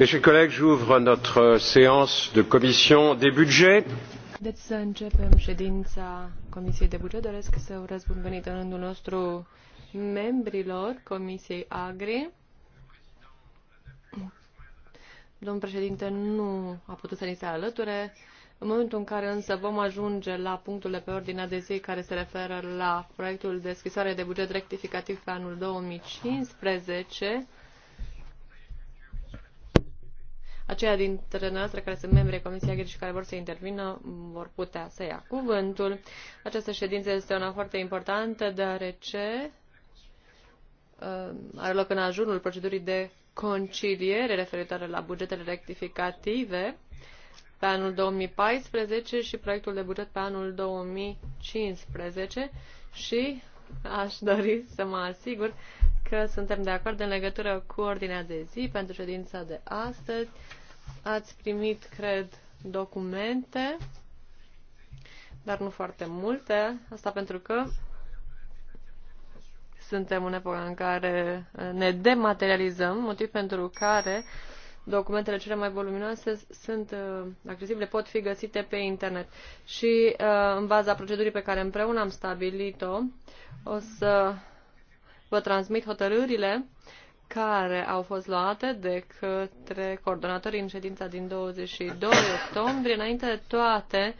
Mes chers collègues, j'ouvre notre séance de commission des budgets. Deci să începem ședința Comisiei de Buget. Doresc să urez bun venit în rândul nostru membrilor Comisiei Agri. Domnul președinte nu a putut să ni se alăture. În momentul în care însă vom ajunge la punctele pe ordinea de zi care se referă la proiectul de scrisoare de buget rectificativ pe anul 2015, Aceia dintre noastre care sunt membri Comisiei Agri și care vor să intervină vor putea să ia cuvântul. Această ședință este una foarte importantă deoarece uh, are loc în ajunul procedurii de conciliere referitoare la bugetele rectificative pe anul 2014 și proiectul de buget pe anul 2015 și aș dori să mă asigur că suntem de acord în legătură cu ordinea de zi pentru ședința de astăzi. Ați primit, cred, documente, dar nu foarte multe. Asta pentru că suntem în epoca în care ne dematerializăm, motiv pentru care documentele cele mai voluminoase sunt uh, accesibile, pot fi găsite pe internet. Și uh, în baza procedurii pe care împreună am stabilit-o, o să vă transmit hotărârile care au fost luate de către coordonatorii în ședința din 22 octombrie. Înainte de toate,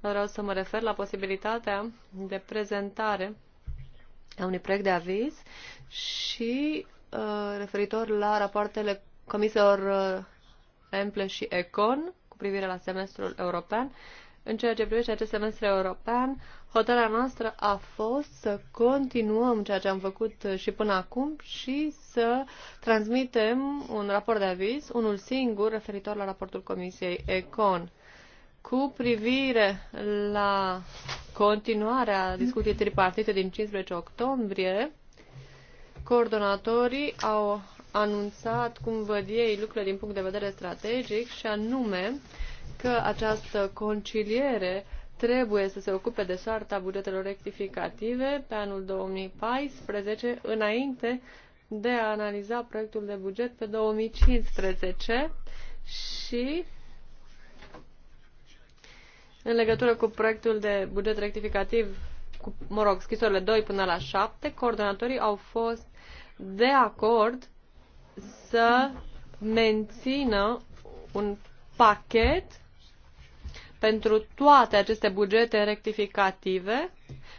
vreau să mă refer la posibilitatea de prezentare a unui proiect de aviz și uh, referitor la rapoartele comisiilor uh, Emple și Econ cu privire la semestrul european. În ceea ce privește acest semestru european, Hotărârea noastră a fost să continuăm ceea ce am făcut și până acum și să transmitem un raport de aviz, unul singur, referitor la raportul Comisiei ECON. Cu privire la continuarea discuției tripartite din 15 octombrie, coordonatorii au anunțat cum văd ei lucrurile din punct de vedere strategic și anume că această conciliere trebuie să se ocupe de soarta bugetelor rectificative pe anul 2014, înainte de a analiza proiectul de buget pe 2015 și în legătură cu proiectul de buget rectificativ, cu, mă rog, scrisorile 2 până la 7, coordonatorii au fost de acord să mențină un pachet pentru toate aceste bugete rectificative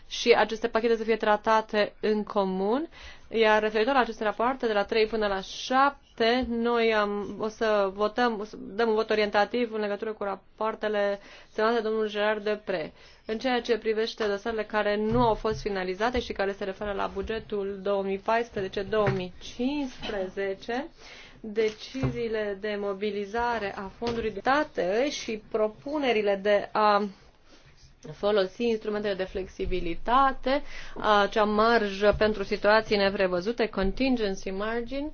și aceste pachete să fie tratate în comun. Iar referitor la aceste rapoarte, de la 3 până la 7, noi am, o să votăm, o să dăm un vot orientativ în legătură cu rapoartele semnate de domnul Gerard Depre. În ceea ce privește dosarele care nu au fost finalizate și care se referă la bugetul 2014-2015, deciziile de mobilizare a fondului de date și propunerile de a folosi instrumentele de flexibilitate, acea marjă pentru situații neprevăzute, contingency margin.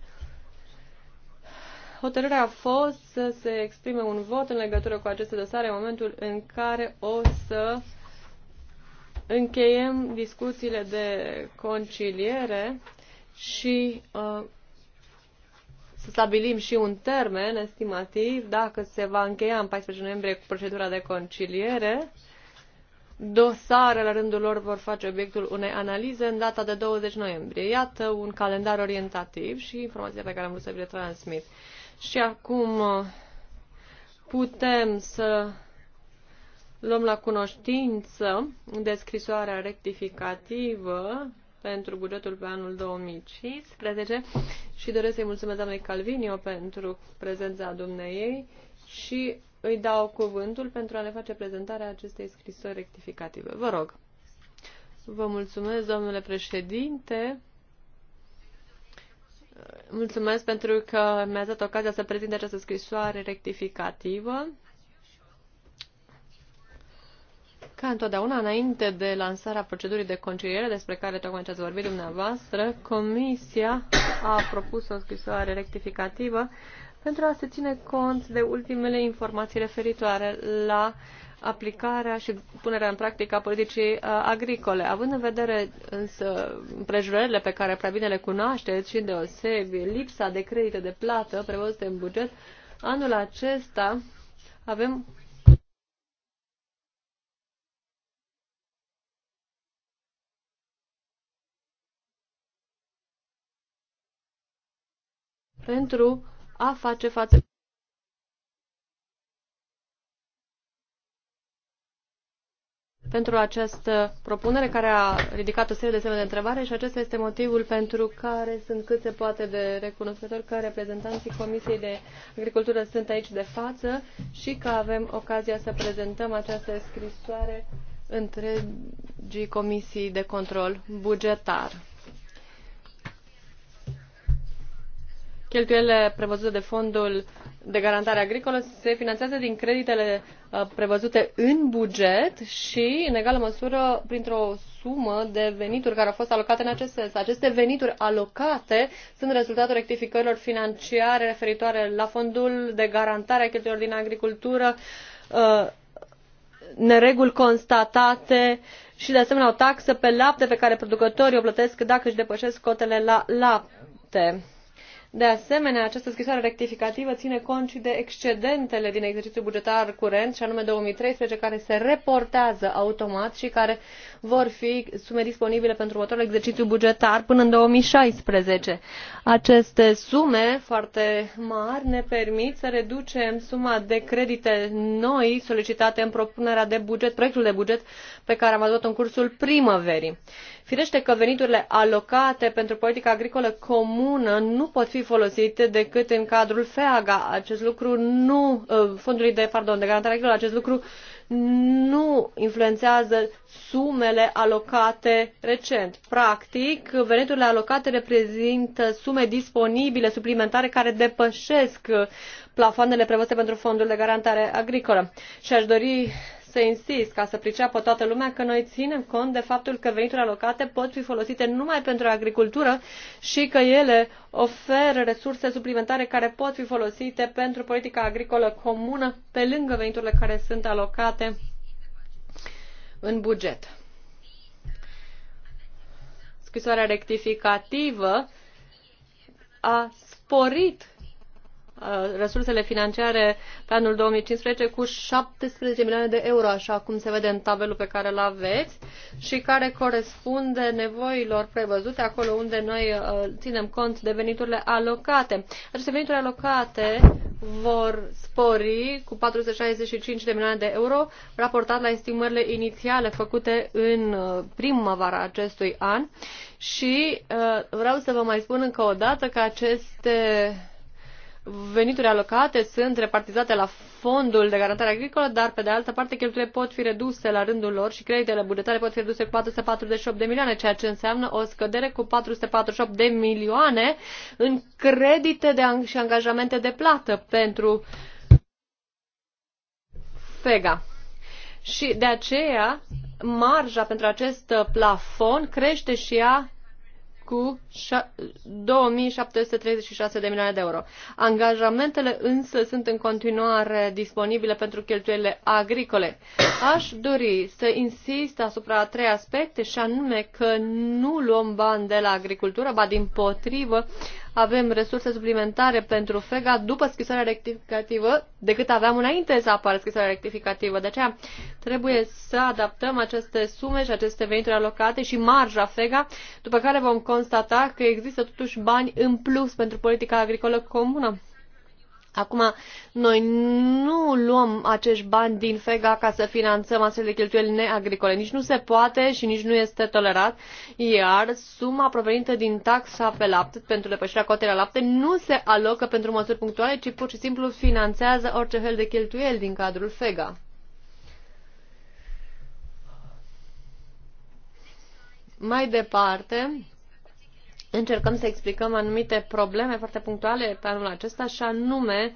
Hotărârea a fost să se exprime un vot în legătură cu aceste dosare în momentul în care o să încheiem discuțiile de conciliere și uh, să stabilim și un termen estimativ dacă se va încheia în 14 noiembrie cu procedura de conciliere. Dosarele rândul lor vor face obiectul unei analize în data de 20 noiembrie. Iată un calendar orientativ și informația pe care am vrut să vi le transmit. Și acum putem să luăm la cunoștință descrisoarea rectificativă pentru bugetul pe anul 2015 și doresc să-i mulțumesc doamnei Calvinio pentru prezența dumneiei și îi dau cuvântul pentru a ne face prezentarea acestei scrisori rectificative. Vă rog. Vă mulțumesc, domnule președinte. Mulțumesc pentru că mi-ați dat ocazia să prezint această scrisoare rectificativă. ca întotdeauna înainte de lansarea procedurii de conciliere despre care tocmai ce ați vorbit dumneavoastră, Comisia a propus o scrisoare rectificativă pentru a se ține cont de ultimele informații referitoare la aplicarea și punerea în practică a politicii uh, agricole. Având în vedere însă împrejurările pe care prea bine le cunoașteți și deosebi lipsa de credite de plată prevăzute în buget, anul acesta avem pentru a face față. pentru această propunere care a ridicat o serie de semne de întrebare și acesta este motivul pentru care sunt cât se poate de recunoscători că reprezentanții Comisiei de Agricultură sunt aici de față și că avem ocazia să prezentăm această scrisoare întregii Comisii de Control Bugetar. Cheltuielile prevăzute de fondul de garantare agricolă se finanțează din creditele uh, prevăzute în buget și, în egală măsură, printr-o sumă de venituri care au fost alocate în acest sens. Aceste venituri alocate sunt rezultatul rectificărilor financiare referitoare la fondul de garantare a cheltuielilor din agricultură, uh, nereguli constatate și, de asemenea, o taxă pe lapte pe care producătorii o plătesc dacă își depășesc cotele la lapte de asemenea, această scrisoare rectificativă ține cont și de excedentele din exercițiul bugetar curent, și anume 2013, care se reportează automat și care vor fi sume disponibile pentru următorul exercițiu bugetar până în 2016. Aceste sume foarte mari ne permit să reducem suma de credite noi solicitate în propunerea de buget, proiectul de buget pe care am adoptat în cursul primăverii. Firește că veniturile alocate pentru politica agricolă comună nu pot fi folosite decât în cadrul FEAGA. Acest lucru nu, ă, fondului de, pardon, de garantare agricolă, acest lucru nu influențează sumele alocate recent. Practic, veniturile alocate reprezintă sume disponibile suplimentare care depășesc plafoanele prevăzute pentru fondul de garantare agricolă. Și aș dori să insist ca să priceapă toată lumea că noi ținem cont de faptul că veniturile alocate pot fi folosite numai pentru agricultură și că ele oferă resurse suplimentare care pot fi folosite pentru politica agricolă comună pe lângă veniturile care sunt alocate în buget. Scrisoarea rectificativă a sporit Uh, resursele financiare pe anul 2015 cu 17 milioane de euro, așa cum se vede în tabelul pe care îl aveți și care corespunde nevoilor prevăzute acolo unde noi uh, ținem cont de veniturile alocate. Aceste venituri alocate vor spori cu 465 de milioane de euro raportat la estimările inițiale făcute în uh, primăvara acestui an și vreau să vă mai spun încă o dată că aceste venituri alocate sunt repartizate la fondul de garantare agricolă, dar pe de altă parte cheltuielile pot fi reduse la rândul lor și creditele bugetare pot fi reduse cu 448 de milioane, ceea ce înseamnă o scădere cu 448 de milioane în credite de ang- și angajamente de plată pentru FEGA. Și de aceea marja pentru acest plafon crește și ea cu 2736 de milioane de euro. Angajamentele însă sunt în continuare disponibile pentru cheltuielile agricole. Aș dori să insist asupra a trei aspecte și anume că nu luăm bani de la agricultură, ba din potrivă, avem resurse suplimentare pentru FEGA după scrisoarea rectificativă decât aveam înainte să apară scrisoarea rectificativă. De aceea trebuie să adaptăm aceste sume și aceste venituri alocate și marja FEGA, după care vom constata că există totuși bani în plus pentru politica agricolă comună. Acum, noi nu luăm acești bani din FEGA ca să finanțăm astfel de cheltuieli neagricole. Nici nu se poate și nici nu este tolerat, iar suma provenită din taxa pe lapte pentru depășirea cotei la lapte nu se alocă pentru măsuri punctuale, ci pur și simplu finanțează orice fel de cheltuieli din cadrul FEGA. Mai departe, încercăm să explicăm anumite probleme foarte punctuale pe anul acesta și anume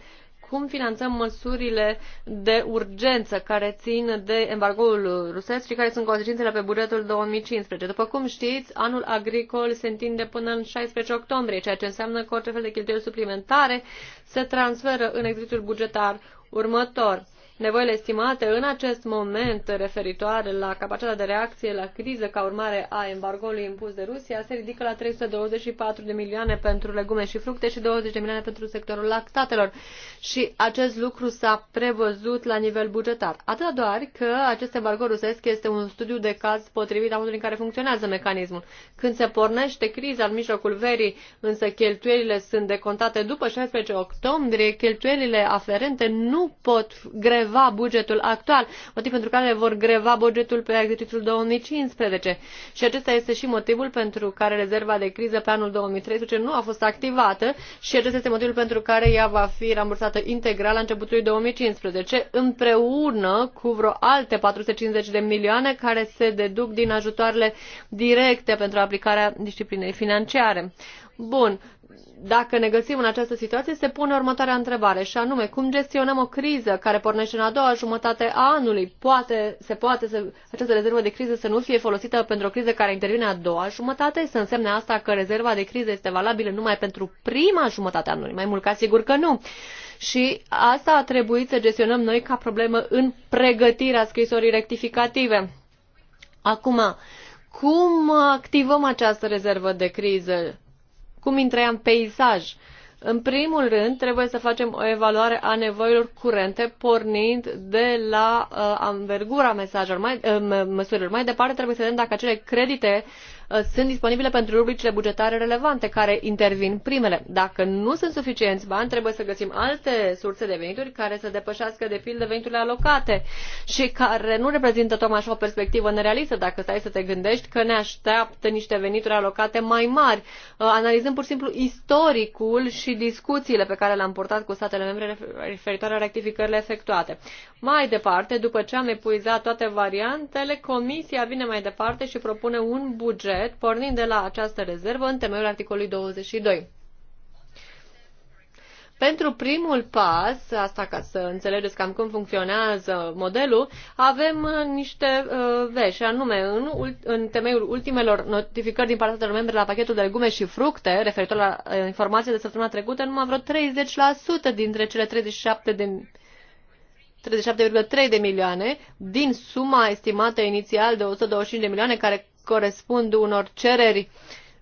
cum finanțăm măsurile de urgență care țin de embargoul rusesc și care sunt consecințele pe bugetul 2015. După cum știți, anul agricol se întinde până în 16 octombrie, ceea ce înseamnă că orice fel de cheltuieli suplimentare se transferă în exercițiul bugetar următor nevoile estimate în acest moment referitoare la capacitatea de reacție la criză ca urmare a embargoului impus de Rusia se ridică la 324 de milioane pentru legume și fructe și 20 de milioane pentru sectorul lactatelor. Și acest lucru s-a prevăzut la nivel bugetar. Atât doar că acest embargo rusesc este un studiu de caz potrivit la modul în care funcționează mecanismul. Când se pornește criza în mijlocul verii, însă cheltuielile sunt decontate după 16 octombrie, cheltuielile aferente nu pot greve greva bugetul actual, motiv pentru care vor greva bugetul pe exercițiul 2015. Și acesta este și motivul pentru care rezerva de criză pe anul 2013 nu a fost activată și acesta este motivul pentru care ea va fi rambursată integral la începutul 2015, împreună cu vreo alte 450 de milioane care se deduc din ajutoarele directe pentru aplicarea disciplinei financiare. Bun, dacă ne găsim în această situație, se pune următoarea întrebare, și anume, cum gestionăm o criză care pornește în a doua jumătate a anului? Poate, se poate să, această rezervă de criză să nu fie folosită pentru o criză care intervine a doua jumătate? Să însemne asta că rezerva de criză este valabilă numai pentru prima jumătate a anului? Mai mult ca sigur că nu. Și asta a trebuit să gestionăm noi ca problemă în pregătirea scrisorii rectificative. Acum, cum activăm această rezervă de criză? cum intra în peisaj. În primul rând, trebuie să facem o evaluare a nevoilor curente, pornind de la uh, anvergura mesajelor, mai, uh, măsurilor. Mai departe, trebuie să vedem dacă acele credite uh, Uh, sunt disponibile pentru rubricile bugetare relevante care intervin primele. Dacă nu sunt suficienți bani, trebuie să găsim alte surse de venituri care să depășească de pildă veniturile alocate și care nu reprezintă tocmai așa o perspectivă nerealistă dacă stai să te gândești că ne așteaptă niște venituri alocate mai mari. Uh, analizăm pur și simplu istoricul și discuțiile pe care le-am portat cu statele membre referitoare la rectificările efectuate. Mai departe, după ce am epuizat toate variantele, Comisia vine mai departe și propune un buget buget, pornind de la această rezervă în temeiul articolului 22. Pentru primul pas, asta ca să înțelegeți cam cum funcționează modelul, avem uh, niște uh, vești, anume în, în temeiul ultimelor notificări din partea statelor membre la pachetul de legume și fructe, referitor la uh, informația de săptămâna trecută, numai vreo 30% dintre cele 37 de 37,3 de milioane din suma estimată inițial de 125 de milioane care corespund unor cereri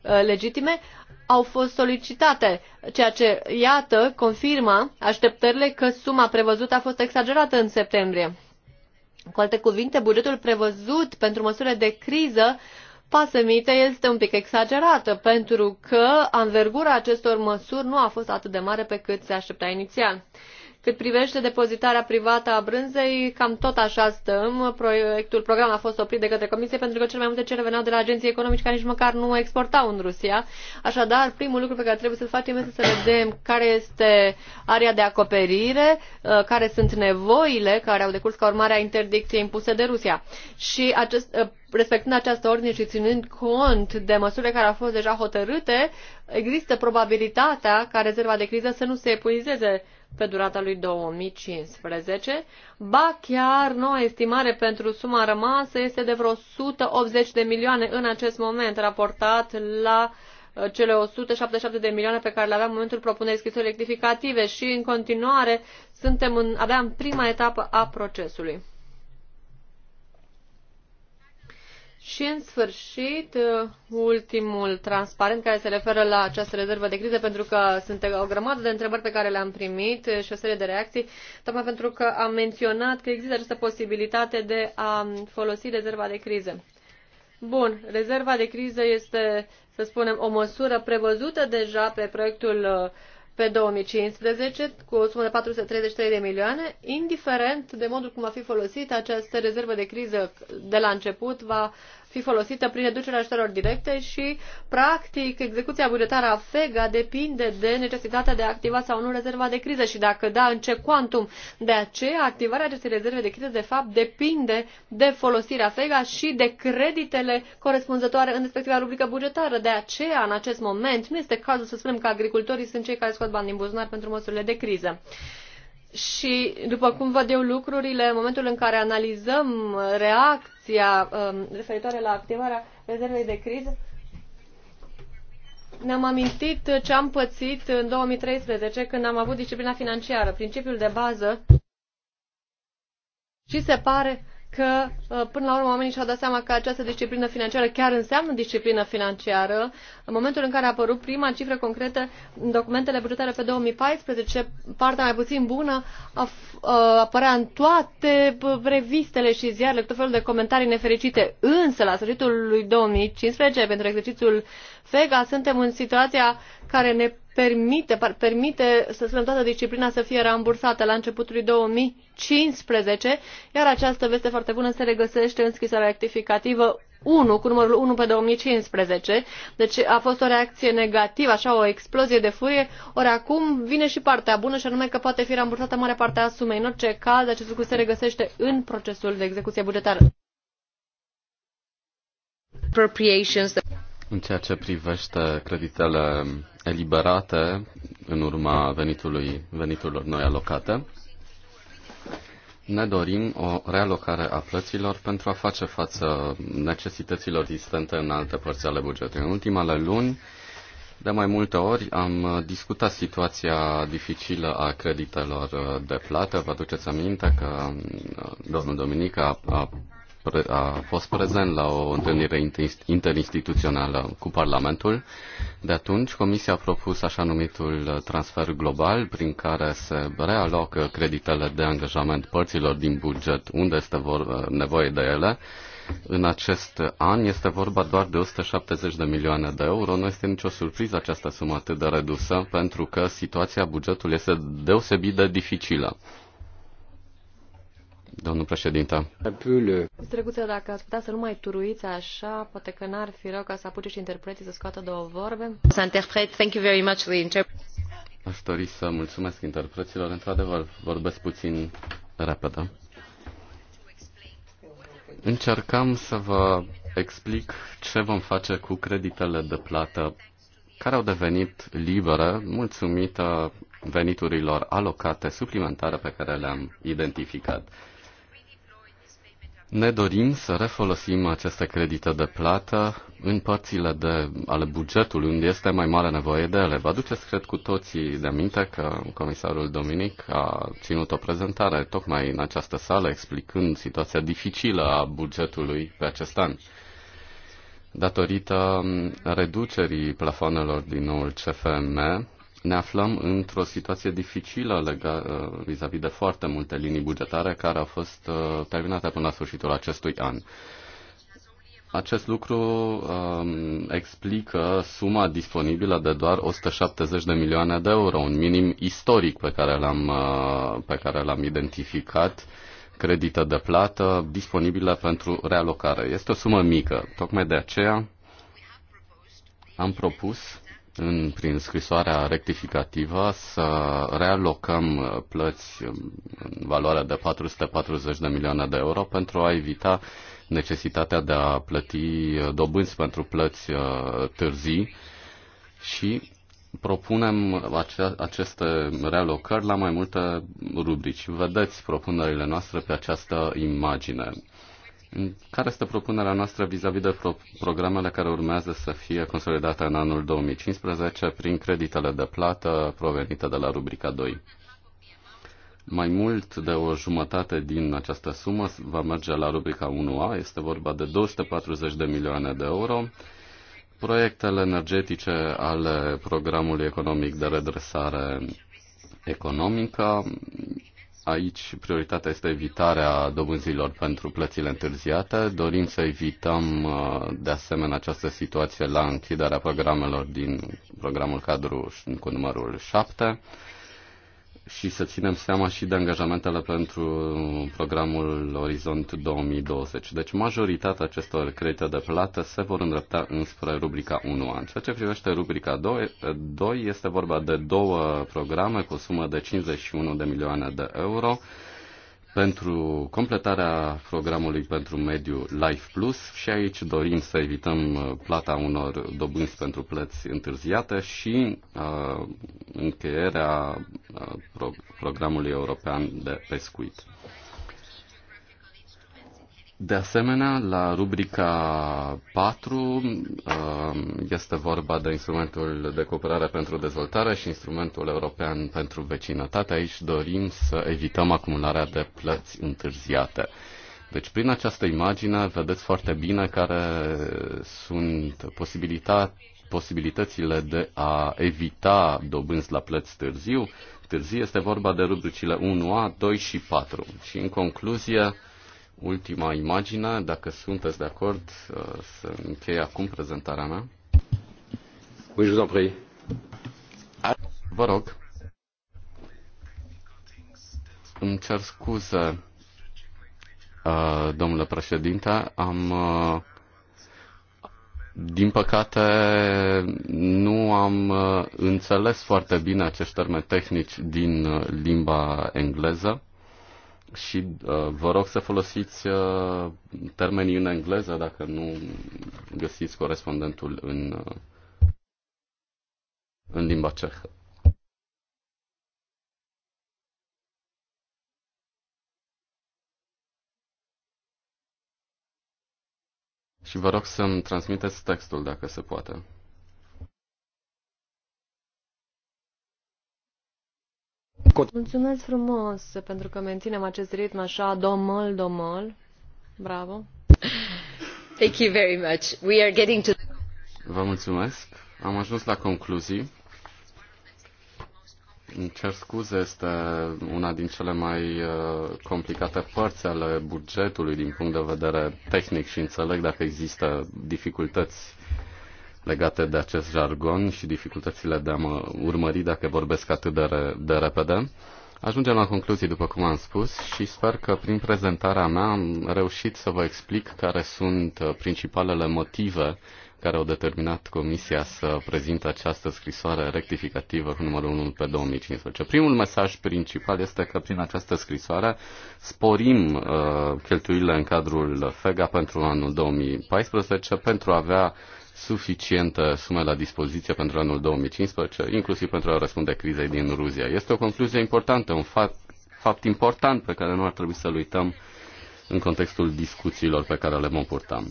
uh, legitime, au fost solicitate, ceea ce, iată, confirmă așteptările că suma prevăzută a fost exagerată în septembrie. Cu alte cuvinte, bugetul prevăzut pentru măsurile de criză pasămită este un pic exagerată, pentru că anvergura acestor măsuri nu a fost atât de mare pe cât se aștepta inițial. Cât privește depozitarea privată a brânzei, cam tot așa stăm. Proiectul program a fost oprit de către Comisie pentru că cel mai multe cele veneau de la agenții economici care nici măcar nu exportau în Rusia. Așadar, primul lucru pe care trebuie să-l facem este să vedem care este area de acoperire, uh, care sunt nevoile care au decurs ca urmare a interdicției impuse de Rusia. Și acest, uh, respectând această ordine și ținând cont de măsurile care au fost deja hotărâte, există probabilitatea ca rezerva de criză să nu se epuizeze pe durata lui 2015, ba chiar noua estimare pentru suma rămasă este de vreo 180 de milioane în acest moment, raportat la uh, cele 177 de milioane pe care le aveam în momentul propunerii scrisorii rectificative și în continuare suntem în, aveam prima etapă a procesului. Și, în sfârșit, uh, ultimul transparent care se referă la această rezervă de criză, pentru că sunt o grămadă de întrebări pe care le-am primit uh, și o serie de reacții, tocmai pentru că am menționat că există această posibilitate de a folosi rezerva de criză. Bun, rezerva de criză este, să spunem, o măsură prevăzută deja pe proiectul uh, pe 2015 cu o sumă de 433 de milioane, indiferent de modul cum va fi folosită această rezervă de criză de la început, va fi folosită prin reducerea ajutorilor directe și, practic, execuția bugetară a FEGA depinde de necesitatea de a activa sau nu rezerva de criză și, dacă da, în ce quantum. De aceea, activarea acestei rezerve de criză, de fapt, depinde de folosirea FEGA și de creditele corespunzătoare în respectiva rubrică bugetară. De aceea, în acest moment, nu este cazul să spunem că agricultorii sunt cei care scot bani din buzunar pentru măsurile de criză. Și după cum văd eu lucrurile, în momentul în care analizăm reacția um, referitoare la activarea rezervei de criză, ne-am amintit ce am pățit în 2013 când am avut disciplina financiară, principiul de bază. Și se pare că uh, până la urmă oamenii și-au dat seama că această disciplină financiară chiar înseamnă disciplină financiară. În momentul în care a apărut prima cifră concretă în documentele bugetare pe 2014, partea mai puțin bună a, a, uh, apărea în toate uh, revistele și ziarele cu tot felul de comentarii nefericite. Însă, la sfârșitul lui 2015, pentru exercițiul FEGA, suntem în situația care ne permite, permite să spunem, toată disciplina să fie rambursată la începutul 2015, iar această veste foarte bună se regăsește în scrisoarea rectificativă 1, cu numărul 1 pe 2015. Deci a fost o reacție negativă, așa o explozie de furie. Ori acum vine și partea bună, și anume că poate fi rambursată mare parte a sumei. În orice caz, acest lucru se regăsește în procesul de execuție bugetară în ceea ce privește creditele eliberate în urma venitului, veniturilor noi alocate, ne dorim o realocare a plăților pentru a face față necesităților existente în alte părți ale bugetului. În ultimele luni, de mai multe ori am discutat situația dificilă a creditelor de plată. Vă aduceți aminte că uh, domnul Dominic a, a pre, a fost prezent la o întâlnire interinstituțională cu Parlamentul. De atunci, Comisia a propus așa numitul transfer global, prin care se realocă creditele de angajament părților din buget unde este vor, nevoie de ele. În acest an este vorba doar de 170 de milioane de euro. Nu este nicio surpriză această sumă atât de redusă, pentru că situația bugetului este deosebit de dificilă domnul președinte. Drăguță, dacă ați putea să nu mai turuiți așa, poate că n-ar fi rău ca să apuce și interpreții să scoată două vorbe. Să interpret, thank you very much the Aș dori să mulțumesc interpreților, într-adevăr vorbesc puțin repede. Încercam să vă explic ce vom face cu creditele de plată care au devenit libere mulțumită veniturilor alocate suplimentare pe care le-am identificat. Ne dorim să refolosim aceste credite de plată în părțile de, ale bugetului unde este mai mare nevoie de ele. Vă aduceți, cred, cu toții de minte că comisarul Dominic a ținut o prezentare tocmai în această sală explicând situația dificilă a bugetului pe acest an. Datorită reducerii plafonelor din noul CFM, ne aflăm într-o situație dificilă lega, uh, vis-a-vis -vis de foarte multe linii bugetare care au fost uh, terminate până la sfârșitul acestui an. Acest lucru um, explică suma disponibilă de doar 170 de milioane de euro, un minim istoric pe care l-am, uh, pe care l-am identificat, credită de plată disponibilă pentru realocare. Este o sumă mică, tocmai de aceea am propus în, prin scrisoarea rectificativă să realocăm plăți în valoare de 440 de milioane de euro pentru a evita necesitatea de a plăti dobânzi pentru plăți uh, târzii și propunem aceste realocări la mai multe rubrici. Vedeți propunerile noastre pe această imagine. Care este propunerea noastră vis-a-vis -vis de pro- programele care urmează să fie consolidate în anul 2015 prin creditele de plată provenite de la rubrica 2? Mai mult de o jumătate din această sumă va merge la rubrica 1A, este vorba de 240 de milioane de euro. Proiectele energetice ale programului economic de redresare economică Aici prioritatea este evitarea dobânzilor pentru plățile întârziate. Dorim să evităm uh, de asemenea această situație la închiderea programelor din programul cadru cu numărul 7 și să ținem seama și de angajamentele pentru programul Orizont 2020. Deci majoritatea acestor credite de plată se vor îndrepta înspre rubrica 1 an. Ceea ce privește rubrica 2, 2 este vorba de două programe cu o sumă de 51 de milioane de euro pentru completarea programului pentru mediu Life Plus și aici dorim să evităm uh, plata unor dobânzi pentru plăți întârziate și uh, încheierea uh, pro- programului european de pescuit. De asemenea, la rubrica 4 uh, este vorba de instrumentul de cooperare pentru dezvoltare și instrumentul european pentru vecinătate. Aici dorim să evităm acumularea de plăți întârziate. Deci, prin această imagine, vedeți foarte bine care sunt posibilitățile de a evita dobânzi la plăți târziu. Târziu este vorba de rubricile 1A, 2 și 4. Și, în concluzie, ultima imagine. Dacă sunteți de acord, uh, să închei acum prezentarea mea. Oui, je vous en prie. Vă rog. Îmi cer scuze, uh, domnule președinte. Am uh, din păcate, nu am înțeles foarte bine acești termeni tehnici din limba engleză și uh, vă rog să folosiți uh, termenii în engleză dacă nu găsiți corespondentul în, uh, în limba cehă. Și vă rog să-mi transmiteți textul dacă se poate. Mulțumesc frumos pentru că menținem acest ritm așa domol, domol. Bravo. Thank you very much. We are getting to... Vă mulțumesc. Am ajuns la concluzii. Îmi cer scuze, este una din cele mai uh, complicate părți ale bugetului din punct de vedere tehnic și înțeleg dacă există dificultăți legate de acest jargon și dificultățile de a mă urmări dacă vorbesc atât de, re- de repede. Ajungem la concluzii, după cum am spus, și sper că prin prezentarea mea am reușit să vă explic care sunt uh, principalele motive care au determinat Comisia să prezinte această scrisoare rectificativă cu numărul 1 pe 2015. Primul mesaj principal este că prin această scrisoare sporim uh, cheltuielile în cadrul FEGA pentru anul 2014 pentru a avea suficientă sumă la dispoziție pentru anul 2015, inclusiv pentru a răspunde crizei din Rusia. Este o concluzie importantă, un fapt, fapt important pe care nu ar trebui să-l uităm în contextul discuțiilor pe care le vom purta.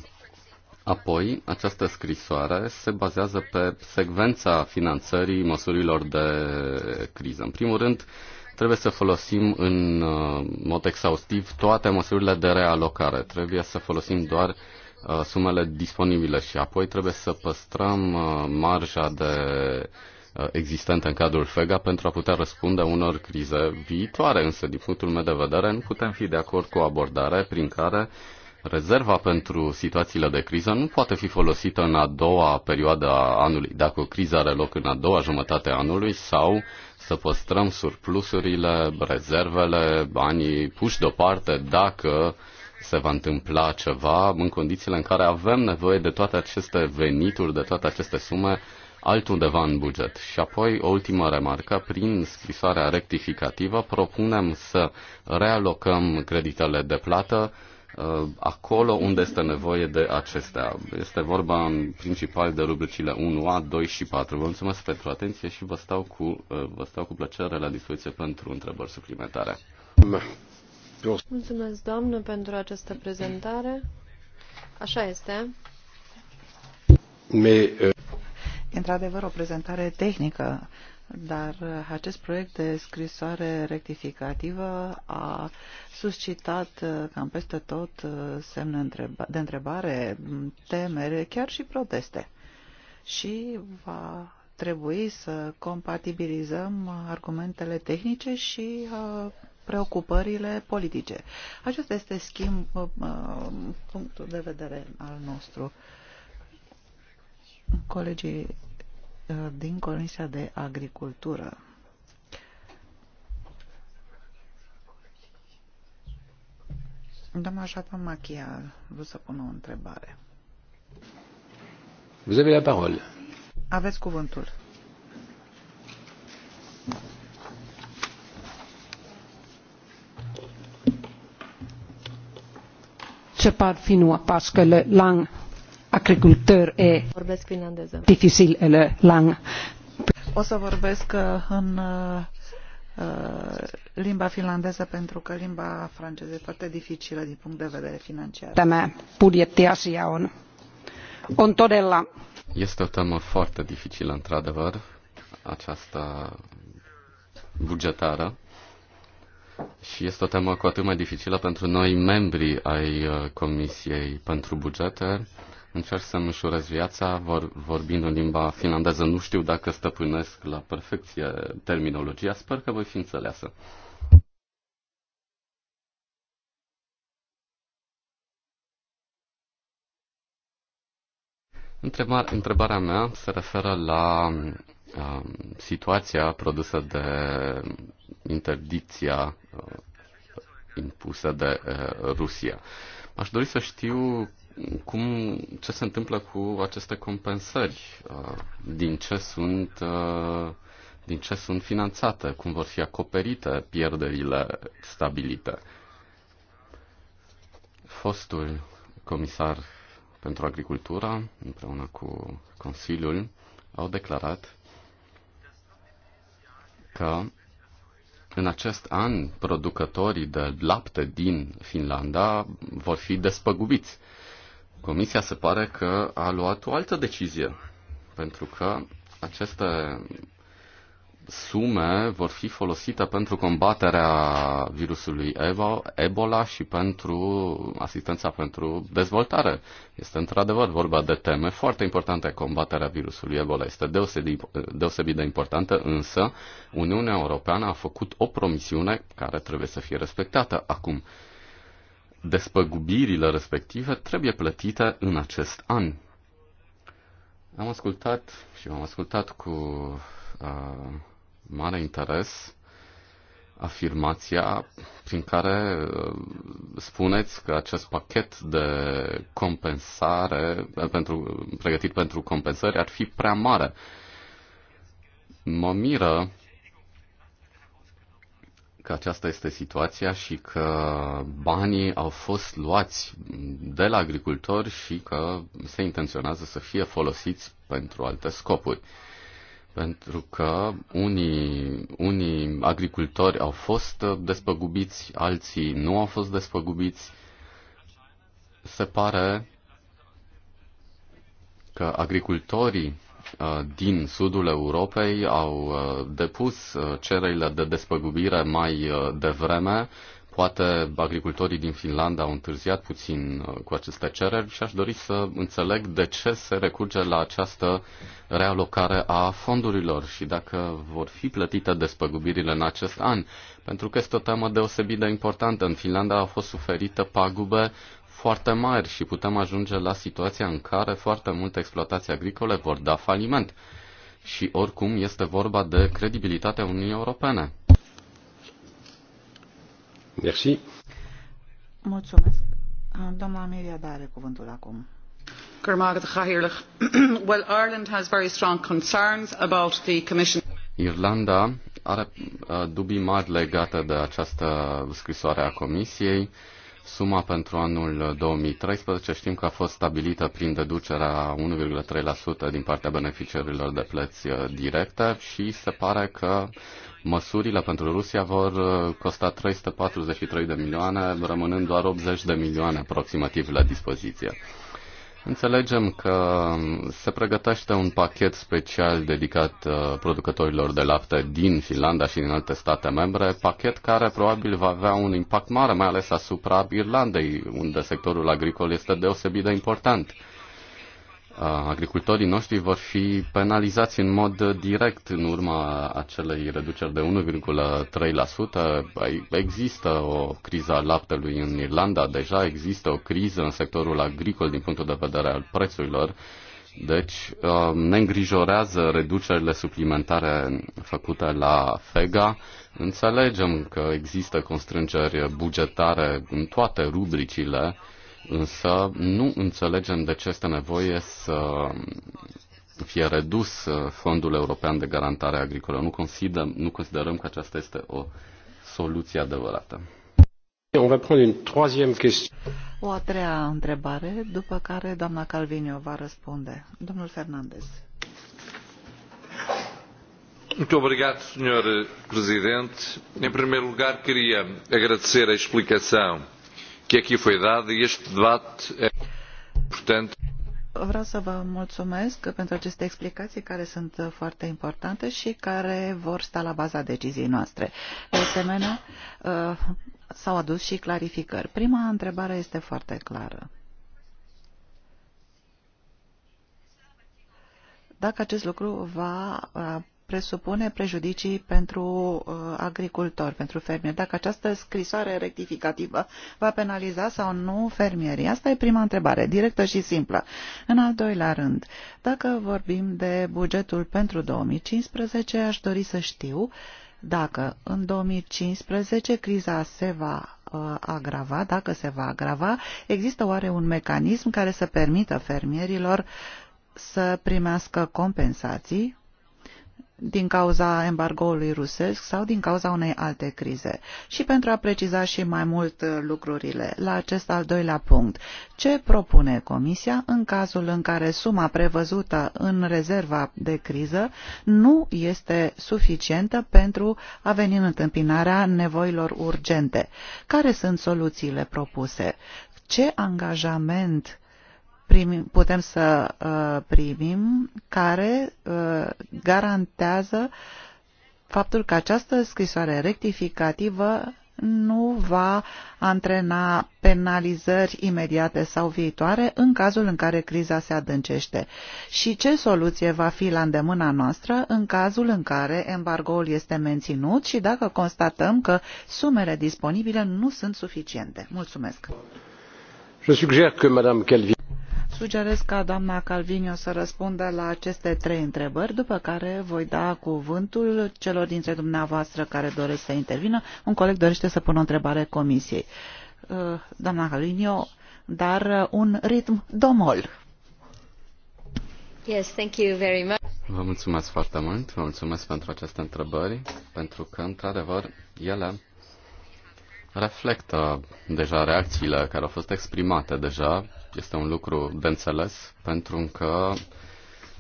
Apoi, această scrisoare se bazează pe secvența finanțării măsurilor de criză. În primul rând, trebuie să folosim în uh, mod exhaustiv toate măsurile de realocare. Trebuie să folosim doar Uh, sumele disponibile și apoi trebuie să păstrăm uh, marja de uh, existentă în cadrul FEGA pentru a putea răspunde unor crize viitoare. Însă, din punctul meu de vedere, nu putem fi de acord cu o abordare prin care rezerva pentru situațiile de criză nu poate fi folosită în a doua perioadă a anului, dacă o criză are loc în a doua jumătate a anului sau să păstrăm surplusurile, rezervele, banii puși deoparte dacă se va întâmpla ceva în condițiile în care avem nevoie de toate aceste venituri, de toate aceste sume altundeva în buget. Și apoi, o ultimă remarcă, prin scrisoarea rectificativă propunem să realocăm creditele de plată uh, acolo unde este nevoie de acestea. Este vorba în principal de rubricile 1A, 2 și 4. Vă mulțumesc pentru atenție și vă stau cu, uh, vă stau cu plăcere la dispoziție pentru întrebări suplimentare. Mulțumesc, doamnă, pentru această prezentare. Așa este. Uh, într-adevăr, o prezentare tehnică, dar acest proiect de scrisoare rectificativă a suscitat uh, cam peste tot uh, semne de întrebare, temere, chiar și proteste. Și va trebui să compatibilizăm argumentele tehnice și preocupările politice. Acesta este schimb uh, uh, punctul de vedere al nostru. Colegii uh, din Comisia de Agricultură Doamna Jata a vreau să pun o întrebare. Vous avez la parole. Aveți cuvântul. început finua, parce que le lang agriculteur e vorbesc finlandeză. dificil le lang. O să vorbesc uh, în uh, limba finlandeză pentru că limba franceză e foarte dificilă din punct de vedere financiar. Tämä budjettiasia on, on todella... Este o temă foarte dificilă, într-adevăr, această bugetară și este o temă cu atât mai dificilă pentru noi, membrii ai uh, Comisiei pentru Bugete. Încerc să-mi ușurez viața vor, vorbind în limba finlandeză. Nu știu dacă stăpânesc la perfecție terminologia. Sper că voi fi înțeleasă. Întrebarea mea se referă la Um, situația produsă de interdicția uh, impusă de uh, Rusia. Aș dori să știu cum, ce se întâmplă cu aceste compensări, uh, din ce sunt, din ce sunt finanțate, cum vor fi acoperite pierderile stabilite. Fostul comisar pentru agricultura, împreună cu Consiliul, au declarat că în acest an producătorii de lapte din Finlanda vor fi despăgubiți. Comisia se pare că a luat o altă decizie, pentru că aceste sume vor fi folosite pentru combaterea virusului Ebola și pentru asistența pentru dezvoltare. Este într-adevăr vorba de teme foarte importante. Combaterea virusului Ebola este deosebit, deosebit de importantă, însă Uniunea Europeană a făcut o promisiune care trebuie să fie respectată acum. Despăgubirile respective trebuie plătite în acest an. Am ascultat și am ascultat cu uh, mare interes afirmația prin care uh, spuneți că acest pachet de compensare uh, pentru, pregătit pentru compensări ar fi prea mare. Mă miră că aceasta este situația și că banii au fost luați de la agricultori și că se intenționează să fie folosiți pentru alte scopuri pentru că unii, unii agricultori au fost despăgubiți, alții nu au fost despăgubiți. Se pare că agricultorii uh, din sudul Europei au uh, depus uh, cererile de despăgubire mai devreme Poate agricultorii din Finlanda au întârziat puțin uh, cu aceste cereri și aș dori să înțeleg de ce se recurge la această realocare a fondurilor și dacă vor fi plătite despăgubirile în acest an, pentru că este o temă deosebit de importantă. În Finlanda au fost suferite pagube foarte mari și putem ajunge la situația în care foarte multe exploatații agricole vor da faliment. Și oricum este vorba de credibilitatea Uniunii Europene. Merci. Mulțumesc. Doamna Miriada are cuvântul acum. Well, Ireland has very strong concerns about the Commission. Irlanda are uh, dubii mari legate de această scrisoare a Comisiei. Suma pentru anul 2013 știm că a fost stabilită prin deducerea 1,3% din partea beneficiarilor de plăți uh, directe și se pare că Măsurile pentru Rusia vor uh, costa 343 de milioane, rămânând doar 80 de milioane aproximativ la dispoziție. Înțelegem că se pregătește un pachet special dedicat uh, producătorilor de lapte din Finlanda și din alte state membre, pachet care probabil va avea un impact mare, mai ales asupra Irlandei, unde sectorul agricol este deosebit de important agricultorii noștri vor fi penalizați în mod direct în urma acelei reduceri de 1,3%. Există o criză a laptelui în Irlanda deja, există o criză în sectorul agricol din punctul de vedere al prețurilor. Deci ne îngrijorează reducerile suplimentare făcute la FEGA. Înțelegem că există constrângeri bugetare în toate rubricile Însă nu înțelegem de ce este nevoie să fie redus uh, Fondul European de Garantare Agricolă. Nu, consider, nu considerăm că aceasta este o soluție adevărată. On va prendre une troisième question. O a treia întrebare, după care doamna Calvinio va răspunde. Domnul Fernandez. Muito obrigado, Sr. Presidente. Em primeiro lugar, queria agradecer a explicação que aqui foi dado e este debate é importante. Vreau să vă mulțumesc pentru aceste explicații care sunt foarte importante și care vor sta la baza deciziei noastre. De asemenea, uh, s-au adus și clarificări. Prima întrebare este foarte clară. Dacă acest lucru va presupune prejudicii pentru uh, agricultori, pentru fermieri. Dacă această scrisoare rectificativă va penaliza sau nu fermierii? Asta e prima întrebare, directă și simplă. În al doilea rând, dacă vorbim de bugetul pentru 2015, aș dori să știu dacă în 2015 criza se va uh, agrava, dacă se va agrava, există oare un mecanism care să permită fermierilor să primească compensații din cauza embargoului rusesc sau din cauza unei alte crize. Și pentru a preciza și mai mult uh, lucrurile, la acest al doilea punct, ce propune Comisia în cazul în care suma prevăzută în rezerva de criză nu este suficientă pentru a veni în întâmpinarea nevoilor urgente? Care sunt soluțiile propuse? Ce angajament primim, putem să uh, primim care uh, garantează faptul că această scrisoare rectificativă nu va antrena penalizări imediate sau viitoare în cazul în care criza se adâncește și ce soluție va fi la îndemâna noastră în cazul în care embargoul este menținut și dacă constatăm că sumele disponibile nu sunt suficiente. Mulțumesc! Je suggère que Madame Calvi Sugerez ca doamna Calvinio să răspundă la aceste trei întrebări, după care voi da cuvântul celor dintre dumneavoastră care doresc să intervină. Un coleg dorește să pună o întrebare comisiei. Uh, doamna Calvinio, dar uh, un ritm domol. Yes, thank you very much. Vă mulțumesc foarte mult, vă mulțumesc pentru aceste întrebări, pentru că, într-adevăr, ele reflectă deja reacțiile care au fost exprimate deja este un lucru de înțeles, pentru că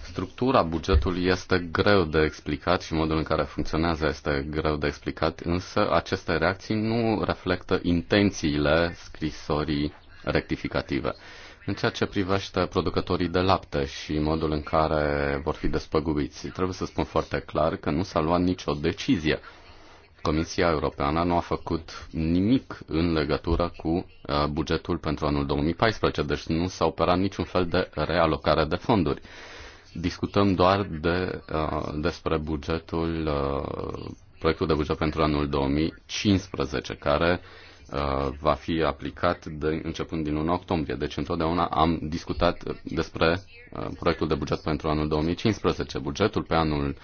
structura bugetului este greu de explicat și modul în care funcționează este greu de explicat, însă aceste reacții nu reflectă intențiile scrisorii rectificative. În ceea ce privește producătorii de lapte și modul în care vor fi despăgubiți, trebuie să spun foarte clar că nu s-a luat nicio decizie Comisia Europeană nu a făcut nimic în legătură cu uh, bugetul pentru anul 2014, deci nu s-a operat niciun fel de realocare de fonduri. Discutăm doar de, uh, despre bugetul, uh, proiectul de buget pentru anul 2015, care va fi aplicat de, începând din 1 octombrie. Deci întotdeauna am discutat despre proiectul de buget pentru anul 2015. Bugetul pe anul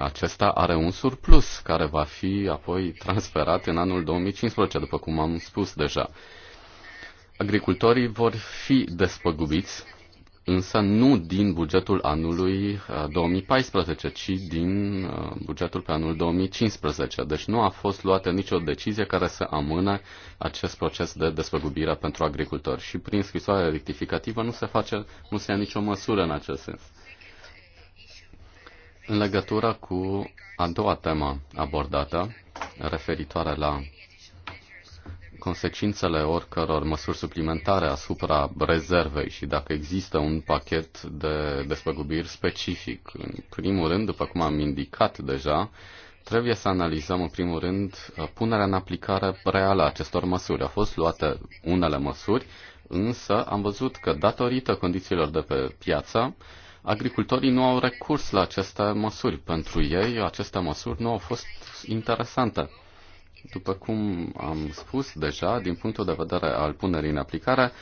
acesta are un surplus care va fi apoi transferat în anul 2015, după cum am spus deja. Agricultorii vor fi despăgubiți, însă nu din bugetul anului 2014, uh, ci din uh, bugetul pe anul 2015. Deci nu a fost luată nicio decizie care să amână acest proces de despăgubire pentru agricultori. Și prin scrisoarea rectificativă nu se face, nu se ia nicio măsură în acest sens. În legătură cu a doua temă abordată, referitoare la consecințele oricăror măsuri suplimentare asupra rezervei și dacă există un pachet de despăgubiri specific. În primul rând, după cum am indicat deja, trebuie să analizăm în primul rând uh, punerea în aplicare reală a acestor măsuri. Au fost luate unele măsuri, însă am văzut că datorită condițiilor de pe piață, agricultorii nu au recurs la aceste măsuri. Pentru ei, aceste măsuri nu au fost interesante. După cum am spus deja, din punctul de vedere al punerii în aplicare,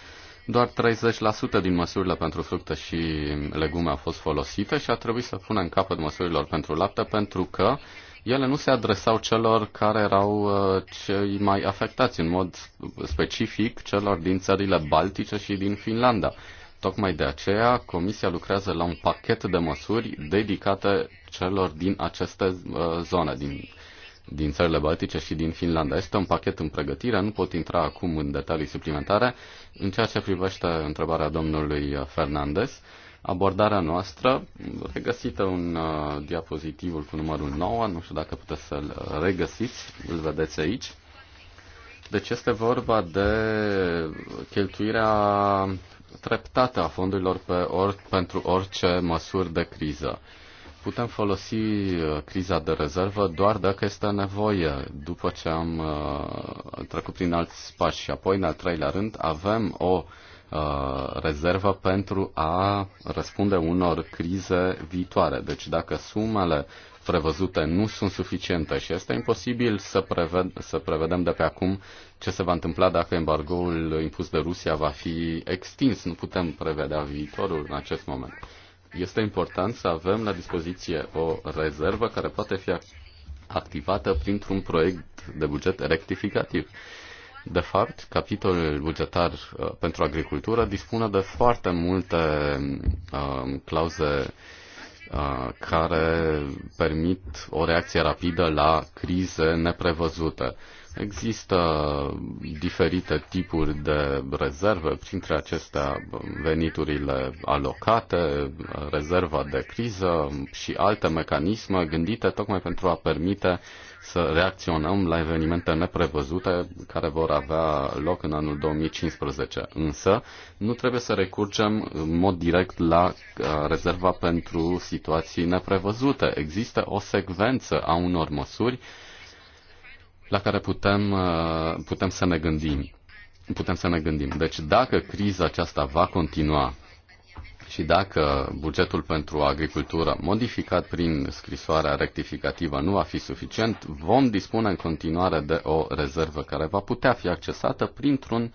doar 30% din măsurile pentru fructe și legume au fost folosite și a trebuit să punem capăt măsurilor pentru lapte pentru că ele nu se adresau celor care erau uh, cei mai afectați, în mod specific celor din țările Baltice și din Finlanda. Tocmai de aceea, Comisia lucrează la un pachet de măsuri dedicate celor din aceste uh, zone, din, din țările Baltice și din Finlanda. Este un pachet în pregătire, nu pot intra acum în detalii suplimentare. În ceea ce privește întrebarea domnului Fernandez, abordarea noastră, regăsită în uh, diapozitivul cu numărul 9, nu știu dacă puteți să-l regăsiți, îl vedeți aici. Deci este vorba de cheltuirea treptată a fondurilor pe or, pentru orice măsuri de criză. Putem folosi uh, criza de rezervă doar dacă este nevoie, după ce am uh, trecut prin alți pași. Și apoi, în al treilea rând, avem o uh, rezervă pentru a răspunde unor crize viitoare. Deci dacă sumele uh, prevăzute nu sunt suficiente și este imposibil să, preved, să prevedem de pe acum ce se va întâmpla dacă embargoul impus de Rusia va fi extins. Nu putem prevedea viitorul în acest moment. Este important să avem la dispoziție o rezervă care poate fi activată printr-un proiect de buget rectificativ. De fapt, capitolul bugetar uh, pentru agricultură dispune de foarte multe uh, clauze uh, care permit o reacție rapidă la crize neprevăzute. Există diferite tipuri de rezerve, printre acestea veniturile alocate, rezerva de criză și alte mecanisme gândite tocmai pentru a permite uh, să reacționăm la evenimente neprevăzute care vor avea loc în anul 2015. Însă, nu trebuie să recurgem în mod direct la uh, rezerva pentru situații neprevăzute. Există o secvență a unor măsuri la care putem, uh, putem să ne gândim. Putem să ne gândim. Deci, dacă criza aceasta va continua și dacă bugetul pentru agricultură modificat prin scrisoarea rectificativă nu va fi suficient, vom dispune în continuare de o rezervă care va putea fi accesată printr-un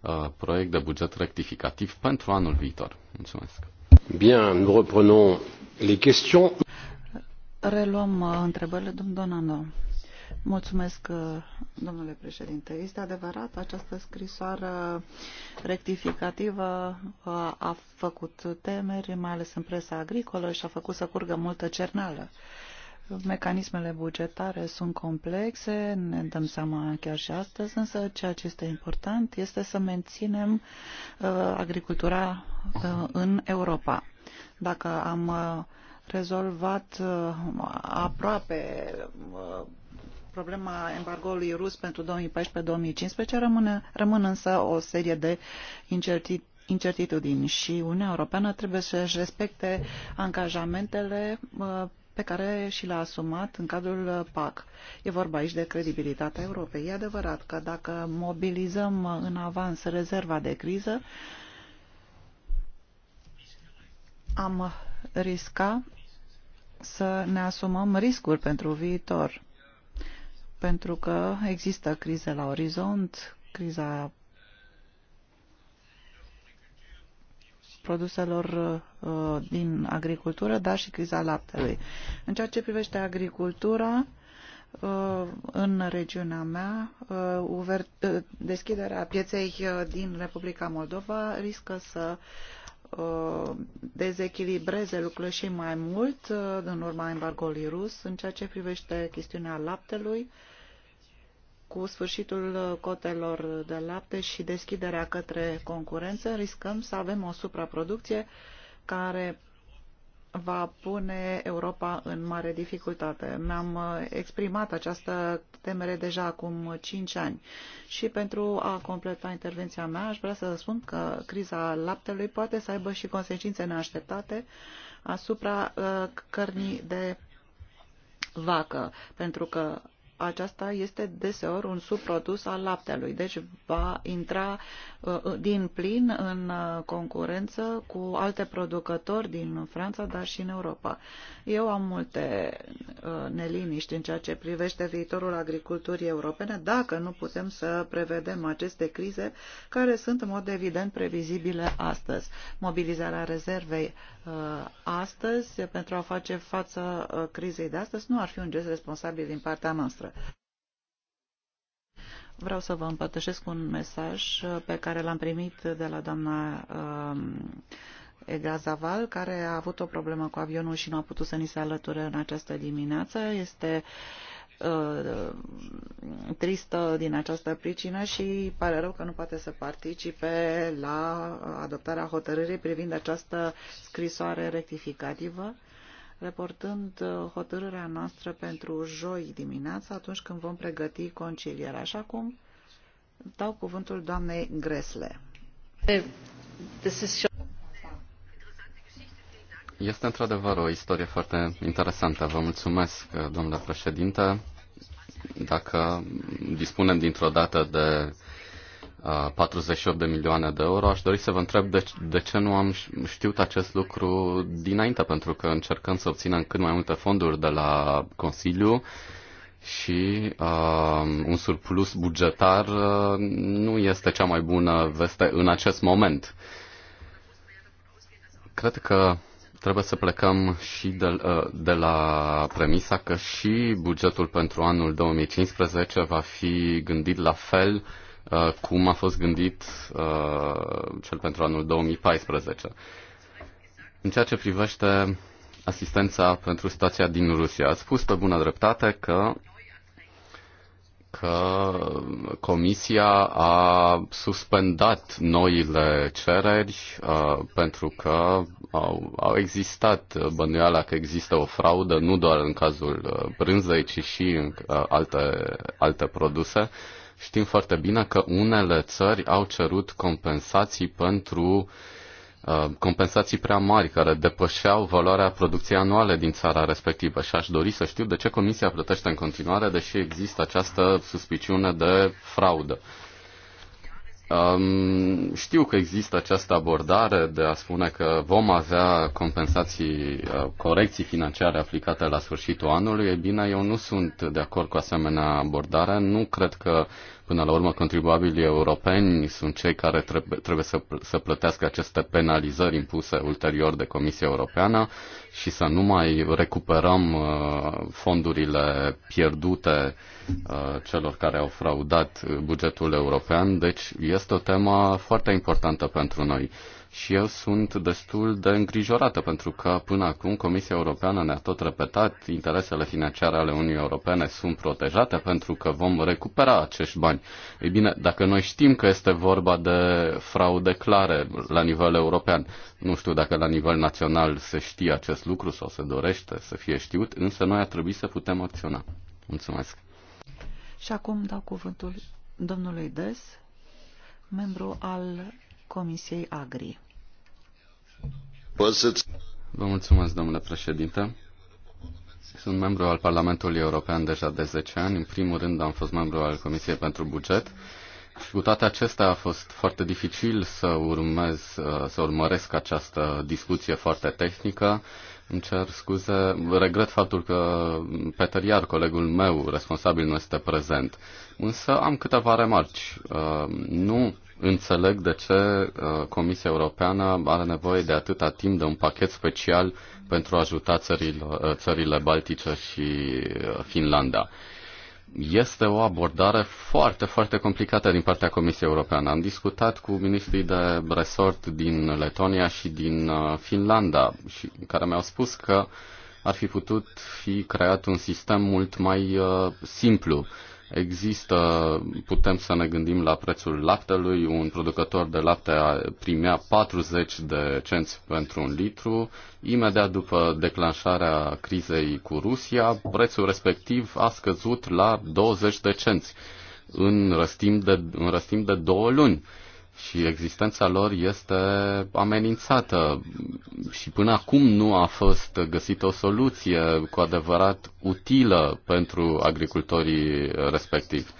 uh, proiect de buget rectificativ pentru anul viitor. Mulțumesc. Bien, nous reprenons les questions. Reluăm uh, întrebările domnului Donando. Mulțumesc, uh, domnule președinte. Este adevărat, această scrisoare rectificativă uh, a făcut temeri, mai ales în presa agricolă și a făcut să curgă multă cerneală. Mecanismele bugetare sunt complexe, ne dăm seama chiar și astăzi, însă ceea ce este important este să menținem uh, agricultura uh, în Europa. Dacă am uh, rezolvat uh, aproape uh, problema embargoului rus pentru 2014-2015 rămâne, rămân însă o serie de incertitudini incertitudini și Uniunea Europeană trebuie să-și respecte angajamentele uh, pe care și l-a asumat în cadrul uh, PAC. E vorba aici de credibilitatea Europei. E adevărat că dacă mobilizăm în avans rezerva de criză, am risca să ne asumăm riscuri pentru viitor pentru că există crize la orizont, criza produselor uh, din agricultură, dar și criza laptelui. În ceea ce privește agricultura, uh, în regiunea mea, uh, deschiderea pieței din Republica Moldova riscă să dezechilibreze lucrurile și mai mult în urma embargoului rus în ceea ce privește chestiunea laptelui cu sfârșitul uh, cotelor de lapte și deschiderea către concurență, riscăm să avem o supraproducție care va pune Europa în mare dificultate. Mi-am uh, exprimat această temere deja acum 5 ani și pentru a completa intervenția mea aș vrea să spun că criza laptelui poate să aibă și consecințe neașteptate asupra uh, cărnii de vacă, pentru că aceasta este deseori un subprodus al laptelui, deci va intra uh, din plin în uh, concurență cu alte producători din Franța, dar și în Europa. Eu am multe uh, neliniști în ceea ce privește viitorul agriculturii europene, dacă nu putem să prevedem aceste crize care sunt în mod evident previzibile astăzi. Mobilizarea rezervei astăzi pentru a face față crizei de astăzi nu ar fi un gest responsabil din partea noastră noastre. Vreau să vă împărtășesc un mesaj pe care l-am primit de la doamna um, Zaval, care a avut o problemă cu avionul și nu a putut să ni se alăture în această dimineață. Este uh, tristă din această pricină și pare rău că nu poate să participe la adoptarea hotărârii privind această scrisoare rectificativă reportând uh, hotărârea noastră pentru joi dimineața, atunci când vom pregăti concilierea. Așa cum dau cuvântul doamnei Gresle. Este într-adevăr o istorie foarte interesantă. Vă mulțumesc, uh, domnule președinte. Dacă dispunem dintr-o dată de 48 de milioane de euro. Aș dori să vă întreb de, de ce nu am știut acest lucru dinainte, pentru că încercăm să obținem cât mai multe fonduri de la Consiliu și uh, un surplus bugetar uh, nu este cea mai bună veste în acest moment. Cred că trebuie să plecăm și de, de la premisa că și bugetul pentru anul 2015 va fi gândit la fel uh, Uh, cum a fost gândit uh, cel pentru anul 2014. În ceea ce privește asistența pentru stația din Rusia, a spus pe bună dreptate că că Comisia a suspendat noile cereri uh, pentru că au, au existat bănuiala că există o fraudă, nu doar în cazul uh, brânzei, ci și în uh, alte, alte produse. Uh, Știm foarte bine că unele țări au cerut compensații pentru uh, compensații prea mari care depășeau valoarea producției anuale din țara respectivă și aș dori să știu de ce Comisia plătește în continuare, deși există această suspiciune de fraudă. Um, știu că există această abordare de a spune că vom avea compensații, uh, corecții financiare aplicate la sfârșitul anului. E bine, eu nu sunt de acord cu asemenea abordare. Nu cred că Până la urmă, contribuabilii europeni sunt cei care trebuie, trebuie să, să plătească aceste penalizări impuse ulterior de Comisia Europeană și să nu mai recuperăm uh, fondurile pierdute uh, celor care au fraudat uh, bugetul european. Deci este o temă foarte importantă pentru noi. Uh, și eu sunt destul de îngrijorată pentru că până acum Comisia Europeană ne-a tot repetat interesele financiare ale Uniunii Europene sunt protejate pentru că vom recupera acești bani. Ei bine, dacă noi știm că este vorba de fraude clare la nivel european, nu știu dacă la nivel național se știe acest lucru sau se dorește să fie știut, însă noi ar trebui să putem acționa. Mulțumesc. Și acum dau cuvântul domnului Des, membru al Comisiei Agri. Vă mulțumesc, domnule președinte. Sunt membru al Parlamentului European deja de 10 ani. În primul rând am fost membru al Comisiei pentru Buget și cu toate acestea a fost foarte dificil să urmez, să urmăresc această discuție foarte tehnică. Îmi cer scuze, regret faptul că Peter Iar, colegul meu responsabil, nu este prezent. Însă am câteva remarci. Uh, nu înțeleg de ce uh, Comisia Europeană are nevoie de atâta timp de un pachet special pentru a ajuta țările, uh, țările Baltice și uh, Finlanda. Este o abordare foarte, foarte complicată din partea Comisiei Europeană. Am discutat cu ministrii de resort din Letonia și din Finlanda, și, care mi-au spus că ar fi putut fi creat un sistem mult mai simplu Există, putem să ne gândim la prețul laptelui, un producător de lapte primea 40 de cenți pentru un litru. Imediat după declanșarea crizei cu Rusia, prețul respectiv a scăzut la 20 de cenți în răstim de, în răstim de două luni și existența lor este amenințată și până acum nu a fost găsită o soluție cu adevărat utilă pentru agricultorii respectivi.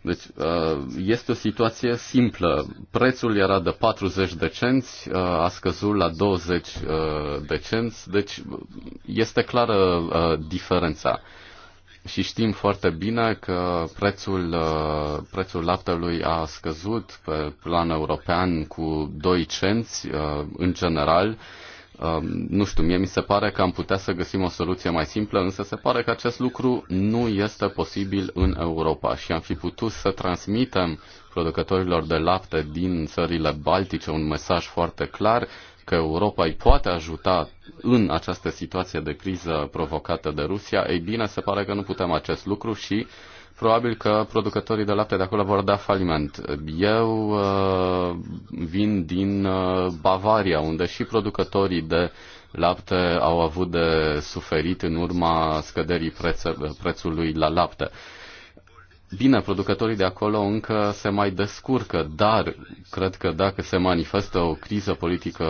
Deci uh, este o situație simplă. Prețul era de 40 de cenți, uh, a scăzut la 20 uh, de cenți, deci este clară diferența și știm foarte bine că prețul, uh, prețul laptelui a scăzut pe plan european cu 2 cenți uh, în general. Uh, nu știu, mie mi se pare că am putea să găsim o soluție mai simplă, însă se pare că acest lucru nu este posibil în Europa și am fi putut să transmitem producătorilor de lapte din țările baltice un mesaj foarte clar că Europa îi poate ajuta în această situație de criză provocată de Rusia, ei bine, se pare că nu putem acest lucru și probabil că producătorii de lapte de acolo vor da faliment. Eu uh, vin din uh, Bavaria, unde și producătorii de lapte au avut de suferit în urma scăderii preț- prețului la lapte. Uh, Bine, producătorii de acolo încă se mai descurcă, dar cred că dacă se manifestă o criză politică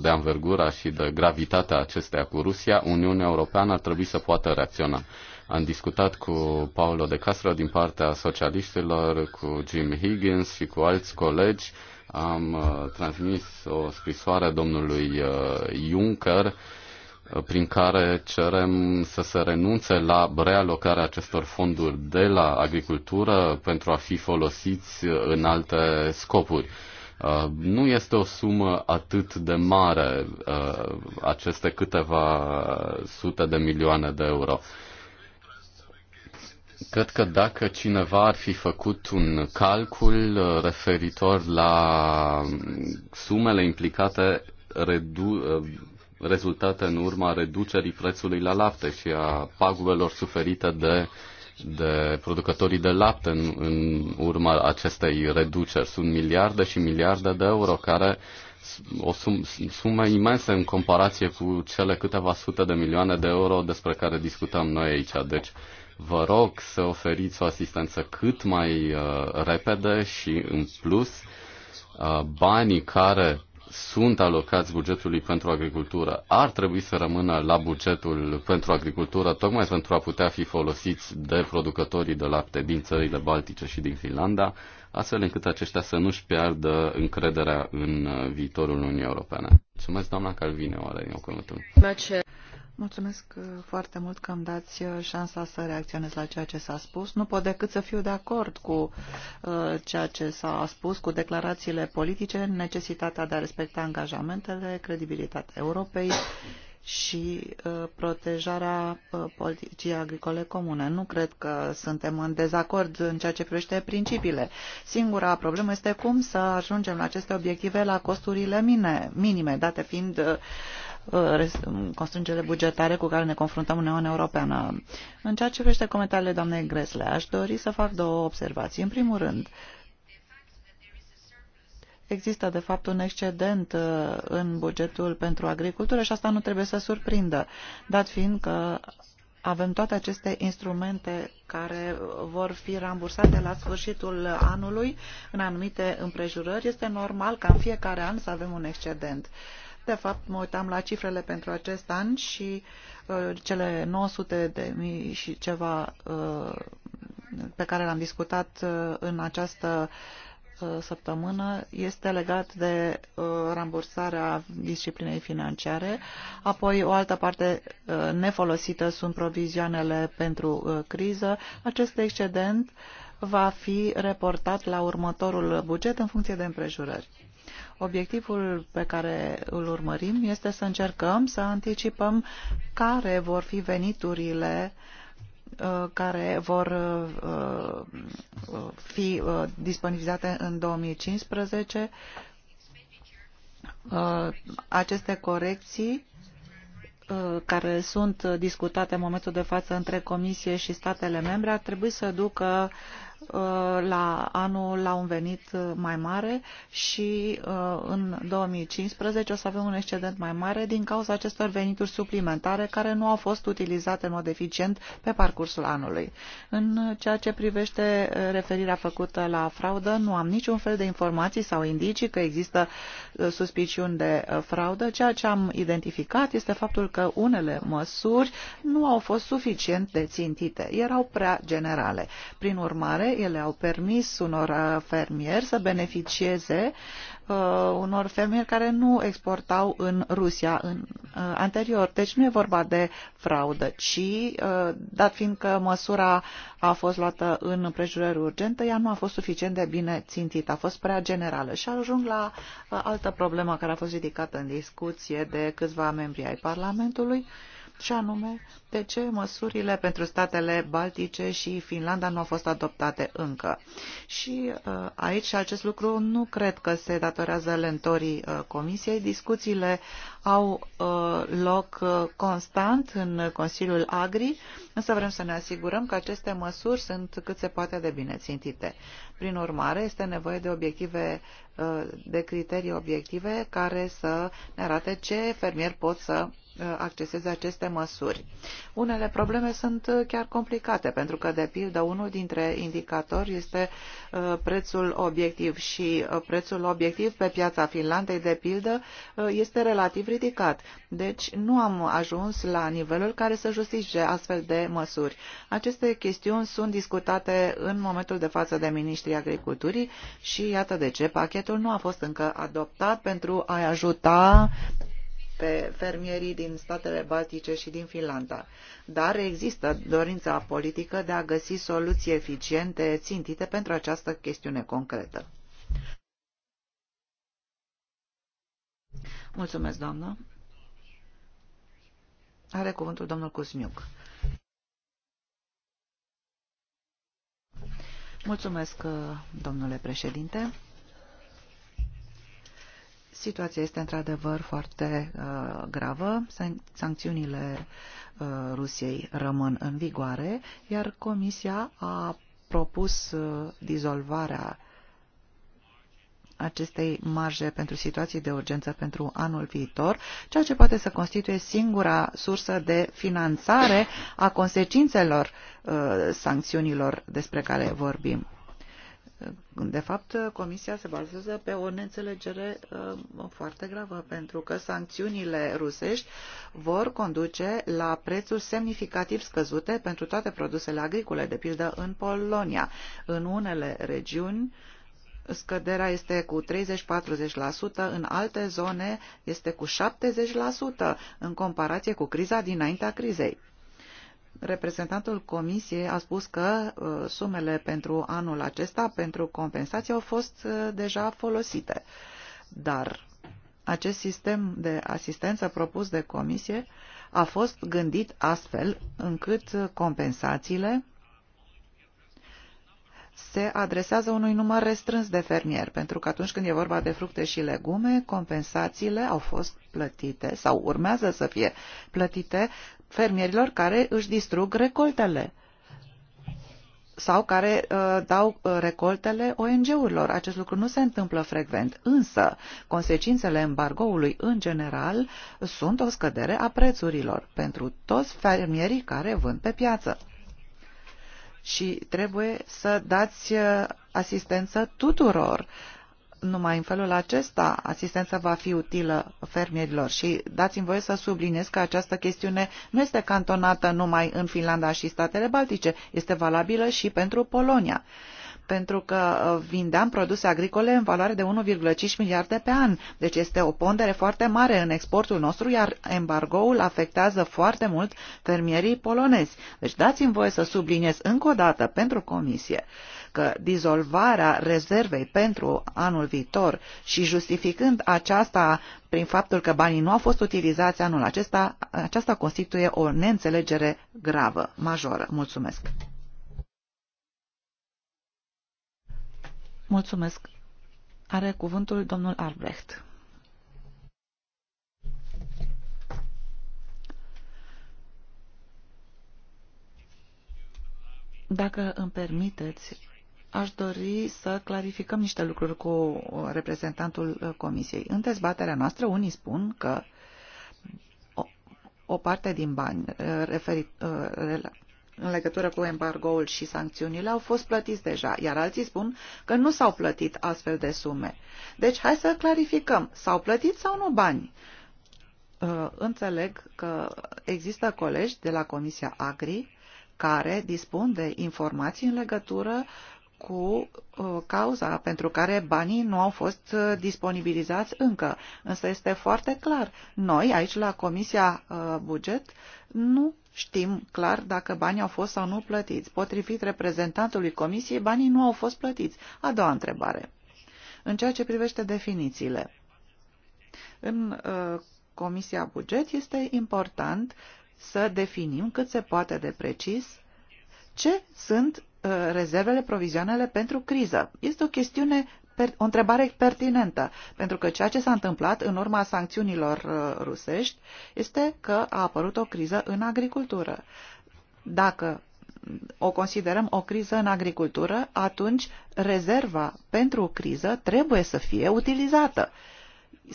de anvergura și de gravitatea acesteia cu Rusia, Uniunea Europeană ar trebui să poată reacționa. Am discutat cu Paolo de Castro din partea socialiștilor, cu Jim Higgins și cu alți colegi. Am uh, transmis o scrisoare domnului uh, Juncker prin care cerem să se renunțe la realocarea acestor fonduri de la agricultură pentru a fi folosiți în alte scopuri. Uh, nu este o sumă atât de mare uh, aceste câteva sute de milioane de euro. Cred că dacă cineva ar fi făcut un calcul uh, referitor la sumele implicate redu- rezultate în urma reducerii prețului la lapte și a pagubelor suferite de, de producătorii de lapte în, în urma acestei reduceri. Sunt miliarde și miliarde de euro care o sum, sume imense în comparație cu cele câteva sute de milioane de euro despre care discutăm noi aici. Deci, vă rog să oferiți o asistență cât mai uh, repede și, în plus, uh, banii care sunt alocați bugetului pentru agricultură ar trebui să rămână la bugetul pentru agricultură, tocmai pentru a putea fi folosiți de producătorii de lapte din țările Baltice și din Finlanda, astfel încât aceștia să nu-și piardă încrederea în viitorul Uniunii Europene. Mulțumesc, doamna Calvine, oare eu Mulțumesc uh, foarte mult că îmi dați uh, șansa să reacționez la ceea ce s-a spus. Nu pot decât să fiu de acord cu uh, ceea ce s-a spus, cu declarațiile politice, necesitatea de a respecta angajamentele, credibilitatea Europei și protejarea politicii agricole comune. Nu cred că suntem în dezacord în ceea ce privește principiile. Singura problemă este cum să ajungem la aceste obiective la costurile mine, minime, date fiind Uh, um, constrângerile bugetare cu care ne confruntăm în Uniunea Europeană. În ceea ce privește comentariile doamnei Gresle, aș dori să fac două observații. În primul rând, există de fapt un excedent uh, în bugetul pentru agricultură și asta nu trebuie să surprindă, dat fiind că avem toate aceste instrumente care vor fi rambursate la sfârșitul anului în anumite împrejurări. Este normal ca în fiecare an să avem un excedent. Uh, de fapt, mă uitam la cifrele pentru acest an și uh, cele 900 de mii și ceva uh, pe care l-am discutat uh, în această uh, săptămână este legat de uh, rambursarea disciplinei financiare. Apoi o altă parte uh, nefolosită sunt provizioanele pentru uh, criză. Acest excedent va fi reportat la următorul buget în funcție de împrejurări. Obiectivul pe care îl urmărim este să încercăm să anticipăm care vor fi veniturile uh, care vor uh, uh, fi disponibilizate în 2015. Aceste corecții care sunt discutate în momentul de față între Comisie și statele membre ar trebui să ducă uh, Uh, la anul la un venit mai mare și uh, în 2015 o să avem un excedent mai mare din cauza acestor venituri suplimentare care nu au fost utilizate în mod eficient pe parcursul anului. În ceea ce privește uh, referirea făcută la fraudă, nu am niciun fel de informații sau indicii că există suspiciuni de fraudă. Ceea ce am identificat este faptul că unele măsuri nu au fost suficient de țintite, erau prea generale. Prin urmare, ele au permis unor uh, fermieri să beneficieze uh, unor fermieri care nu exportau în Rusia în, uh, anterior. Deci nu e vorba de fraudă, ci uh, dat fiindcă măsura a fost luată în împrejurări urgente, ea nu a fost suficient de bine țintită, a fost prea generală. Și ajung la uh, altă problemă care a fost ridicată în discuție de câțiva membri ai Parlamentului. Uh, și anume de ce măsurile pentru statele Baltice și Finlanda nu au fost adoptate încă. Și uh, aici acest lucru nu cred că se datorează lentorii uh, Comisiei. Discuțiile au uh, loc constant în Consiliul Agri, însă vrem să ne asigurăm că aceste măsuri sunt cât se poate de bine țintite. Prin urmare, este nevoie de obiective de criterii obiective care să ne arate ce fermieri pot să acceseze aceste măsuri. Unele probleme sunt uh, chiar complicate, pentru că, de pildă, unul dintre indicatori este uh, prețul obiectiv și uh, prețul obiectiv pe piața Finlandei, de pildă, este relativ ridicat. Deci nu am ajuns la nivelul care să justifice astfel de măsuri. Aceste chestiuni sunt discutate în momentul de față de Ministrii Agriculturii și iată de ce pachetul nu a fost încă adoptat pentru a ajuta pe fermierii din statele baltice și din Finlanda. Dar există dorința politică de a găsi soluții eficiente, țintite pentru această chestiune concretă. Mulțumesc, doamnă. Are cuvântul domnul Cusmiuc. Mulțumesc, domnule președinte. Situația este într-adevăr foarte uh, gravă. San sancțiunile uh, Rusiei rămân în vigoare, iar Comisia a propus uh, dizolvarea acestei marje pentru situații de urgență pentru anul viitor, ceea ce poate să constituie singura sursă de finanțare a consecințelor uh, sancțiunilor despre care vorbim. De fapt, Comisia se bazează pe o neînțelegere uh, foarte gravă, pentru că sancțiunile rusești vor conduce la prețuri semnificativ scăzute pentru toate produsele agricole, de pildă în Polonia. În unele regiuni, scăderea este cu 30-40%, în alte zone este cu 70% în comparație cu criza dinaintea crizei. Reprezentantul Comisiei a spus că uh, sumele pentru anul acesta, pentru compensații, au fost uh, deja folosite. Dar acest sistem de asistență propus de Comisie a fost gândit astfel încât uh, compensațiile se adresează unui număr restrâns de fermieri, pentru că atunci când e vorba de fructe și legume, compensațiile au fost plătite sau urmează să fie plătite fermierilor care își distrug recoltele sau care uh, dau uh, recoltele ONG-urilor. Acest lucru nu se întâmplă frecvent, însă consecințele embargoului în general sunt o scădere a prețurilor pentru toți fermierii care vând pe piață și trebuie să dați uh, asistență tuturor. Numai în felul acesta asistența va fi utilă fermierilor și dați-mi voie să subliniez că această chestiune nu este cantonată numai în Finlanda și statele Baltice, este valabilă și pentru Polonia pentru că uh, vindeam produse agricole în valoare de 1,5 miliarde pe an. Deci este o pondere foarte mare în exportul nostru, iar embargoul afectează foarte mult fermierii polonezi. Deci dați-mi voie să subliniez încă o dată pentru Comisie că dizolvarea rezervei pentru anul viitor și justificând aceasta prin faptul că banii nu au fost utilizați anul acesta, aceasta constituie o neînțelegere gravă, majoră. Mulțumesc! Mulțumesc. Are cuvântul domnul Arbrecht. Dacă îmi permiteți, aș dori să clarificăm niște lucruri cu reprezentantul uh, Comisiei. În dezbaterea noastră, unii spun că o, o parte din bani uh, referi, uh, în legătură cu embargoul și sancțiunile au fost plătiți deja, iar alții spun că nu s-au plătit astfel de sume. Deci hai să clarificăm, s-au plătit sau nu bani? Uh, înțeleg că există colegi de la Comisia Agri care dispun de informații în legătură cu uh, cauza pentru care banii nu au fost uh, disponibilizați încă. Însă este foarte clar, noi aici la Comisia Buget nu știm clar dacă banii au fost sau nu plătiți. Potrivit reprezentantului Comisiei, banii nu au fost plătiți. A doua întrebare. În ceea ce privește definițiile, în uh, Comisia Buget este important să definim cât se poate de precis ce sunt uh, rezervele provizionale pentru criză. Este o chestiune o întrebare pertinentă, pentru că ceea ce s-a întâmplat în urma sancțiunilor uh, rusești este că a apărut o criză în agricultură. Dacă o considerăm o criză în agricultură, atunci rezerva pentru o criză trebuie să fie utilizată.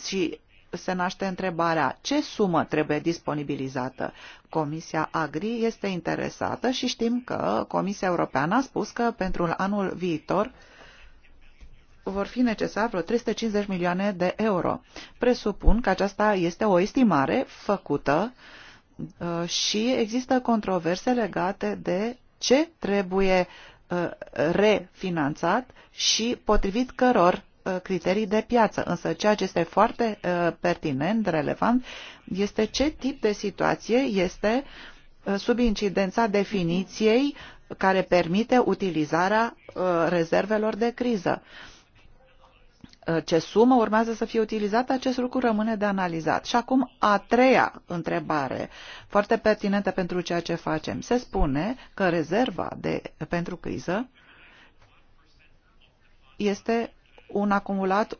Și se naște întrebarea ce sumă trebuie disponibilizată. Comisia Agri este interesată și știm că Comisia Europeană a spus că pentru anul viitor vor fi necesar vreo 350 milioane de euro. Presupun că aceasta este o estimare făcută uh, și există controverse legate de ce trebuie uh, refinanțat și potrivit căror uh, criterii de piață. Însă ceea ce este foarte pertinent, relevant, este ce tip de situație este sub incidența definiției care permite utilizarea rezervelor de criză. Uh, ce sumă urmează să fie utilizată, acest lucru rămâne de analizat. Și acum a treia întrebare, foarte pertinentă pentru ceea ce facem. Se spune că rezerva de, pentru criză este un acumulat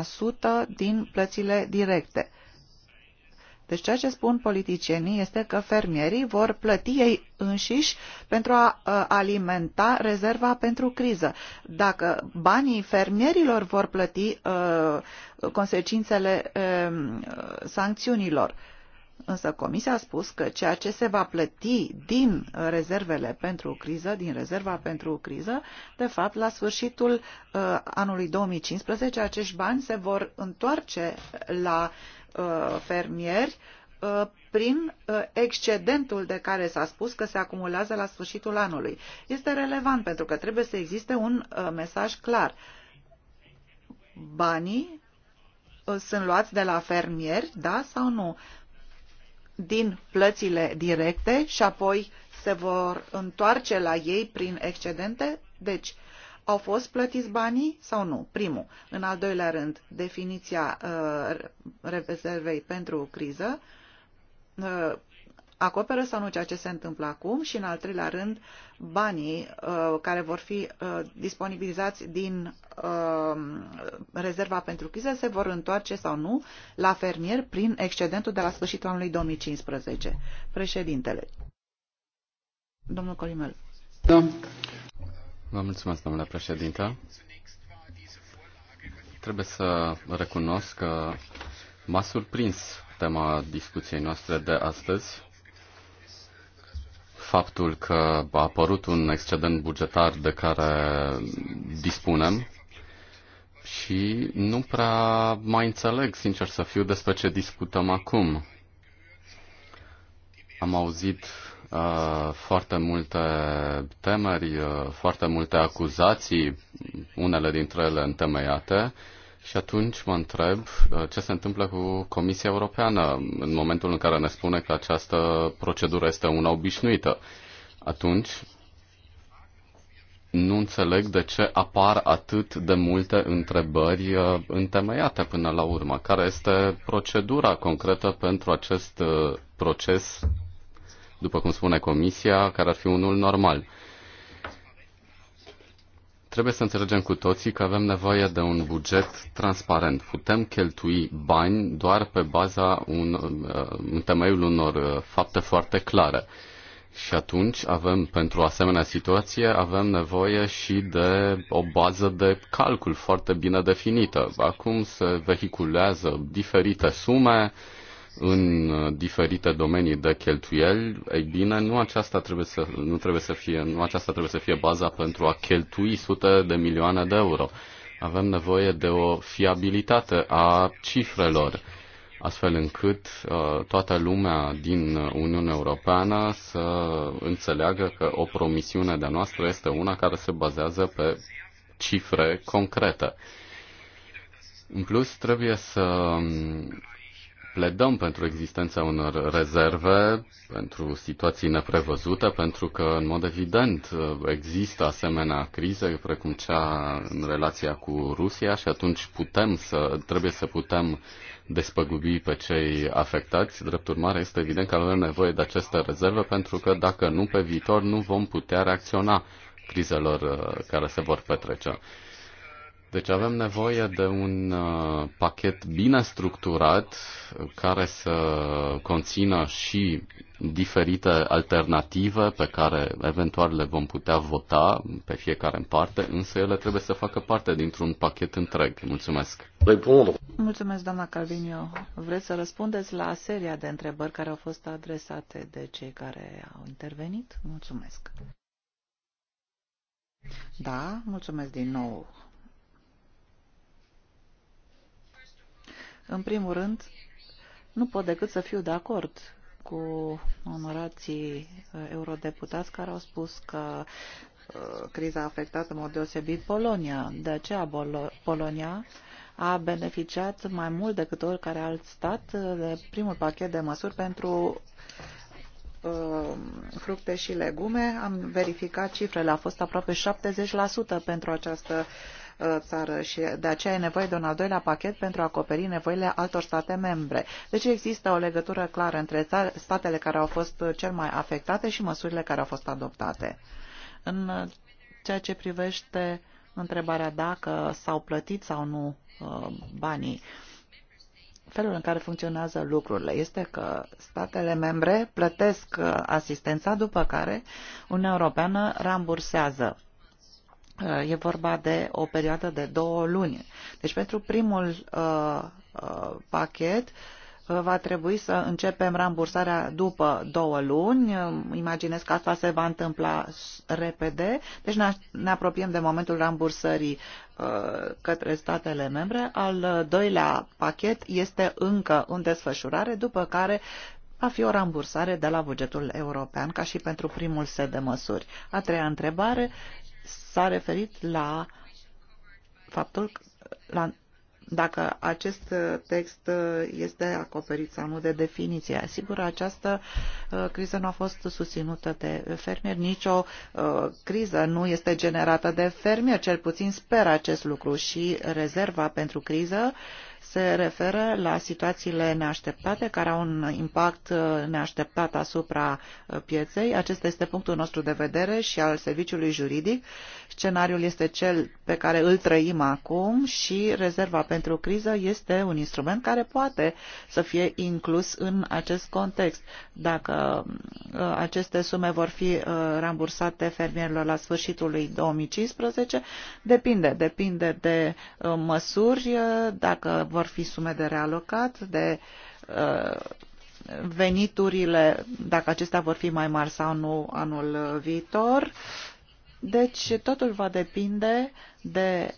1% din plățile directe. Deci ceea ce spun politicienii este că fermierii vor plăti ei înșiși pentru a ă, alimenta rezerva pentru criză. Dacă banii fermierilor vor plăti uh, consecințele uh, sancțiunilor, Însă Comisia a spus că ceea ce se va plăti din rezervele pentru criză, din rezerva pentru criză, de fapt, la sfârșitul uh, anului 2015, acești bani se vor întoarce la Uh, fermieri uh, prin uh, excedentul de care s-a spus că se acumulează la sfârșitul anului. Este relevant pentru că trebuie să existe un mesaj clar. Banii sunt luați de la fermieri, da sau nu, din plățile directe și apoi se vor întoarce la ei prin excedente? Deci, uh, au fost plătiți banii sau nu? Primul. În al doilea rând, definiția uh, rezervei pentru criză. Uh, acoperă sau nu ceea ce se întâmplă acum și, în al treilea rând, banii uh, care vor fi uh, disponibilizați din uh, rezerva pentru criză se vor întoarce sau nu la fermier prin excedentul de la sfârșitul anului 2015. Președintele. Domnul Colimel. Da. Vă mulțumesc, domnule președinte. Trebuie să recunosc că m-a surprins tema discuției noastre de astăzi, faptul că a apărut un excedent bugetar de care dispunem și nu prea mai înțeleg, sincer să fiu, despre ce discutăm acum. Am auzit Uh, foarte multe temeri, uh, foarte multe acuzații, unele dintre ele întemeiate. Și atunci mă întreb uh, ce se întâmplă cu Comisia Europeană în momentul în care ne spune că această procedură este una obișnuită. Atunci nu înțeleg de ce apar atât de multe întrebări întemeiate până la urmă. Care este procedura concretă pentru acest proces după cum spune Comisia, care ar fi unul normal. Trebuie să înțelegem cu toții că avem nevoie de un buget transparent. Putem cheltui bani doar pe baza un, uh, în temeiul unor uh, fapte foarte clare. Și atunci avem, pentru o asemenea situație, avem nevoie și de o bază de calcul foarte bine definită. Acum se vehiculează diferite sume, în uh, diferite domenii de cheltuieli, ei bine, nu aceasta trebuie să, nu trebuie să fie, nu aceasta trebuie să fie baza pentru a cheltui sute de milioane de euro. Avem nevoie de o fiabilitate a cifrelor, astfel încât uh, toată lumea din Uniunea Europeană să înțeleagă că o promisiune de-a noastră este una care se bazează pe cifre concrete. În plus, trebuie să pledăm pentru existența unor rezerve, pentru situații neprevăzute, pentru că, în mod evident, există asemenea crize, precum cea în relația cu Rusia și atunci putem să, trebuie să putem despăgubi pe cei afectați. Drept urmare, este evident că avem nevoie de aceste rezerve, pentru că, dacă nu, pe viitor nu vom putea reacționa crizelor uh, care se vor petrece. Deci avem nevoie de un uh, pachet bine structurat uh, care să conțină și diferite alternative pe care eventual le vom putea vota pe fiecare în parte, însă ele trebuie să facă parte dintr-un pachet întreg. Mulțumesc! Mulțumesc, doamna Calvinio. Vreți să răspundeți la seria de întrebări care au fost adresate de cei care au intervenit? Mulțumesc! Da, mulțumesc din nou În primul rând, nu pot decât să fiu de acord cu onorații uh, eurodeputați care au spus că uh, criza a afectat în mod deosebit Polonia. De aceea Polonia a beneficiat mai mult decât oricare alt stat uh, de primul pachet de măsuri pentru fructe și legume. Am verificat cifrele, a fost aproape 70% pentru această uh, Uh, țară și de aceea e nevoie de un al doilea pachet pentru a acoperi nevoile altor state membre. Deci există o legătură clară între statele care au fost cel mai afectate și măsurile care au fost adoptate. În ceea ce privește întrebarea dacă s-au plătit sau nu uh, banii, felul în care funcționează lucrurile este că statele membre plătesc uh, asistența, după care Uniunea Europeană rambursează Uh, e vorba de o perioadă de două luni. Deci pentru primul uh, uh, pachet uh, va trebui să începem rambursarea după două luni. Uh, imaginez că asta se va întâmpla repede. Deci ne, ne apropiem de momentul rambursării către statele membre. Al doilea pachet este încă în desfășurare, după care va fi o rambursare de la bugetul european, ca și pentru primul set de măsuri. A treia întrebare s-a referit la faptul la, dacă acest text este acoperit sau nu de definiție. Sigur, această uh, criză nu a fost susținută de fermieri, nicio uh, criză nu este generată de fermieri, cel puțin sper acest lucru și rezerva pentru criză uh, se referă la situațiile neașteptate care au un impact uh, neașteptat asupra uh, pieței. Acesta este punctul nostru de vedere și al serviciului juridic. Scenariul este cel pe care îl trăim acum și rezerva pentru criză este un instrument care poate să fie inclus în acest context. Dacă uh, aceste sume vor fi rambursate fermierilor la sfârșitul lui 2015, depinde, depinde de măsuri, dacă vor fi sume de realocat, de uh, veniturile, dacă acestea vor fi mai mari sau nu anul viitor. Deci totul va depinde de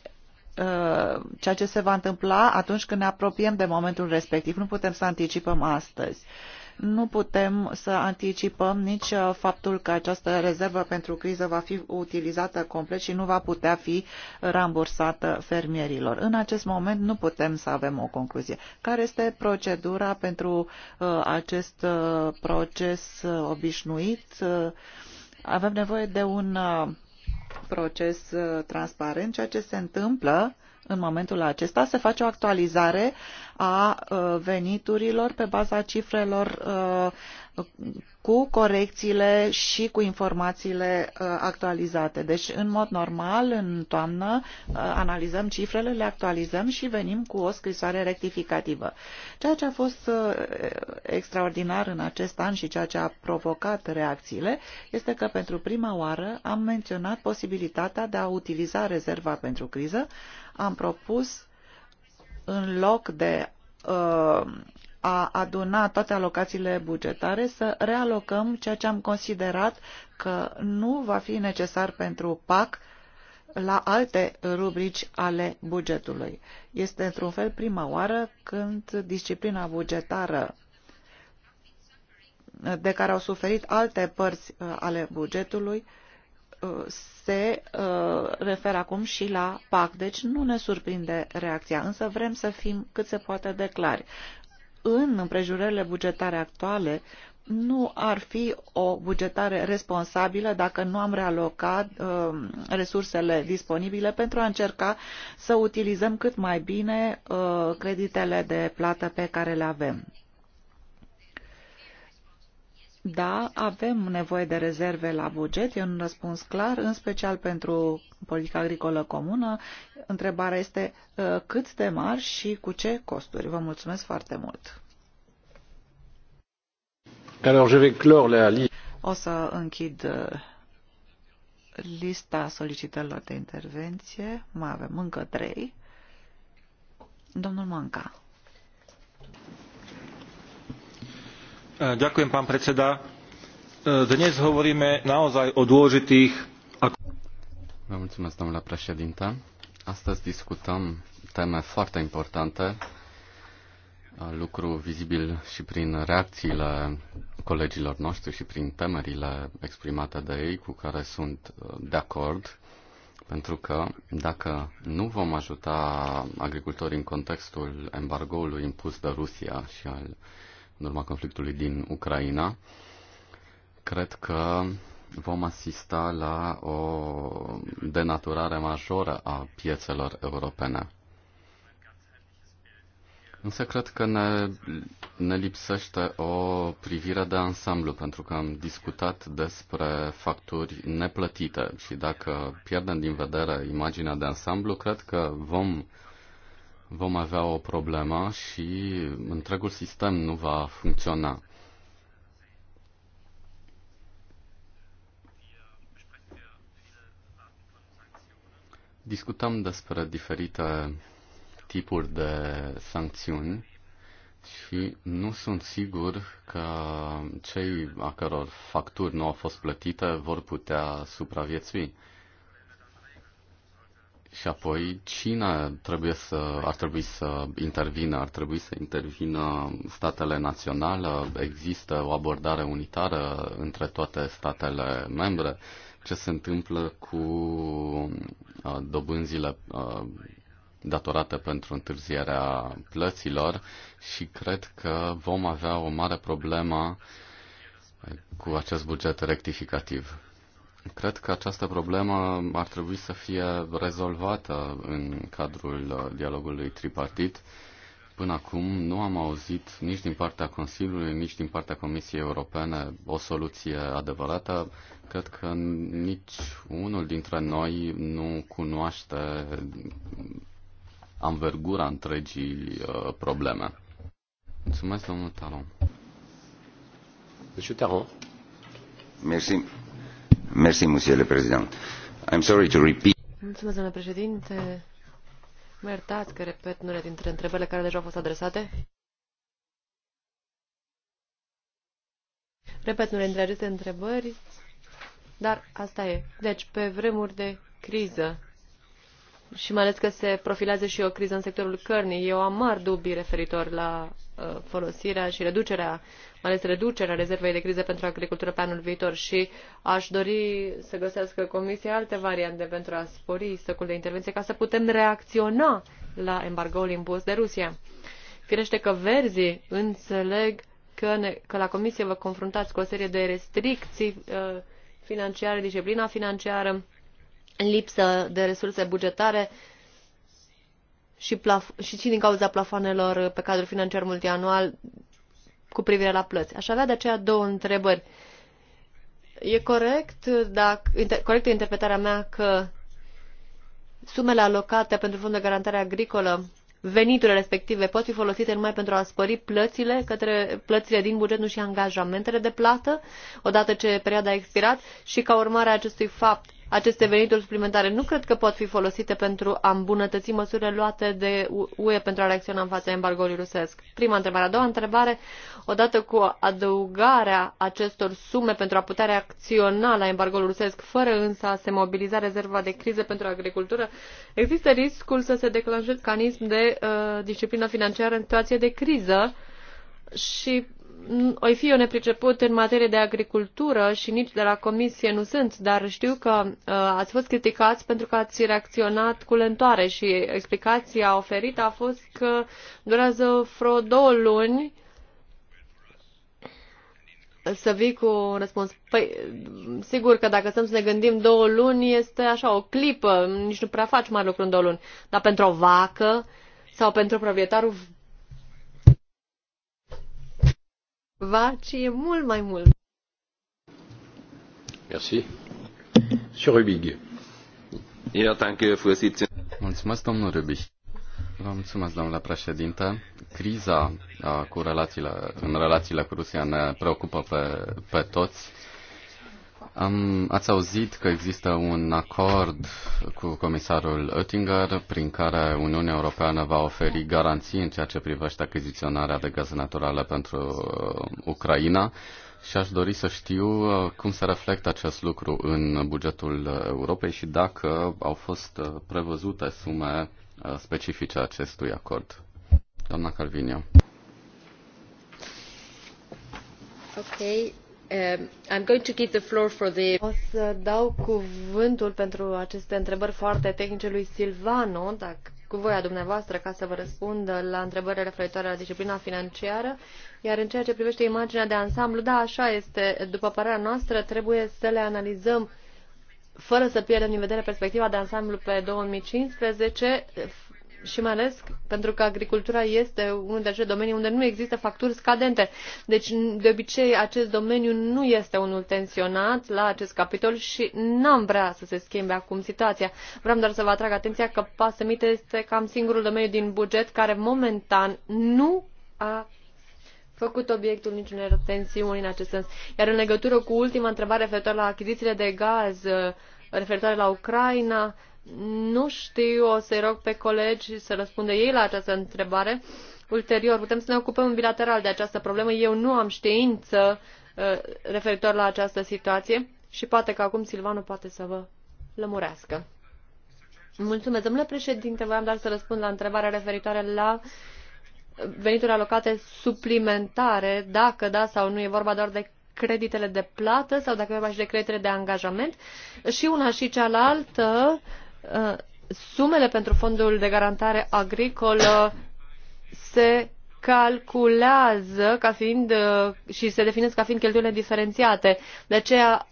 uh, ceea ce se va întâmpla atunci când ne apropiem de momentul respectiv. Nu putem să anticipăm astăzi. Uh, nu putem să anticipăm nici uh, faptul că această rezervă pentru criză va fi utilizată complet și nu va putea fi rambursată fermierilor. În acest moment nu putem să avem o concluzie. Care este procedura pentru uh, acest uh, proces obișnuit? Avem nevoie de un proces transparent. Ceea ce se întâmplă în momentul acesta se face o actualizare a uh, veniturilor pe baza cifrelor uh, cu corecțiile și cu informațiile uh, actualizate. Deci, în mod normal, în toamnă, analizăm cifrele, le actualizăm și venim cu o scrisoare rectificativă. Ceea ce a fost extraordinar în acest an și ceea ce a provocat reacțiile este că pentru prima oară am menționat posibilitatea de a utiliza rezerva pentru criză, am propus în loc de uh, a aduna toate alocațiile bugetare, să realocăm ceea ce am considerat că nu va fi necesar pentru PAC la alte rubrici ale bugetului. Este într-un fel prima oară când disciplina bugetară de care au suferit alte părți uh, ale bugetului se uh, referă acum și la PAC, deci nu ne surprinde reacția, însă vrem să fim cât se poate de clari. În împrejurările bugetare actuale, nu ar fi o bugetare responsabilă dacă nu am realocat uh, resursele disponibile pentru a încerca să utilizăm cât mai bine uh, creditele de plată pe care le avem. Da, avem nevoie de rezerve la buget, e un răspuns clar, în special pentru politica agricolă comună. Întrebarea este uh, cât de mari și cu ce costuri. Vă mulțumesc foarte mult. Alors, je vais clore la O să închid uh, lista solicitărilor de intervenție. Mai avem încă trei. Domnul Manca. Eh, ďakujem, eh, Dnes hovoríme naozaj o dôležitých... Vă mulțumesc, domnule președinte. Astăzi discutăm teme foarte importante, eh, lucru vizibil și prin reacțiile colegilor noștri și prin temerile exprimate de ei cu care sunt de acord, pentru că dacă nu vom ajuta agricultorii în contextul embargoului impus de Rusia și al în urma conflictului din Ucraina, cred că vom asista la o denaturare majoră a piețelor europene. Însă cred că ne, ne lipsește o privire de ansamblu, pentru că am discutat despre facturi neplătite și dacă pierdem din vedere imaginea de ansamblu, cred că vom vom avea o problemă și întregul sistem nu va funcționa. Discutăm despre diferite tipuri de sancțiuni și nu sunt sigur că cei a căror facturi nu au fost plătite vor putea supraviețui. Și apoi, cine trebuie să, ar trebui să intervină? Ar trebui să intervină statele naționale? Există o abordare unitară între toate statele membre? Ce se întâmplă cu uh, dobânzile uh, datorate pentru întârzierea plăților? Și cred că vom avea o mare problemă cu acest buget rectificativ. Cred că această problemă ar trebui să fie rezolvată în cadrul dialogului tripartit. Până acum nu am auzit nici din partea Consiliului, nici din partea Comisiei Europene o soluție adevărată. Cred că nici unul dintre noi nu cunoaște amvergura întregii uh, probleme. Mulțumesc, domnul Talon. Monsieur Taron. Mersi. Mersi, Monsieur le Président. I'm sorry to repeat. Mulțumesc, domnule președinte. Mă iertați că repet unele dintre întrebările care deja au fost adresate. Repet unele dintre aceste întrebări, dar asta e. Deci, pe vremuri de criză, și mai ales că se profilează și o criză în sectorul cărnii, eu am mari dubii referitor la Uh, folosirea și reducerea, mai ales reducerea rezervei de criză pentru agricultură pe anul viitor și aș dori să găsească Comisia alte variante pentru a spori stocul de intervenție ca să putem reacționa la embargoul impus de Rusia. Firește că verzii înțeleg că, ne, că la Comisie vă confruntați cu o serie de restricții uh, financiare, disciplina financiară, lipsă de resurse bugetare, uh, și, plaf- și din cauza plafonelor pe cadrul financiar multianual cu privire la plăți. Aș avea de aceea două întrebări. E corect, dacă, inter, corectă interpretarea mea că sumele alocate pentru fondul de garantare agricolă, veniturile respective, pot fi folosite numai pentru a spări plățile, către plățile din buget, nu și angajamentele de plată, odată ce perioada a expirat și ca urmare a acestui fapt aceste venituri suplimentare nu cred că pot fi folosite pentru a îmbunătăți măsurile luate de UE pentru a reacționa în fața embargoului rusesc. Prima întrebare. A doua întrebare, odată cu adăugarea acestor sume pentru a putea reacționa la embargoul rusesc, fără însă a se mobiliza rezerva de criză pentru agricultură, există riscul să se declanșeze mecanism de uh, disciplină financiară în situație de criză și Oi fi eu nepriceput în materie de agricultură și nici de la comisie nu sunt, dar știu că uh, ați fost criticați pentru că ați reacționat cu lentoare și explicația oferită a fost că durează vreo două luni să vii cu un răspuns. Păi, sigur că dacă stăm să ne gândim două luni, este așa o clipă, nici nu prea faci mai lucru în două luni. Dar pentru o vacă sau pentru proprietarul va, ci e mult mai mult. Merci. Sur Rubig. Ja, danke, Mulțumesc, domnul Rubig. Vă mulțumesc, domnule președinte. Criza cu relațiile, în relațiile cu Rusia ne preocupă pe, pe toți am, ați auzit că există un acord cu comisarul Oettinger prin care Uniunea Europeană va oferi garanții în ceea ce privește achiziționarea de gaze naturale pentru uh, Ucraina și aș dori să știu uh, cum se reflectă acest lucru în bugetul uh, Europei și dacă au fost uh, prevăzute sume uh, specifice acestui acord. Doamna Calvinio. Okay. Um, I'm going to give the floor for the... O să dau cuvântul pentru aceste întrebări foarte tehnice lui Silvano, dacă, cu voia dumneavoastră, ca să vă răspundă la întrebările referitoare la disciplina financiară. Iar în ceea ce privește imaginea de ansamblu, da, așa este, după părerea noastră, trebuie să le analizăm fără să pierdem din vedere perspectiva de ansamblu pe 2015, și mai ales pentru că agricultura este unul dintre acele domenii unde nu există facturi scadente. Deci, de obicei, acest domeniu nu este unul tensionat la acest capitol și n-am vrea să se schimbe acum situația. Vreau doar să vă atrag atenția că pasămite este cam singurul domeniu din buget care momentan nu a făcut obiectul niciunei tensiuni în acest sens. Iar în legătură cu ultima întrebare referitoare la achizițiile de gaz, referitoare la Ucraina, nu știu, o să-i rog pe colegi să răspundă ei la această întrebare. Ulterior, putem să ne ocupăm bilateral de această problemă. Eu nu am știință uh, referitor la această situație și poate că acum Silvanu poate să vă lămurească. Mulțumesc, domnule președinte. Voiam doar să răspund la întrebarea referitoare la venituri alocate suplimentare, dacă da sau nu e vorba doar de creditele de plată sau dacă e vorba și de creditele de angajament. Și una și cealaltă Uh, sumele pentru fondul de garantare agricolă uh, se calculează ca fiind uh, și se definesc ca fiind cheltuielile diferențiate. De aceea,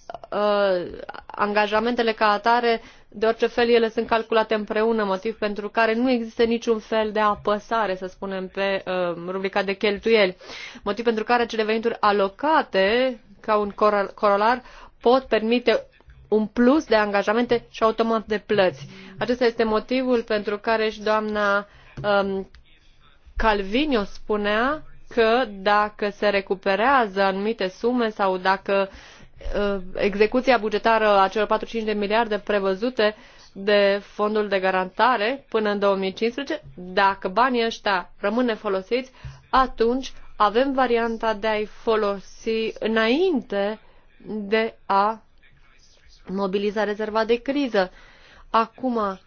angajamentele ca atare, de orice fel, ele sunt calculate împreună, motiv pentru care nu există niciun fel de apăsare, să spunem, pe rubrica de cheltuieli. Motiv pentru care cele venituri alocate ca un corolar pot permite un plus de angajamente și automat de plăți. Acesta este motivul pentru care și doamna um, Calvinio spunea că dacă se recuperează anumite sume sau dacă uh, execuția bugetară a celor 45 de miliarde prevăzute de fondul de garantare până în 2015, dacă banii ăștia rămân nefolosiți, atunci avem varianta de a-i folosi înainte de a mobiliza rezerva de criză. Acum,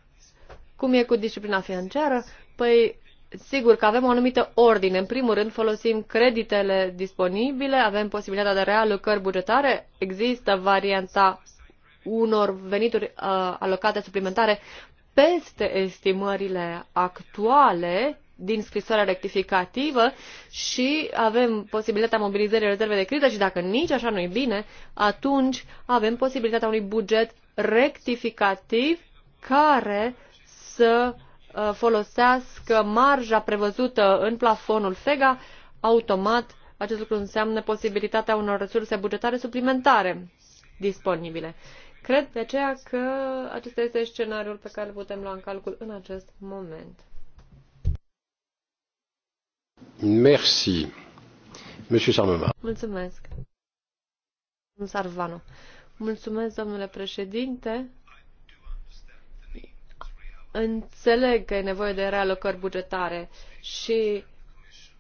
cum e cu disciplina financiară? Păi, sigur că avem o anumită ordine. În primul rând, folosim creditele disponibile, avem posibilitatea de realocări bugetare, există varianta unor venituri uh, alocate suplimentare peste estimările actuale din scrisoarea rectificativă și avem posibilitatea mobilizării rezervei de criză și dacă nici așa nu-i bine, atunci avem posibilitatea unui buget rectificativ care să uh, folosească marja prevăzută în plafonul FEGA automat. Acest lucru înseamnă posibilitatea unor resurse bugetare suplimentare disponibile. Cred de aceea că acesta este scenariul pe care îl putem lua în calcul în acest moment. Merci. Monsieur Mulțumesc. Domnul Sarvano. Mulțumesc, domnule președinte. Înțeleg că e nevoie de realocări bugetare și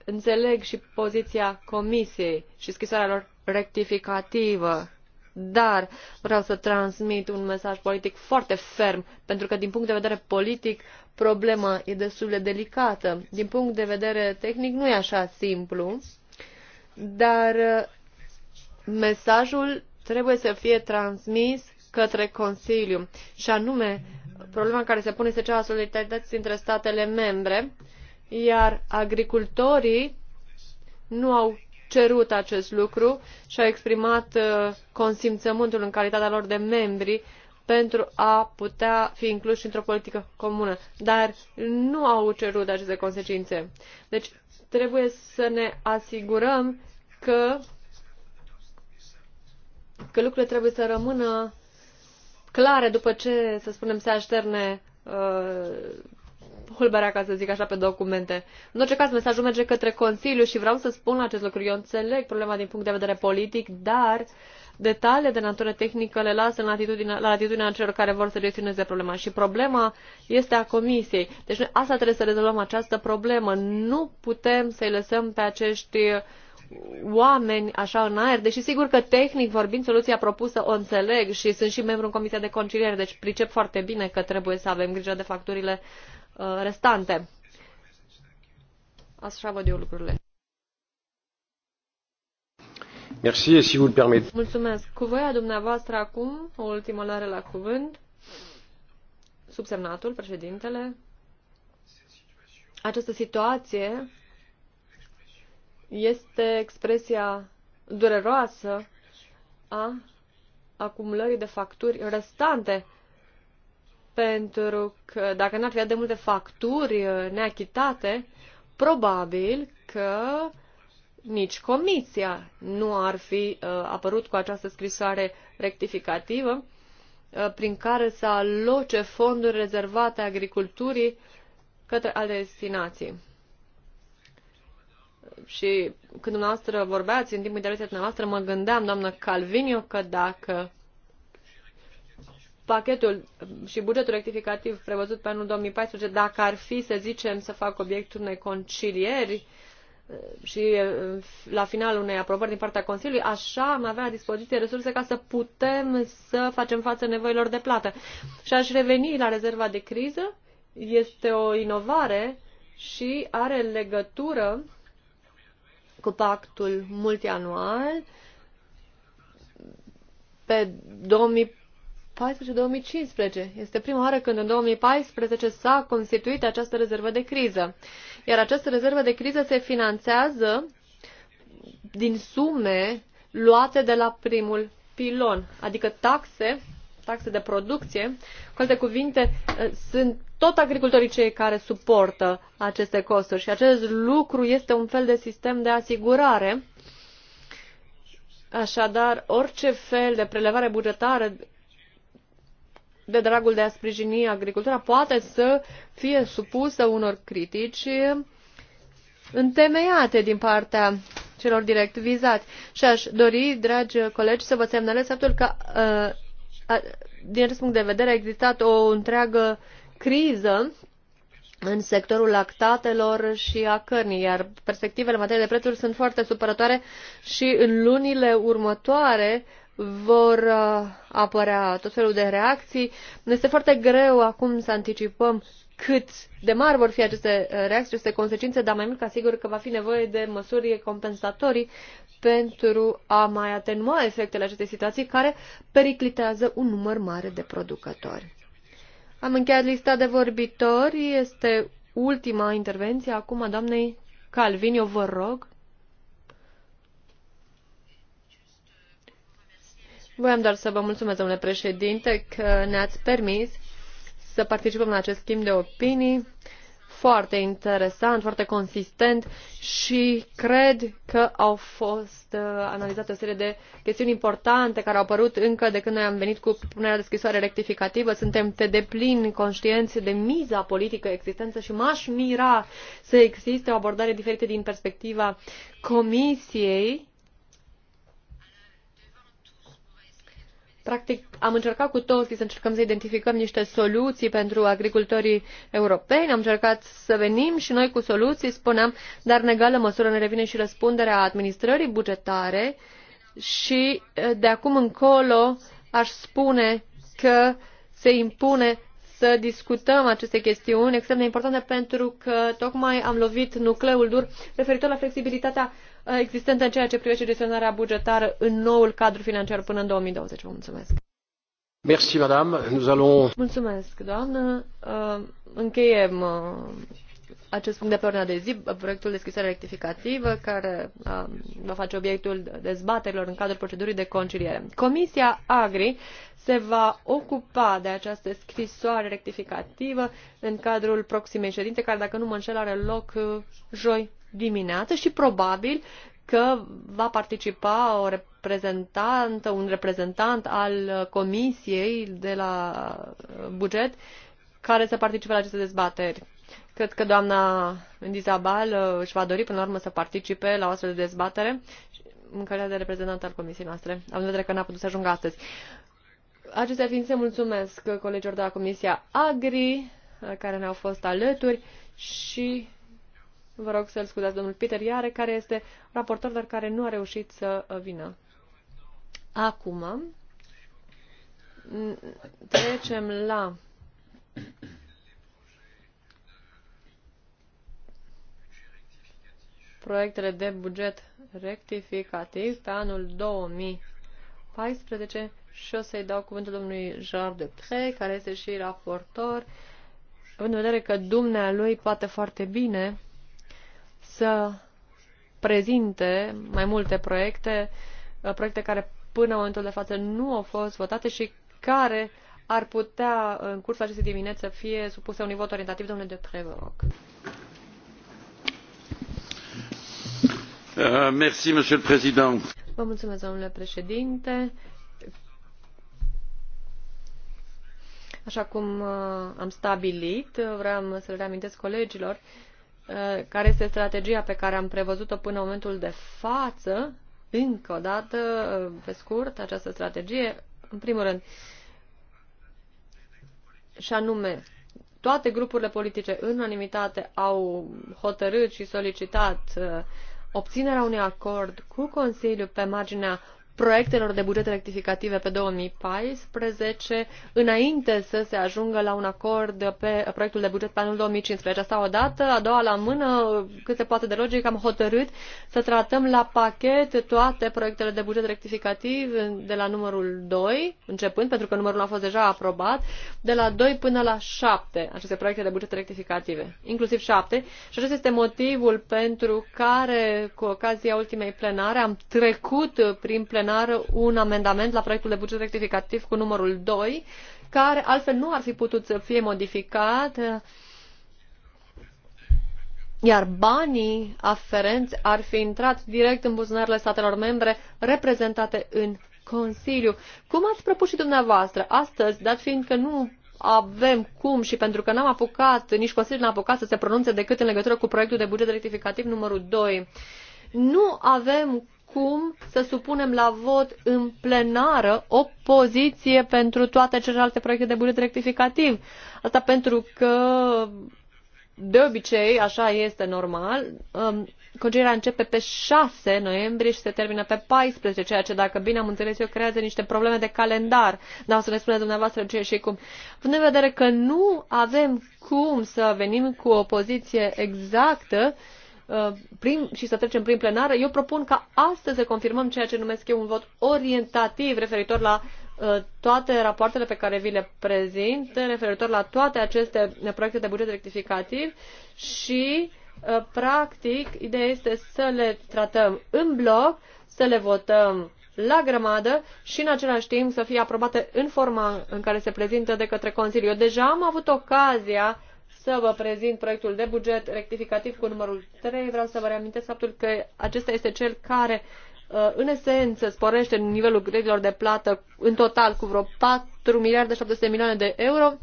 înțeleg și poziția Comisiei și scrisoarea lor rectificativă dar vreau să transmit un mesaj politic foarte ferm, pentru că din punct de vedere politic problema e destul de delicată. Din punct de vedere tehnic nu e așa simplu, dar uh, mesajul trebuie să fie transmis către Consiliu, și anume problema care se pune este cea a solidarității între statele membre, iar agricultorii nu au cerut acest lucru și au exprimat uh, consimțământul în calitatea lor de membri pentru a putea fi incluși într-o politică comună, dar nu au cerut aceste consecințe. Deci trebuie să ne asigurăm că, că lucrurile trebuie să rămână clare după ce, să spunem, se așterne uh, pulberea, ca să zic așa, pe documente. În orice caz, mesajul merge către Consiliu și vreau să spun acest lucru. Eu înțeleg problema din punct de vedere politic, dar detalii de natură tehnică le lasă în latitudine, la latitudinea celor care vor să gestioneze problema. Și problema este a Comisiei. Deci noi asta trebuie să rezolvăm această problemă. Nu putem să-i lăsăm pe acești oameni așa în aer, deși sigur că tehnic vorbind soluția propusă o înțeleg și sunt și membru în Comisia de Conciliere, deci pricep foarte bine că trebuie să avem grijă de facturile Uh, restante. Așa văd eu lucrurile. Merci, si vous le Mulțumesc. Cu voia dumneavoastră acum, o ultimă lare la cuvânt, subsemnatul, președintele, această situație este expresia dureroasă a acumulării de facturi restante pentru că dacă n-ar fi atât de multe facturi uh, neachitate, probabil că nici comisia nu ar fi uh, apărut cu această scrisoare rectificativă uh, prin care să aloce fonduri rezervate agriculturii către alte destinații. Și când dumneavoastră vorbeați, în timpul intervenției dumneavoastră, mă gândeam, doamnă Calvinio, că dacă pachetul și bugetul rectificativ prevăzut pe anul 2014, dacă ar fi, să zicem, să facă obiectul unei concilieri eh, și eh, la finalul unei aprobări din partea Consiliului, așa am avea la dispoziție resurse ca să putem să facem față nevoilor de plată. Și aș reveni la rezerva de criză. Este o inovare și are legătură cu pactul multianual pe 2014 2014-2015. Este prima oară când în 2014 s-a constituit această rezervă de criză. Iar această rezervă de criză se finanțează din sume luate de la primul pilon, adică taxe, taxe de producție. Cu alte cuvinte, eh, sunt tot agricultorii cei care suportă aceste costuri și acest lucru este un fel de sistem de asigurare Așadar, orice fel de prelevare bugetară de dragul de a sprijini agricultura, poate să fie supusă unor critici întemeiate din partea celor direct vizați. Și aș dori, dragi colegi, să vă semnalez faptul că, uh, din acest punct de vedere, a existat o întreagă criză în sectorul lactatelor și a cărnii, iar perspectivele în materie de prețuri sunt foarte supărătoare și în lunile următoare vor uh, apărea tot felul de reacții. Ne este foarte greu acum să anticipăm cât de mari vor fi aceste uh, reacții, aceste consecințe, dar mai mult ca sigur că va fi nevoie de măsuri compensatorii pentru a mai atenua efectele acestei situații care periclitează un număr mare de producători. Am încheiat lista de vorbitori. Este ultima intervenție acum a doamnei Calvin, eu vă rog. Voiam doar să vă mulțumesc, domnule președinte, că ne-ați permis să participăm la acest schimb de opinii foarte interesant, foarte consistent și cred că au fost uh, analizate o serie de chestiuni importante care au apărut încă de când noi am venit cu punerea de scrisoare rectificativă. Suntem pe deplin conștienți de miza politică existență și m-aș mira să existe o abordare diferită din perspectiva Comisiei Practic, am încercat cu toții să încercăm să identificăm niște soluții pentru agricultorii europeni, am încercat să venim și noi cu soluții, spuneam, dar în egală măsură ne revine și răspunderea administrării bugetare și de acum încolo aș spune că se impune să discutăm aceste chestiuni extrem de importante pentru că tocmai am lovit nucleul dur referitor la flexibilitatea existente în ceea ce privește gestionarea bugetară în noul cadru financiar până în 2020. Vă mulțumesc. Mulțumesc, doamnă. Uh, încheiem uh, acest punct de pe ordinea de zi, proiectul de scrisoare rectificativă, care uh, va face obiectul dezbaterilor în cadrul procedurii de conciliere. Comisia Agri se va ocupa de această scrisoare rectificativă în cadrul proximei ședințe, care, dacă nu mă înșel, are loc joi dimineață și probabil că va participa o reprezentantă, un reprezentant al comisiei de la uh, buget care să participe la aceste dezbateri. Cred că doamna Dizabal uh, își va dori până la urmă să participe la o astfel de dezbatere în calitate de reprezentant al comisiei noastre, având în vedere că n-a putut să ajungă astăzi. Acestea fiind, se mulțumesc colegilor de la Comisia Agri uh, care ne-au fost alături și Vă rog să-l scuzați, domnul Peter Iare, care este raportor, dar care nu a reușit să uh, vină. Acum trecem la proiectele de buget rectificativ pe anul 2014 și o să-i dau cuvântul domnului Jar de Pre, care este și raportor, având în vedere că dumnealui poate foarte bine să prezinte mai multe proiecte, uh, proiecte care până în momentul de față nu au fost votate și care ar putea uh, în cursul acestei dimineți să fie supuse unui vot orientativ. Domnule Depre, vă rog. Uh, merci, monsieur le président. Vă mulțumesc, domnule președinte. Așa cum am stabilit, vreau să le reamintesc colegilor Uh, care este strategia pe care am prevăzut-o până în momentul de față. Încă o dată, uh, pe scurt, această strategie, în primul rând, și anume, toate grupurile politice în unanimitate au hotărât și solicitat uh, obținerea unui acord cu Consiliul pe marginea proiectelor de bugete rectificative pe 2014, înainte să se ajungă la un acord pe proiectul de buget pe anul 2015. Asta odată, a doua la mână, cât se poate de logic, am hotărât să tratăm la pachet toate proiectele de buget rectificativ de la numărul 2, începând, pentru că numărul a fost deja aprobat, de la 2 până la 7, aceste proiecte de buget rectificative, inclusiv 7. Și acesta este motivul pentru care, cu ocazia ultimei plenare, am trecut prin plenare plenar un amendament la proiectul de buget rectificativ cu numărul doi, care altfel nu ar fi putut să fie modificat, iar banii aferenți ar fi intrat direct în buzunarele statelor membre reprezentate în Consiliu. Cum ați propus și dumneavoastră astăzi, dat fiind că nu avem cum și pentru că n-am apucat, nici Consiliul n-a apucat să se pronunțe decât în legătură cu proiectul de buget rectificativ numărul 2. Nu avem cum să supunem la vot în plenară o poziție pentru toate celelalte proiecte de buget rectificativ. Asta pentru că, de obicei, așa este normal, um, concedierea începe pe 6 noiembrie și se termină pe 14, ceea ce, dacă bine am înțeles eu, creează niște probleme de calendar. Dar o să ne spune dumneavoastră ce și cum. Până în vedere că nu avem cum să venim cu o poziție exactă, uh, Uh, prim, și să trecem prin plenară, eu propun ca astăzi să confirmăm ceea ce numesc eu un vot orientativ referitor la uh, toate rapoartele pe care vi le prezint, referitor la toate aceste proiecte de buget rectificativ și, uh, practic, ideea este să le tratăm în bloc, să le votăm la grămadă și în același timp să fie aprobate în forma în care se prezintă de către Consiliu. Eu deja am avut ocazia să vă prezint proiectul de buget rectificativ cu numărul 3. Vreau să vă reamintesc faptul că acesta este cel care, uh, în esență, sporește nivelul grilor de plată în total cu vreo 4 miliarde 700 milioane de euro,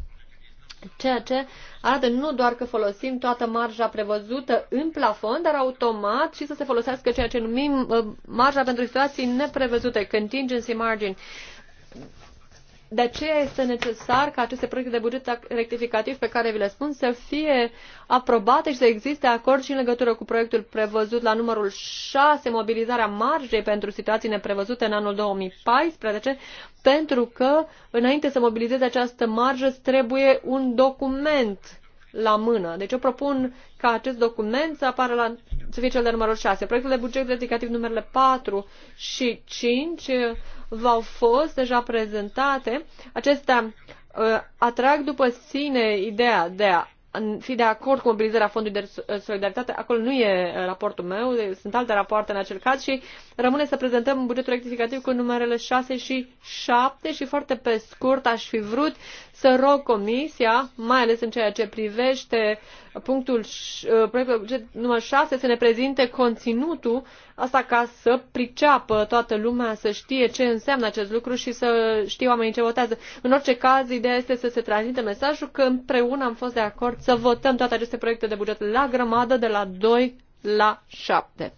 ceea ce arată nu doar că folosim toată marja prevăzută în plafon, dar automat și să se folosească ceea ce numim uh, marja pentru situații neprevăzute, contingency margin. De aceea este necesar ca aceste proiecte de buget rectificativ pe care vi le spun să fie aprobate și să existe acord și în legătură cu proiectul prevăzut la numărul șase mobilizarea marjei pentru situații neprevăzute în anul paisprezece pentru că înainte să mobilizeze această marjă trebuie un document la mână. Deci eu propun ca acest document să apară la, să fie cel de numărul 6. Proiectul de buget dedicativ numerele 4 și 5 v-au fost deja prezentate. Acestea uh, atrag după sine ideea de a fi de acord cu mobilizarea fondului de solidaritate. Acolo nu e uh, raportul meu, sunt alte rapoarte în acel caz și rămâne să prezentăm bugetul rectificativ cu numerele 6 și 7 și foarte pe scurt aș fi vrut să rog Comisia, mai ales în ceea ce privește punctul, uh, proiectul buget numărul 6 să ne prezinte conținutul, asta ca să priceapă toată lumea, să știe ce înseamnă acest lucru și să știe oamenii ce votează. În orice caz, ideea este să se transmită mesajul că împreună am fost de acord să votăm toate aceste proiecte de buget la grămadă de la 2 la 7.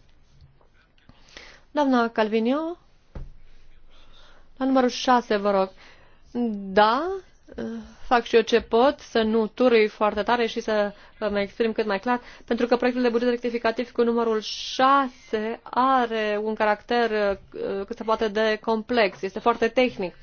Doamna Calvinio, la numărul 6, vă rog. Da, fac și eu ce pot, să nu turui foarte tare și să mă exprim cât mai clar, pentru că proiectul de buget rectificativ cu numărul 6 are un caracter uh, cât se poate de complex, este foarte tehnic.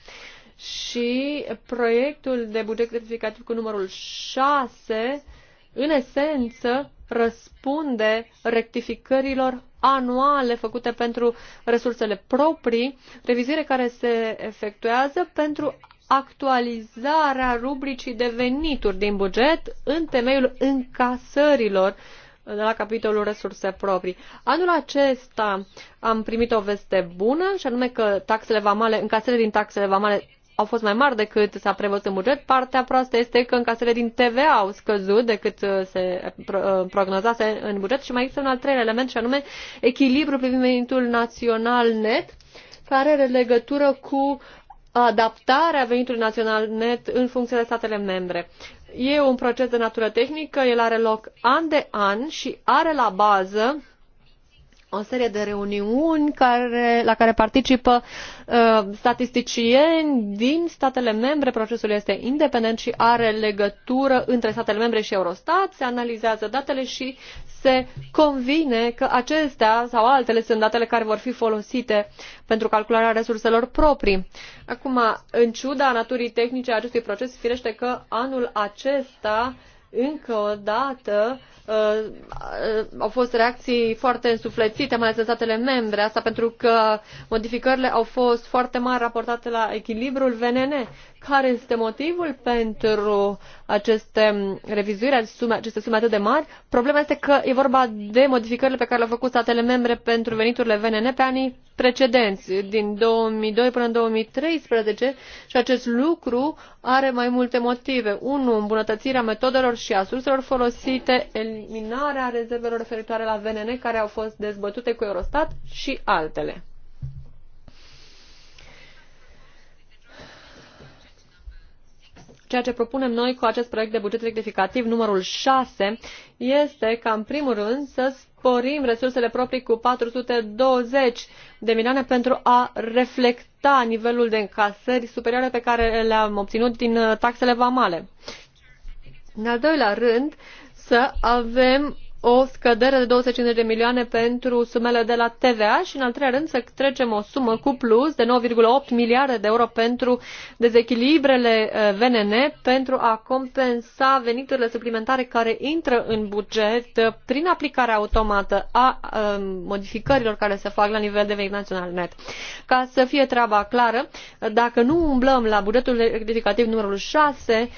Și proiectul de buget rectificativ cu numărul 6, în esență, răspunde rectificărilor anuale făcute pentru resursele proprii, revizire care se efectuează pentru actualizarea rubricii de venituri din buget în temeiul încasărilor de la capitolul resurse proprii. Anul acesta am primit o veste bună și anume că taxele vamale, încasările din taxele vamale au fost mai mari decât s-a prevăzut în buget. Partea proastă este că încasările din TVA au scăzut decât uh, se uh, prognozase în buget și mai există un al treilea element și anume echilibru privind venitul național net care are legătură cu adaptarea venitului național net în funcție de statele membre. E un proces de natură tehnică, el are loc an de an și are la bază o serie de reuniuni care, la care participă uh, statisticieni din statele membre. Procesul este independent și are legătură între statele membre și Eurostat. Se analizează datele și se convine că acestea sau altele sunt datele care vor fi folosite pentru calcularea resurselor proprii. Acum, în ciuda naturii tehnice a acestui proces, firește că anul acesta uh, încă o dată uh, au fost reacții foarte însuflețite, mai ales în statele membre, asta pentru că modificările au fost foarte mari raportate la echilibrul VNN care este motivul pentru aceste revizuiri, aceste sume, aceste atât de mari. Problema este că e vorba de modificările pe care le-au făcut statele membre pentru veniturile VNN pe anii precedenți, din 2002 până în 2013 și acest lucru are mai multe motive. unul, Îmbunătățirea metodelor și a surselor folosite, eliminarea rezervelor referitoare la VNN care au fost dezbătute cu Eurostat și altele. ceea ce propunem noi cu acest proiect de buget rectificativ numărul șase este ca, în primul rând, să sporim resursele proprii cu 420 de milioane pentru a reflecta nivelul de încasări superioare pe care le-am obținut din uh, taxele vamale. În al doilea rând, să avem o scădere de 250 de milioane pentru sumele de la TVA și, în al treilea rând, să trecem o sumă cu plus de 9,8 miliarde de euro pentru dezechilibrele eh, VNN pentru a compensa veniturile suplimentare care intră în buget eh, prin aplicarea automată a eh, modificărilor care se fac la nivel de venit național net. Ca să fie treaba clară, dacă nu umblăm la bugetul rectificativ numărul 6,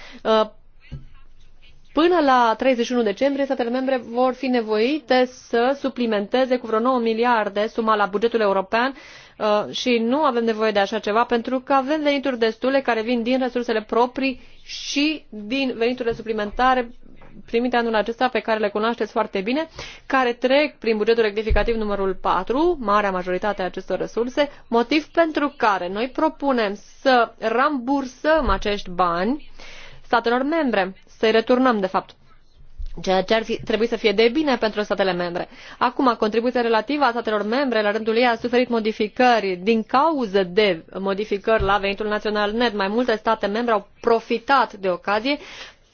Până la 31 decembrie, statele membre vor fi nevoite să suplimenteze cu vreo 9 miliarde suma la bugetul european uh, și nu avem nevoie de așa ceva pentru că avem venituri destule care vin din resursele proprii și din veniturile suplimentare primite anul acesta pe care le cunoașteți foarte bine, care trec prin bugetul rectificativ numărul 4, marea majoritate a acestor resurse, motiv pentru care noi propunem să rambursăm acești bani statelor membre să-i returnăm, de fapt ceea ce ar fi, trebui să fie de bine pentru statele membre. Acum, contribuția relativă a statelor membre, la rândul ei, a suferit modificări din cauză de modificări la venitul național net. Mai multe state membre au profitat de ocazie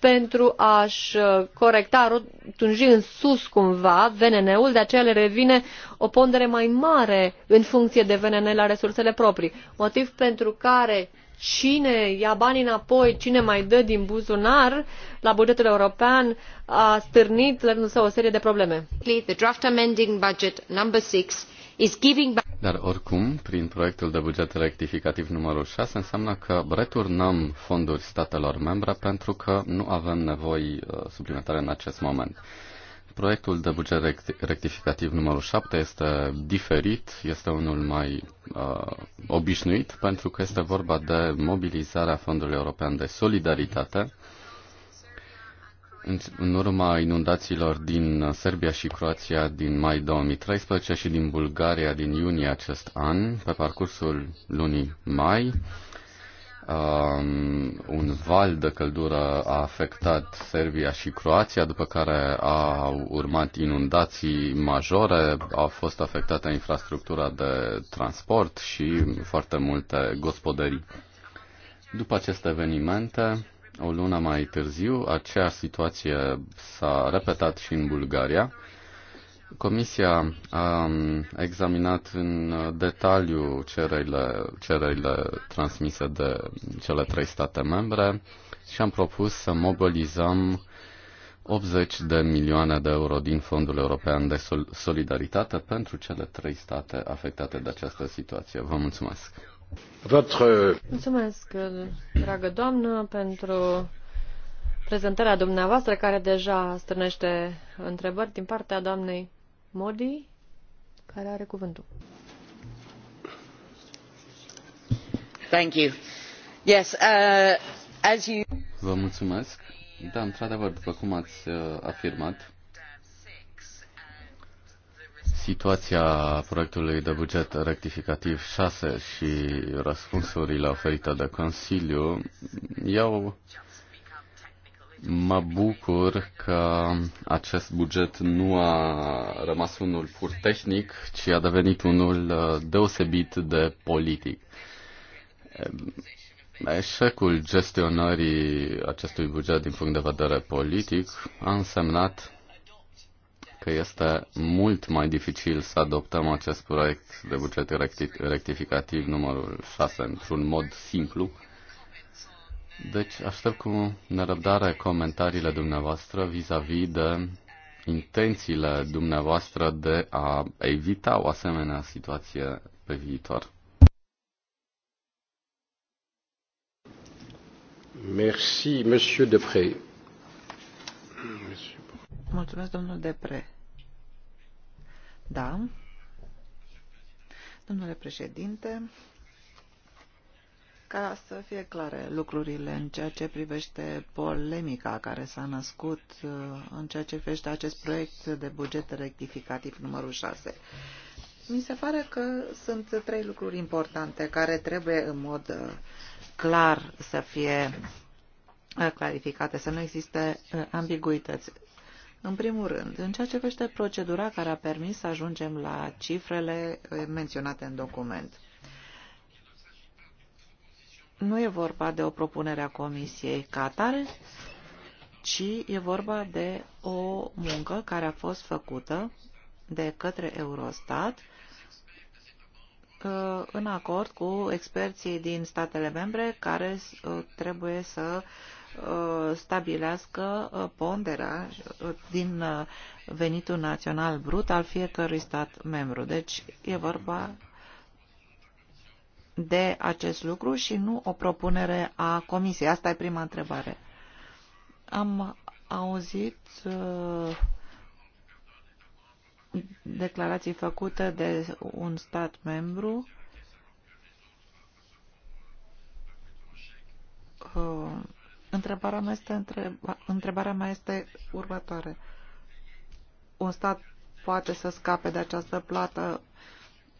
pentru a-și uh, corecta, tunji în sus cumva VNN-ul, de aceea le revine o pondere mai mare în funcție de VNN la resursele proprii. Motiv pentru care cine ia bani înapoi, cine mai dă din buzunar la bugetul european, a stârnit la rândul său o serie de probleme. The draft amending budget number six is giving back... Dar oricum, prin proiectul de buget rectificativ numărul 6, înseamnă că returnăm fonduri statelor membre pentru că nu avem nevoi uh, suplimentare în acest moment. Proiectul de buget rectificativ numărul 7 este diferit, este unul mai uh, obișnuit, pentru că este vorba de mobilizarea Fondului European de Solidaritate în, în urma inundațiilor din Serbia și Croația din mai 2013 și din Bulgaria din iunie acest an, pe parcursul lunii mai. Um, un val de căldură a afectat Serbia și Croația, după care au urmat inundații majore, a fost afectată infrastructura de transport și foarte multe gospodării. După aceste evenimente, o lună mai târziu, aceeași situație s-a repetat și în Bulgaria Comisia um, a examinat în detaliu cererile, cererile transmise de cele trei state membre și am propus să mobilizăm 80 de milioane de euro din Fondul European de Solidaritate pentru cele trei state afectate de această situație. Vă mulțumesc! Votre... Mulțumesc, dragă doamnă, pentru prezentarea dumneavoastră, care deja strânește întrebări din partea doamnei Modi, care are cuvântul. Thank you. Yes, uh, as you... Vă mulțumesc. Da, într-adevăr, după cum ați uh, afirmat, situația proiectului de buget rectificativ 6 și răspunsurile oferite de Consiliu iau Mă bucur că acest buget nu a rămas unul pur tehnic, ci a devenit unul uh, deosebit de politic. Ehm, eșecul gestionării acestui buget din punct de vedere politic a însemnat că este mult mai dificil să adoptăm acest proiect de buget rectificativ numărul 6 într-un mod simplu, deci aștept cu nerăbdare comentariile dumneavoastră vis-a-vis -vis de intențiile dumneavoastră de a evita o asemenea situație pe viitor. Merci, Monsieur Depré. Mulțumesc, domnul Depre. Da. Domnule președinte, ca să fie clare lucrurile în ceea ce privește polemica care s-a născut uh, în ceea ce privește acest proiect de buget rectificativ numărul 6. Mi se pare că sunt trei lucruri importante care trebuie în mod uh, clar să fie uh, clarificate, să nu existe ambiguități. În primul rând, în ceea ce privește procedura care a permis să ajungem la cifrele menționate în document nu e vorba de o propunere a Comisiei ca ci e vorba de o muncă care a fost făcută de către Eurostat uh, în acord cu experții din statele membre care uh, trebuie să uh, stabilească ponderea din venitul național brut al fiecărui stat membru. Deci e vorba de acest lucru și nu o propunere a Comisiei? Asta e prima întrebare. Am auzit uh, declarații făcute de un stat membru uh, Întrebarea mea este, întreba, întrebarea mea este următoare. Un stat poate să scape de această plată uh,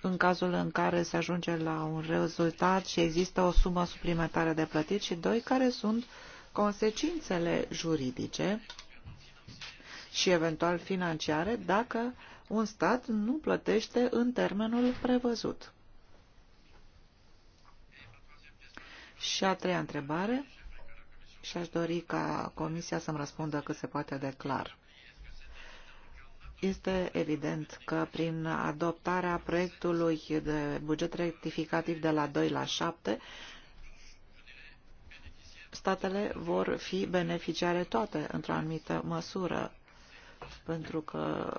în cazul în care se ajunge la un rezultat și există o sumă suplimentară de plătit și doi, care sunt consecințele juridice și eventual financiare dacă un stat nu plătește în termenul prevăzut. Și a treia întrebare, și aș dori ca Comisia să-mi răspundă cât se poate de clar. Este evident că prin adoptarea proiectului de buget rectificativ de la 2 la 7, statele vor fi beneficiare toate într-o anumită măsură, pentru că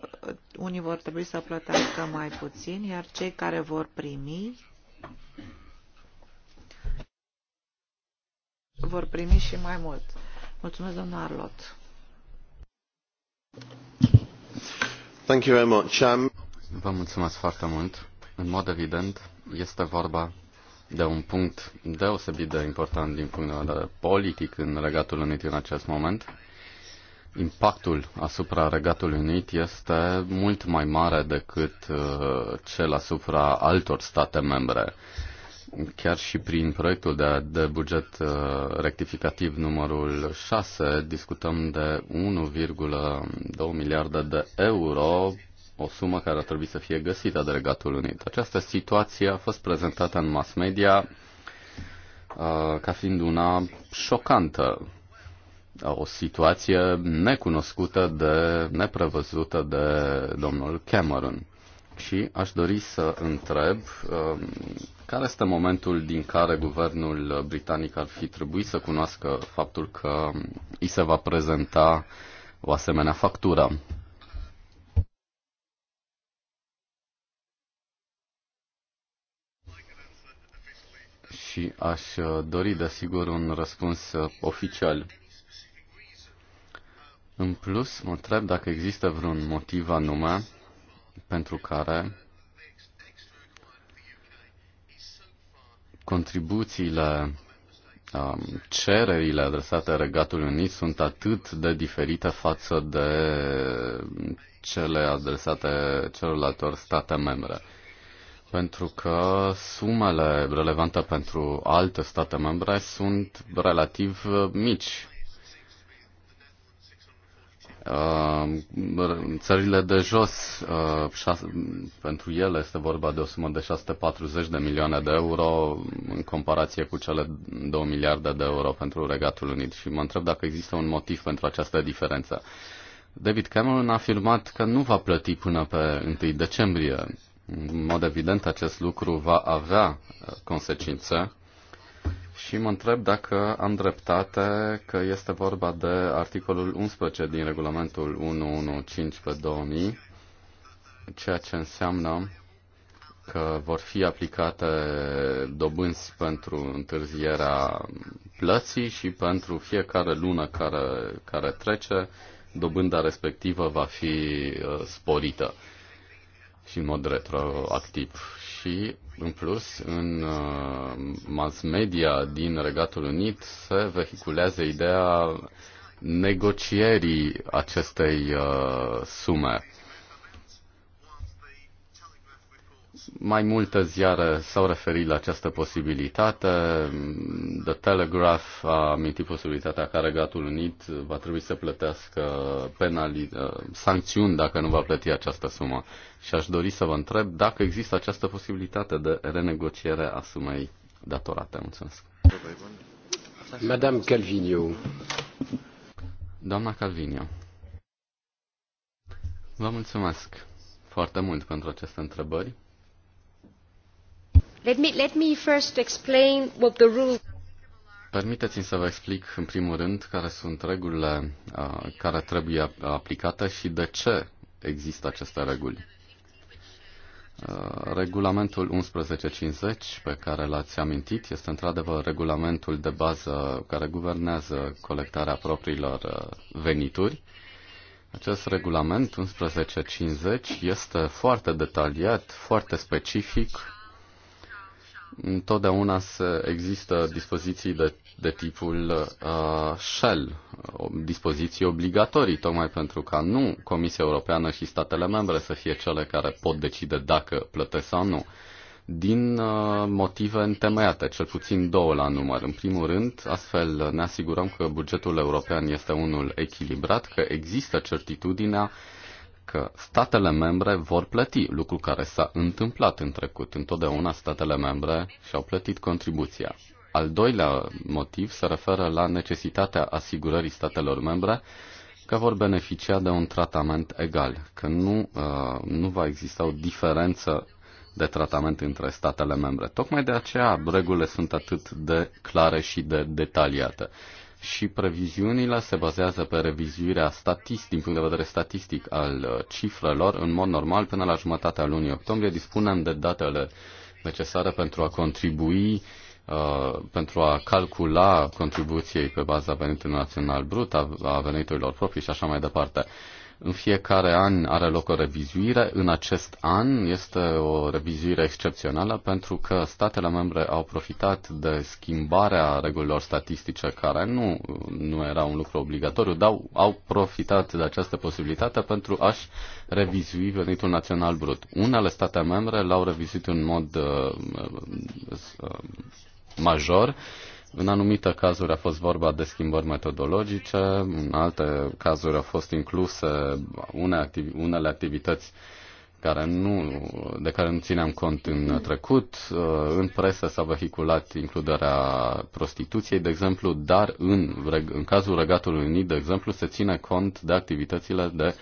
unii vor trebui să plătească mai puțin, iar cei care vor primi vor primi și mai mult. Mulțumesc, domnul Arlot. Thank you very much. Um... Vă mulțumesc foarte mult. În mod evident, este vorba de un punct deosebit de important din punct de vedere politic în Regatul Unit în acest moment. Impactul asupra Regatului Unit este mult mai mare decât uh, cel asupra altor state membre. Uh, chiar și prin proiectul de, de buget uh, rectificativ numărul 6, discutăm de 1,2 miliarde de euro, o sumă care ar trebui să fie găsită de Regatul Unit. Această situație a fost prezentată în mass media uh, ca fiind una șocantă, o situație necunoscută, de, neprevăzută de domnul Cameron. Și aș dori să întreb um, care este momentul din care guvernul britanic ar fi trebuit să cunoască faptul că îi se va prezenta o asemenea factură. Și aș dori, desigur, un răspuns oficial. În plus, mă întreb dacă există vreun motiv anume pentru care contribuțiile, um, cererile adresate Regatului Unit sunt atât de diferite față de cele adresate celorlaltor state membre. Pentru că sumele relevante pentru alte state membre sunt relativ uh, mici Ehm, țările de jos, ehm, pentru ele este vorba de o sumă de 640 de milioane de euro în comparație cu cele 2 miliarde de euro pentru Regatul Unit și mă întreb dacă există un motiv pentru această diferență. David Cameron a afirmat că nu va plăti până pe 1 decembrie. În mod evident, acest lucru va avea ehm, consecințe și mă întreb dacă am dreptate că este vorba de articolul 11 din regulamentul 115 pe 2000, ceea ce înseamnă că vor fi aplicate dobânzi pentru întârzierea plății și pentru fiecare lună care, care trece, dobânda respectivă va fi uh, sporită și în mod retroactiv și, în plus, în uh, mass media din Regatul Unit se vehiculează ideea negocierii acestei uh, sume Mai multe ziare s-au referit la această posibilitate. The Telegraph a amintit posibilitatea că Regatul Unit va trebui să plătească penali, uh, sancțiuni dacă nu va plăti această sumă. Și aș dori să vă întreb dacă există această posibilitate de renegociere a sumei datorate. Mulțumesc. Madame Calvinio. Doamna Calvinio. Vă mulțumesc foarte mult pentru aceste întrebări. Permiteți-mi să vă explic în primul rând care sunt regulile uh, care trebuie aplicate și de ce există aceste reguli. Uh, regulamentul 1150 pe care l-ați amintit este într-adevăr regulamentul de bază care guvernează colectarea propriilor uh, venituri. Acest regulament 1150 este foarte detaliat, foarte specific, Întotdeauna există dispoziții de, de tipul uh, Shell, dispoziții obligatorii, tocmai pentru ca nu Comisia Europeană și statele membre să fie cele care pot decide dacă plătesc sau nu, din uh, motive întemeiate, cel puțin două la număr. În primul rând, astfel ne asigurăm că bugetul european este unul echilibrat, că există certitudinea uh, că statele membre vor plăti, lucru care s-a întâmplat în trecut. Întotdeauna statele membre și-au plătit contribuția. Al doilea motiv se referă la necesitatea asigurării statelor membre că vor beneficia de un tratament egal, că nu, uh, nu va exista o diferență de tratament între statele membre. Tocmai de aceea regulile sunt atât de clare și de detaliate și previziunile se bazează pe revizuirea statistic, din punct de vedere statistic al uh, cifrelor. În mod normal, până la jumătatea lunii octombrie, dispunem de datele necesare pentru a contribui Uh, pentru a calcula contribuției pe baza venitului național brut, a, a veniturilor proprii și așa mai departe. Uh, în fiecare an are loc o revizuire. În acest an este o revizuire excepțională pentru că statele membre au profitat de schimbarea regulilor statistice care nu, nu era un lucru obligatoriu, dar au profitat de această posibilitate pentru a-și revizui venitul național brut. Unele state membre l-au revizuit în mod uh, uh, uh major în anumite cazuri a fost vorba de schimbări metodologice, în alte cazuri au fost incluse unele activități care nu, de care nu țineam cont în trecut. Uh, în presă s-a vehiculat includerea prostituției, de exemplu, dar în, în cazul Regatului Unit, de exemplu, se ține cont de activitățile de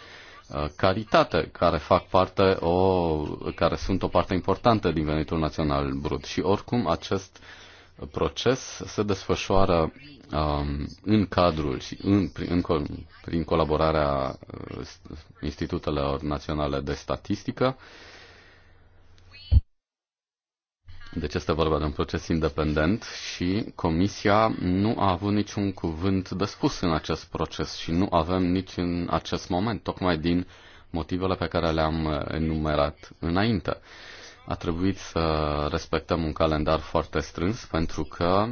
uh, caritate care fac parte o, care sunt o parte importantă din venitul național brut și oricum acest uh, proces se desfășoară um, în cadrul și în, prin, în, prin colaborarea uh, Institutelor Naționale de Statistică. Deci este vorba de un proces independent și Comisia nu a avut niciun cuvânt de spus în acest proces și nu avem nici în acest moment, tocmai din motivele pe care le-am uh, enumerat înainte. Uh, a trebuit să respectăm un calendar foarte strâns pentru că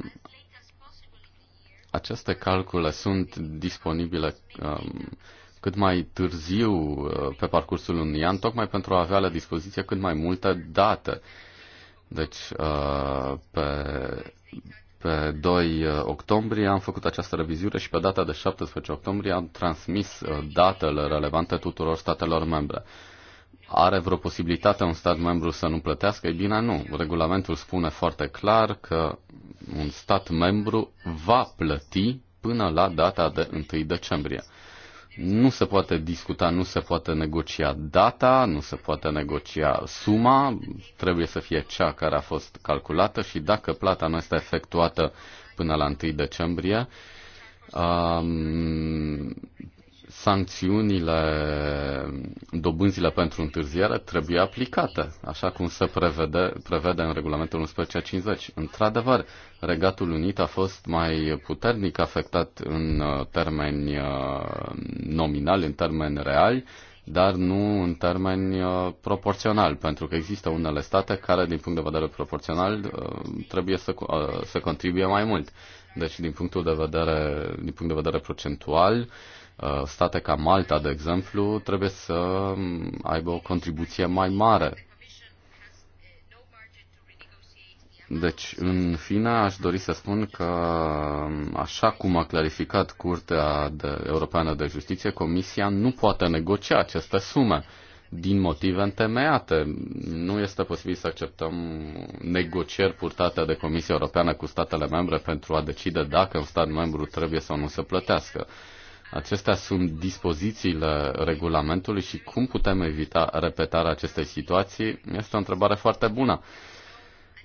aceste calcule sunt disponibile um, cât mai târziu uh, pe parcursul unui an, tocmai pentru a avea la dispoziție cât mai multe date. Deci, uh, pe, pe 2 uh, octombrie am făcut această revizuire și pe data de 17 octombrie am transmis datele relevante tuturor statelor membre. Are vreo posibilitate un stat membru să nu plătească? Ei bine, nu. Regulamentul spune foarte clar că un stat membru va plăti până la data de 1 decembrie. Nu se poate discuta, nu se poate negocia data, nu se poate negocia suma, trebuie să fie cea care a fost calculată și dacă plata nu este efectuată până la 1 decembrie, um, sancțiunile, dobânzile pentru întârziere trebuie aplicate, așa cum se prevede, prevede în regulamentul 1150. Într-adevăr, Regatul Unit a fost mai puternic afectat în uh, termeni uh, nominali, în termeni reali, dar nu în termeni uh, proporțional, pentru că există unele state care, din punct de vedere proporțional, trebuie să, să contribuie mai mult. Deci, din punctul de vedere, din punct de vedere procentual, Uh, state ca Malta, de exemplu, trebuie să aibă o contribuție mai mare. Deci, în fine, aș dori să spun că, așa cum a clarificat Curtea de Europeană de Justiție, Comisia nu poate negocia aceste sume din motive întemeiate. Nu este posibil să acceptăm negocieri purtate de Comisia Europeană cu statele membre pentru a decide dacă un stat membru trebuie sau nu să plătească. Acestea sunt dispozițiile regulamentului și cum putem evita repetarea acestei situații este o întrebare foarte bună.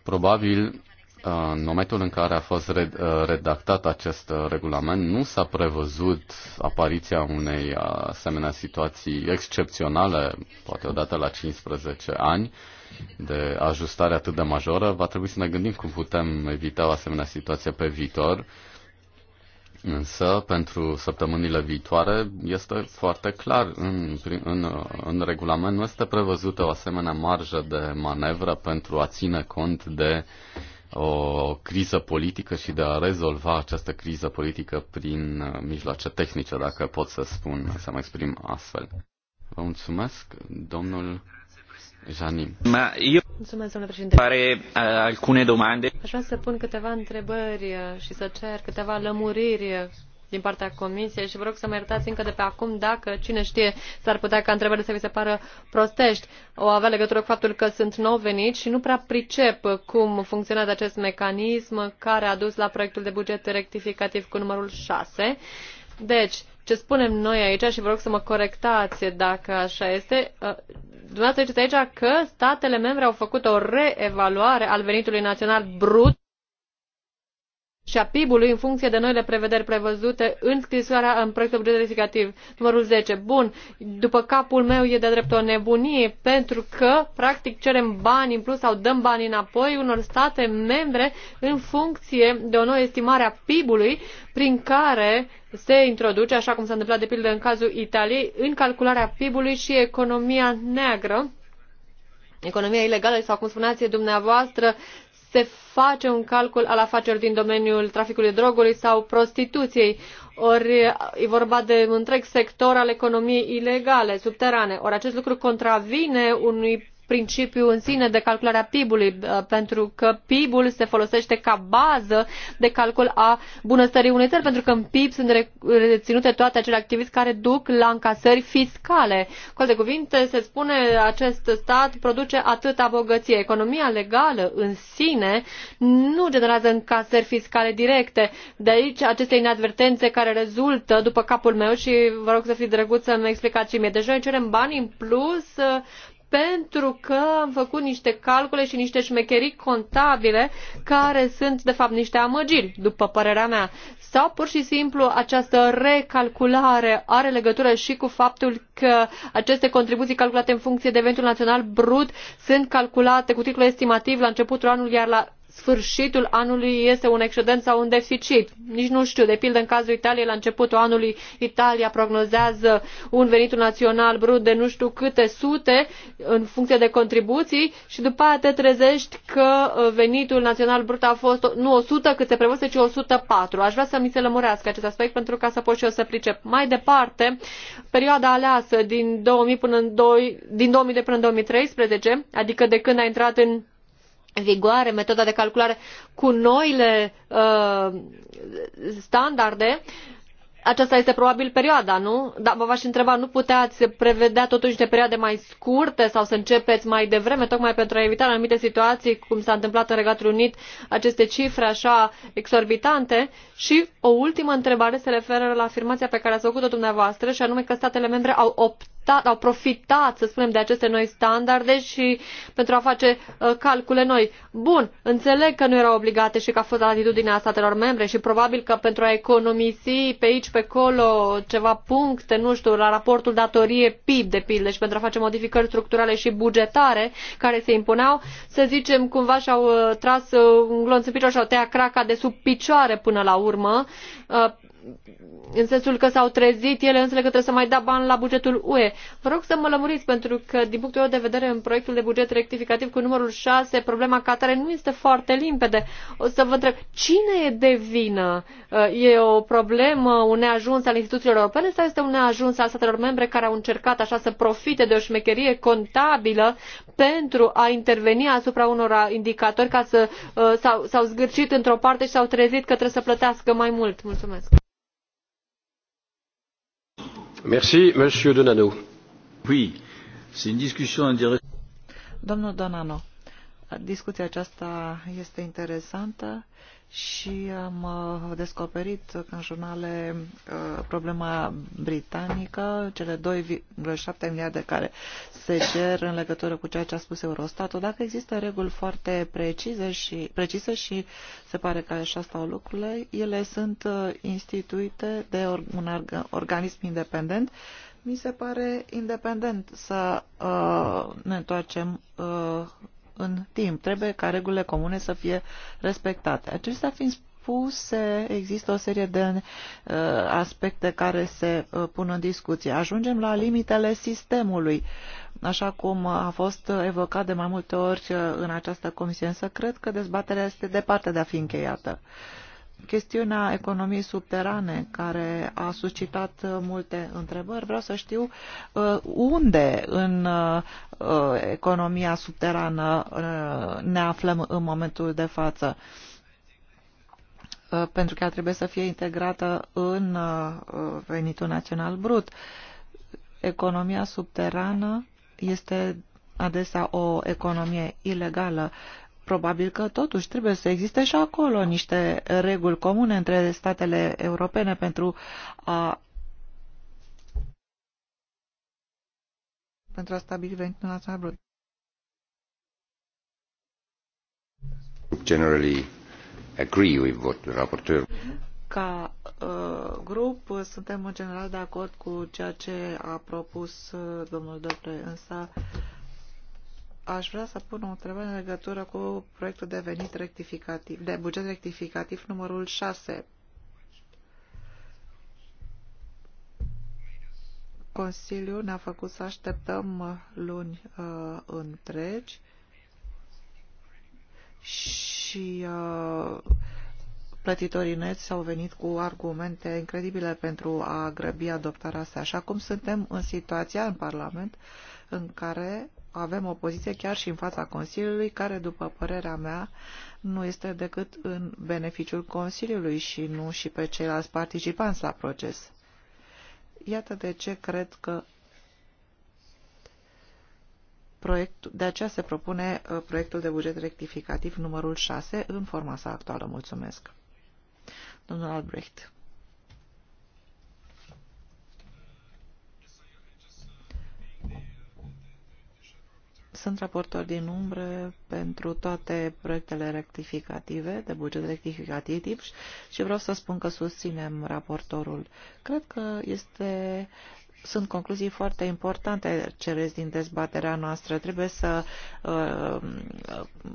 Probabil uh, în momentul în care a fost uh, redactat acest uh, regulament, nu s-a prevăzut apariția unei asemenea situații excepționale, poate odată la 15 ani, de ajustare atât de majoră. Va trebui să ne gândim cum putem evita o asemenea situație pe viitor Însă, pentru săptămânile viitoare, este foarte clar, în, în, în regulament nu este prevăzută o asemenea marjă de manevră pentru a ține cont de o criză politică și de a rezolva această criză politică prin uh, mijloace tehnice, dacă pot să spun, să mă exprim astfel. Vă mulțumesc, domnul Pare eh, alcune domande. Aș vrea să pun câteva întrebări eh, și să cer câteva lămuriri eh, din partea Comisiei și vă rog să mă iertați încă de pe acum dacă, cine știe, s-ar putea ca întrebările să vi se pară prostești. O avea legătură cu faptul că sunt nou venit și nu prea pricep cum funcționează acest mecanism care a dus la proiectul de buget rectificativ cu numărul 6. Deci, ce spunem noi aici, și vă rog să mă corectați dacă așa este, Dumneavoastră ziceți aici că statele membre au făcut o reevaluare a venitului național brut și a PIB-ului în funcție de noile prevederi prevăzute în scrisoarea în proiectul buget rectificativ numărul 10. Bun, după capul meu e de drept o nebunie pentru că practic cerem bani în plus sau dăm bani înapoi unor state membre în funcție de o nouă estimare a PIB-ului prin care se introduce, așa cum s-a întâmplat de pildă în cazul Italiei, în calcularea PIB-ului și economia neagră economia ilegală sau cum spuneați dumneavoastră se face un calcul al afacerilor din domeniul traficului de drogului sau prostituției, ori e vorba de un întreg sector al economiei ilegale, subterane. Ori acest lucru contravine unui principiu în sine de calculare a PIB-ului, uh, pentru că PIB-ul se folosește ca bază de calcul a bunăstării unei țări, pentru că în PIB sunt reținute toate acele activități care duc la încasări fiscale. Cu alte cuvinte, se spune acest stat produce atâta bogăție. Economia legală în sine nu generează încasări fiscale directe. De aici aceste inadvertențe care rezultă după capul meu și vă rog să fiți drăguți să-mi explicați și mie. Deci noi cerem bani în plus uh, pentru că am făcut niște calcule și niște șmecherii contabile care sunt, de fapt, niște amăgiri, după părerea mea. Sau, pur și simplu, această recalculare are legătură și cu faptul că aceste contribuții calculate în funcție de eventul național brut sunt calculate cu titlul estimativ la începutul anului, iar la sfârșitul anului este un excedent sau un deficit. Nici nu știu. De pildă, în cazul Italiei, la începutul anului, Italia prognozează un venit național brut de nu știu câte sute în funcție de contribuții și după aceea te trezești că uh, venitul național brut a fost nu 100 cât se prevăse, ci 104. Aș vrea să mi se lămurească acest aspect pentru ca să pot și eu să pricep. Mai departe, perioada aleasă din 2000, până în 2, din 2000 de până în 2013, adică de când a intrat în vigoare metoda de calculare cu noile uh, standarde, aceasta este probabil perioada, nu? Dar vă v-aș întreba, nu puteați prevedea totuși niște perioade mai scurte sau să începeți mai devreme, tocmai pentru a evita în anumite situații, cum s-a întâmplat în Regatul Unit, aceste cifre așa exorbitante? Și o ultimă întrebare se referă la afirmația pe care ați făcut-o dumneavoastră, și anume că statele membre au opt au profitat, să spunem, de aceste noi standarde și pentru a face uh, calcule noi. Bun, înțeleg că nu erau obligate și că a fost atitudinea statelor membre și probabil că pentru a economisi pe aici, pe acolo, ceva puncte, nu știu, la raportul datorie PIB, de pildă, și pentru a face modificări structurale și bugetare care se impuneau, să zicem, cumva și-au uh, tras uh, un glonț în picior și-au tăiat craca de sub picioare până la urmă, uh, în sensul că s-au trezit ele însele că trebuie să mai dea bani la bugetul UE. Vă rog să mă lămuriți, pentru că, din punctul meu de vedere, în proiectul de buget rectificativ cu numărul 6, problema Catare nu este foarte limpede. O să vă întreb, cine e de vină? Uh, e o problemă, un neajuns al instituțiilor europene sau este un neajuns al statelor membre care au încercat așa să profite de o șmecherie contabilă pentru a interveni asupra unor indicatori ca să uh, s-au zgârcit într-o parte și s-au trezit că trebuie să plătească mai mult? Mulțumesc! Merci, Monsieur Donano. Oui, c'est une discussion discuția aceasta este interesantă și am uh, descoperit în jurnale uh, problema britanică, cele 2,7 miliarde care se cer în legătură cu ceea ce a spus Eurostatul. Dacă există reguli foarte precise și, precise și se pare că așa stau lucrurile, ele sunt uh, instituite de un organism independent. Mi se pare independent să uh, ne întoarcem uh, în timp. Trebuie ca regulile comune să fie respectate. Acestea fiind spuse, există o serie de uh, aspecte care se uh, pun în discuție. Ajungem la limitele sistemului, așa cum a fost evocat de mai multe ori uh, în această comisie, însă cred că dezbaterea este departe de a fi încheiată. Uh, chestiunea economiei subterane care a suscitat uh, multe întrebări. Vreau să știu uh, unde în uh, economia subterană ne aflăm în momentul de față pentru că ea trebuie să fie integrată în venitul național brut. Economia subterană este adesea o economie ilegală probabil că totuși trebuie să existe și acolo niște reguli comune între statele europene pentru a pentru a stabili venitul național brut. Generally agree with what the rapporteur ca uh, grup suntem în general de acord cu ceea ce a propus uh, domnul Dăpre, însă Aș vrea să pun o întrebare în legătură cu proiectul de venit rectificativ, de buget rectificativ numărul 6. Consiliul ne-a făcut să așteptăm luni uh, întregi și uh, plătitorii neți au venit cu argumente incredibile pentru a grăbi adoptarea asta. Așa cum suntem în situația în Parlament în care avem o poziție chiar și în fața Consiliului, care, după părerea mea, nu este decât în beneficiul Consiliului și nu și pe ceilalți participanți la proces. Iată de ce cred că proiectul, de aceea se propune uh, proiectul de buget rectificativ numărul 6 în forma sa actuală. Mulțumesc. Domnul Albrecht. Sunt raportor din umbră pentru toate proiectele rectificative, de buget rectificativ și vreau să spun că susținem raportorul. Cred că este sunt concluzii foarte importante cele din dezbaterea noastră. Trebuie să uh,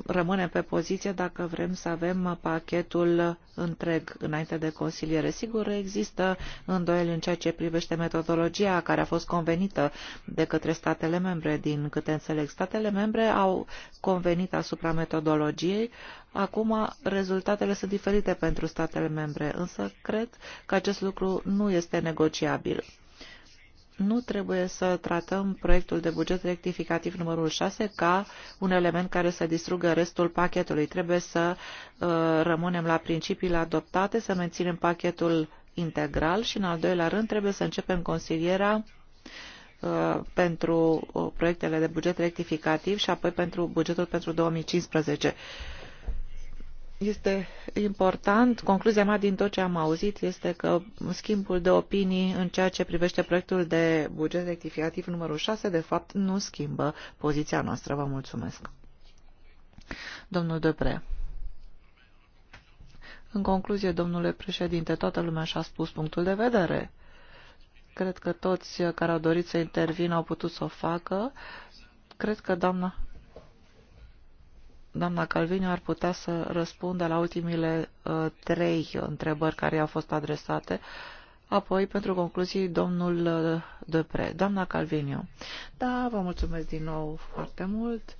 rămânem pe poziție dacă vrem să avem pachetul întreg înainte de consiliere. Sigur, există îndoieli în ceea ce privește metodologia care a fost convenită de către statele membre. Din câte înțeleg, statele membre au convenit asupra metodologiei. Acum, rezultatele sunt diferite pentru statele membre, însă cred că acest lucru nu este negociabil nu trebuie să tratăm proiectul de buget rectificativ numărul 6 ca un element care să distrugă restul pachetului. Trebuie să uh, rămânem la principiile adoptate, să menținem pachetul integral și, în al doilea rând, trebuie să începem consilierea uh, pentru uh, proiectele de buget rectificativ și apoi pentru bugetul pentru 2015. Este important, concluzia mea din tot ce am auzit este că schimbul de opinii în ceea ce privește proiectul de buget rectificativ numărul 6, de fapt, nu schimbă poziția noastră. Vă mulțumesc. Domnul Depre. În concluzie, domnule președinte, toată lumea și-a spus punctul de vedere. Cred că toți care au dorit să intervină au putut să o facă. Cred că doamna doamna Calvino ar putea să răspundă la ultimile uh, trei întrebări care i-au fost adresate. Apoi, pentru concluzii, domnul uh, Depre. Doamna Calvinio, da, vă mulțumesc din nou foarte mult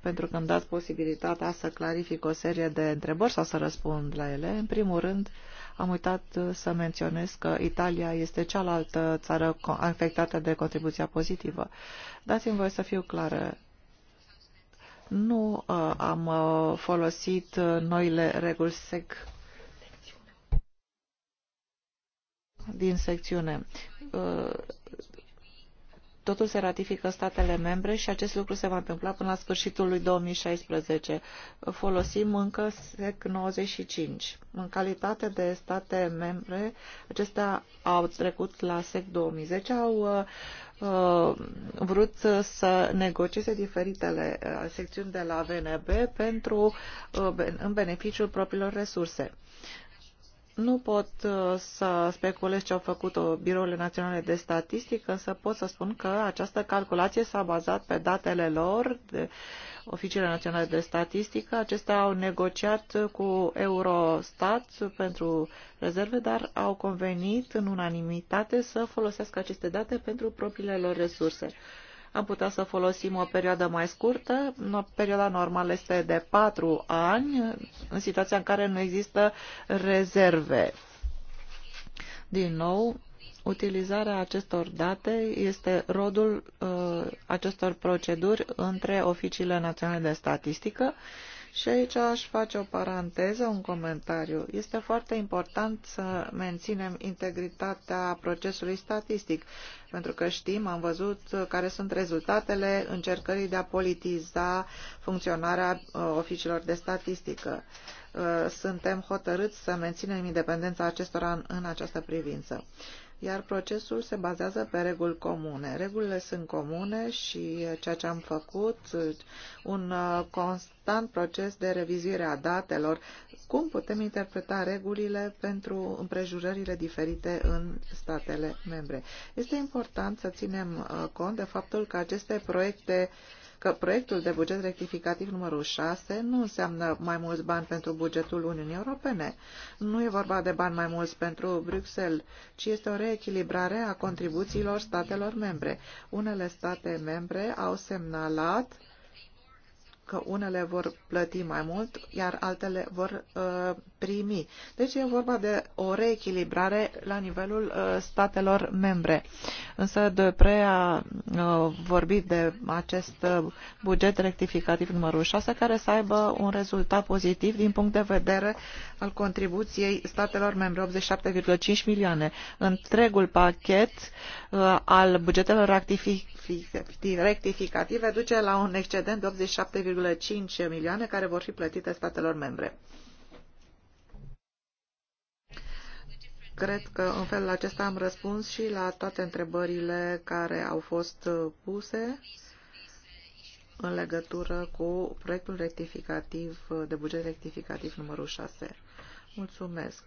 pentru că îmi dați posibilitatea să clarific o serie de întrebări sau să răspund la ele. În primul rând, am uitat uh, să menționez că Italia este cealaltă țară afectată de contribuția pozitivă. Dați-mi voie să fiu clară nu uh, am uh, folosit uh, noile reguli SEC din secțiune. Totul se ratifică statele membre și acest lucru se va întâmpla până la sfârșitul lui 2016. Folosim încă SEC 95. În calitate de state membre, acestea au trecut la SEC 2010, au Uh, vrut să negocieze diferitele uh, secțiuni de la VNB pentru, uh, în beneficiul propriilor resurse. Nu pot să speculez ce au făcut birourile naționale de statistică, însă pot să spun că această calculație s-a bazat pe datele lor de, uh, Oficiile Naționale de Statistică. Acestea au negociat cu Eurostat pentru rezerve, dar au convenit în unanimitate să folosească aceste date pentru propriile lor resurse. Am putea să folosim o perioadă mai scurtă. Perioada normală este de patru ani, în situația în care nu există rezerve. Din nou, utilizarea acestor date este rodul uh, acestor proceduri între oficiile naționale de statistică și aici aș face o paranteză, un comentariu. Este foarte important să menținem integritatea procesului statistic, pentru că știm, am văzut care sunt rezultatele încercării de a politiza funcționarea uh, oficiilor de statistică. Uh, suntem hotărâți să menținem independența acestora în, în această privință iar procesul se bazează pe reguli comune. Regulile sunt comune și ceea ce am făcut, un uh, constant proces de revizuire a datelor, cum putem interpreta regulile pentru împrejurările diferite în statele membre. Este important să ținem uh, cont de faptul că aceste proiecte uh, că proiectul de buget rectificativ numărul 6 nu înseamnă mai mulți bani pentru bugetul Uniunii Europene. Nu e vorba de bani mai mulți pentru Bruxelles, ci este o reechilibrare a contribuțiilor statelor membre. Unele state membre au semnalat că unele vor plăti mai mult, iar altele vor uh, primi. Deci e vorba de o reechilibrare la nivelul uh, statelor membre. Însă Depre a uh, vorbit de acest uh, buget rectificativ numărul 6 care să aibă un rezultat pozitiv din punct de vedere al contribuției statelor membre, 87,5 milioane. Întregul pachet al bugetelor rectificative duce la un excedent de 87,5 milioane care vor fi plătite statelor membre. Cred că în felul acesta am răspuns și la toate întrebările care au fost puse în legătură cu proiectul rectificativ, de buget rectificativ numărul 6. Mulțumesc.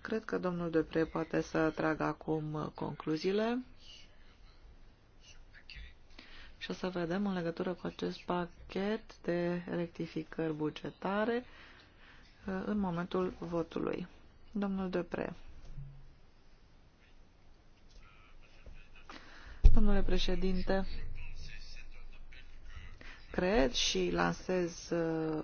Cred că domnul Depre poate să tragă acum concluziile. Și o să vedem în legătură cu acest pachet de rectificări bugetare uh, în momentul votului. Domnul Depre. domnule președinte. Cred și lansez uh,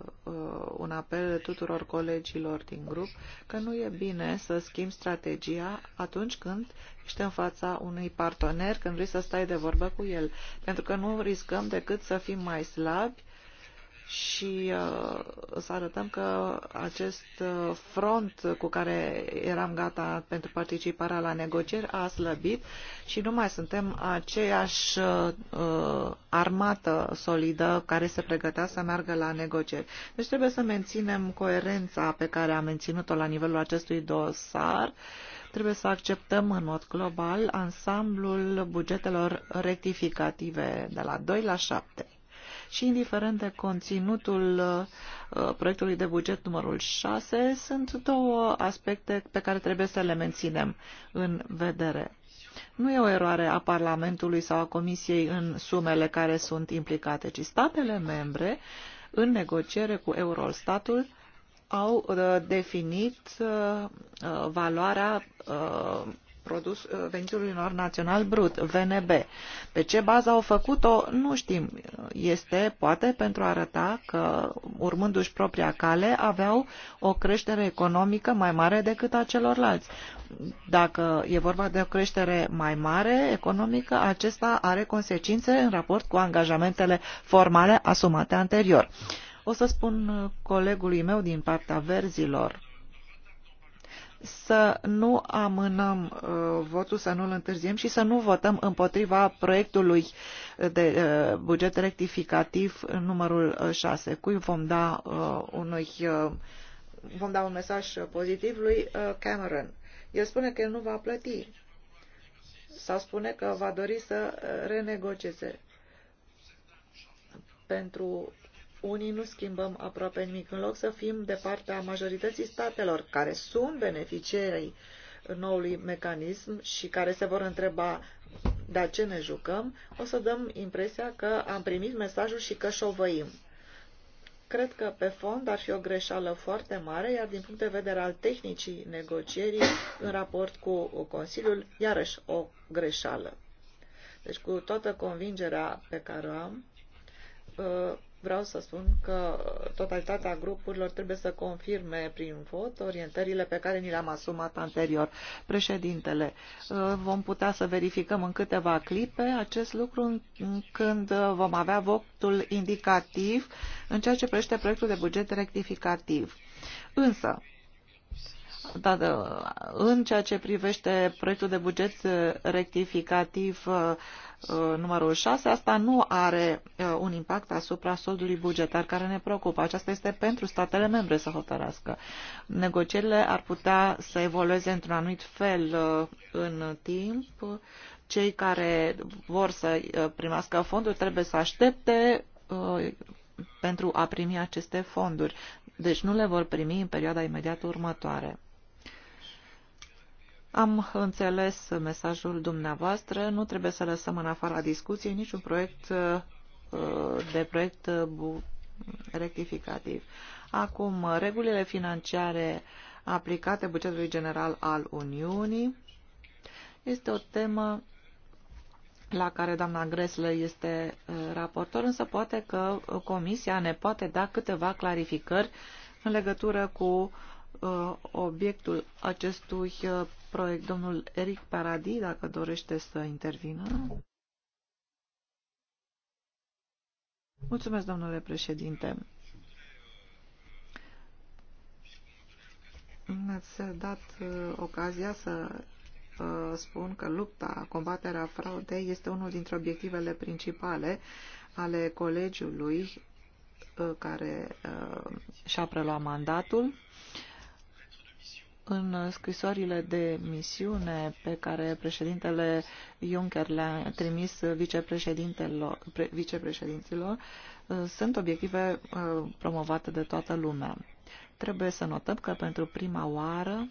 un apel tuturor colegilor din grup că nu e bine să schimbi strategia atunci când ești în fața unui partener, când vrei să stai de vorbă cu el, pentru că nu riscăm decât să fim mai slabi și uh, să arătăm că acest uh, front cu care eram gata pentru participarea la negocieri a slăbit și nu mai suntem aceeași uh, armată solidă care se pregătea să meargă la negocieri. Deci trebuie să menținem coerența pe care am menținut-o la nivelul acestui dosar trebuie să acceptăm în mod global ansamblul bugetelor rectificative de la 2 la 7 și indiferent de conținutul uh, proiectului de buget numărul 6, sunt două aspecte pe care trebuie să le menținem în vedere. Nu e o eroare a Parlamentului sau a Comisiei în sumele care sunt implicate, ci statele membre, în negociere cu Eurostatul, au uh, definit uh, valoarea produs, uh, venitul lor național brut, VNB. Pe ce bază au făcut-o, nu știm. Este, poate, pentru a arăta că, urmându-și propria cale, aveau o creștere economică mai mare decât a celorlalți. Dacă e vorba de o creștere mai mare economică, acesta are consecințe în raport cu angajamentele formale asumate anterior. O să spun uh, colegului meu din partea verzilor să nu amânăm uh, votul, să nu-l întârziem și să nu votăm împotriva proiectului de uh, buget rectificativ numărul 6. Uh, cui vom da uh, unui uh, vom da un mesaj pozitiv lui uh, Cameron. El spune că el nu va plăti sau spune că va dori să uh, renegocieze pentru unii nu schimbăm aproape nimic, în loc să fim de partea majorității statelor care sunt beneficiarii noului mecanism și care se vor întreba de ce ne jucăm, o să dăm impresia că am primit mesajul și că șovăim. Cred că pe fond ar fi o greșeală foarte mare, iar din punct de vedere al tehnicii negocierii în raport cu Consiliul, iarăși o greșeală. Deci cu toată convingerea pe care o am, uh, Vreau să spun că totalitatea grupurilor trebuie să confirme prin vot orientările pe care ni le-am asumat anterior. Președintele, uh, vom putea să verificăm în câteva clipe acest lucru când uh, vom avea votul indicativ în ceea ce privește proiectul de buget rectificativ. Însă, dar în ceea ce privește proiectul de buget rectificativ uh, uh, numărul 6, asta nu are uh, un impact asupra soldului bugetar care ne preocupă. Aceasta este pentru statele membre să hotărască. Negocierile ar putea să evolueze într-un anumit fel în timp. Cei care vor să primească fonduri trebuie să aștepte pentru a primi aceste fonduri. Deci nu le vor primi în perioada imediată următoare. Am înțeles mesajul dumneavoastră, nu trebuie să lăsăm în afara discuției niciun proiect uh, de proiect uh, rectificativ. Acum, regulile financiare aplicate bugetului general al Uniunii este o temă la care doamna Gresle este uh, raportor, însă poate că Comisia ne poate da câteva clarificări în legătură cu uh, uh, obiectul acestui uh, proiect domnul Eric Paradis, dacă dorește să intervină. Mulțumesc, domnule președinte. Mi-ați dat uh, ocazia să uh, spun că lupta, combaterea fraudei este unul dintre obiectivele principale ale colegiului uh, care uh, și-a preluat mandatul. În scrisorile de misiune pe care președintele Juncker le-a trimis vicepreședintelor, pre, vicepreședinților, uh, sunt obiective uh, promovate de toată lumea. Trebuie să notăm că pentru prima oară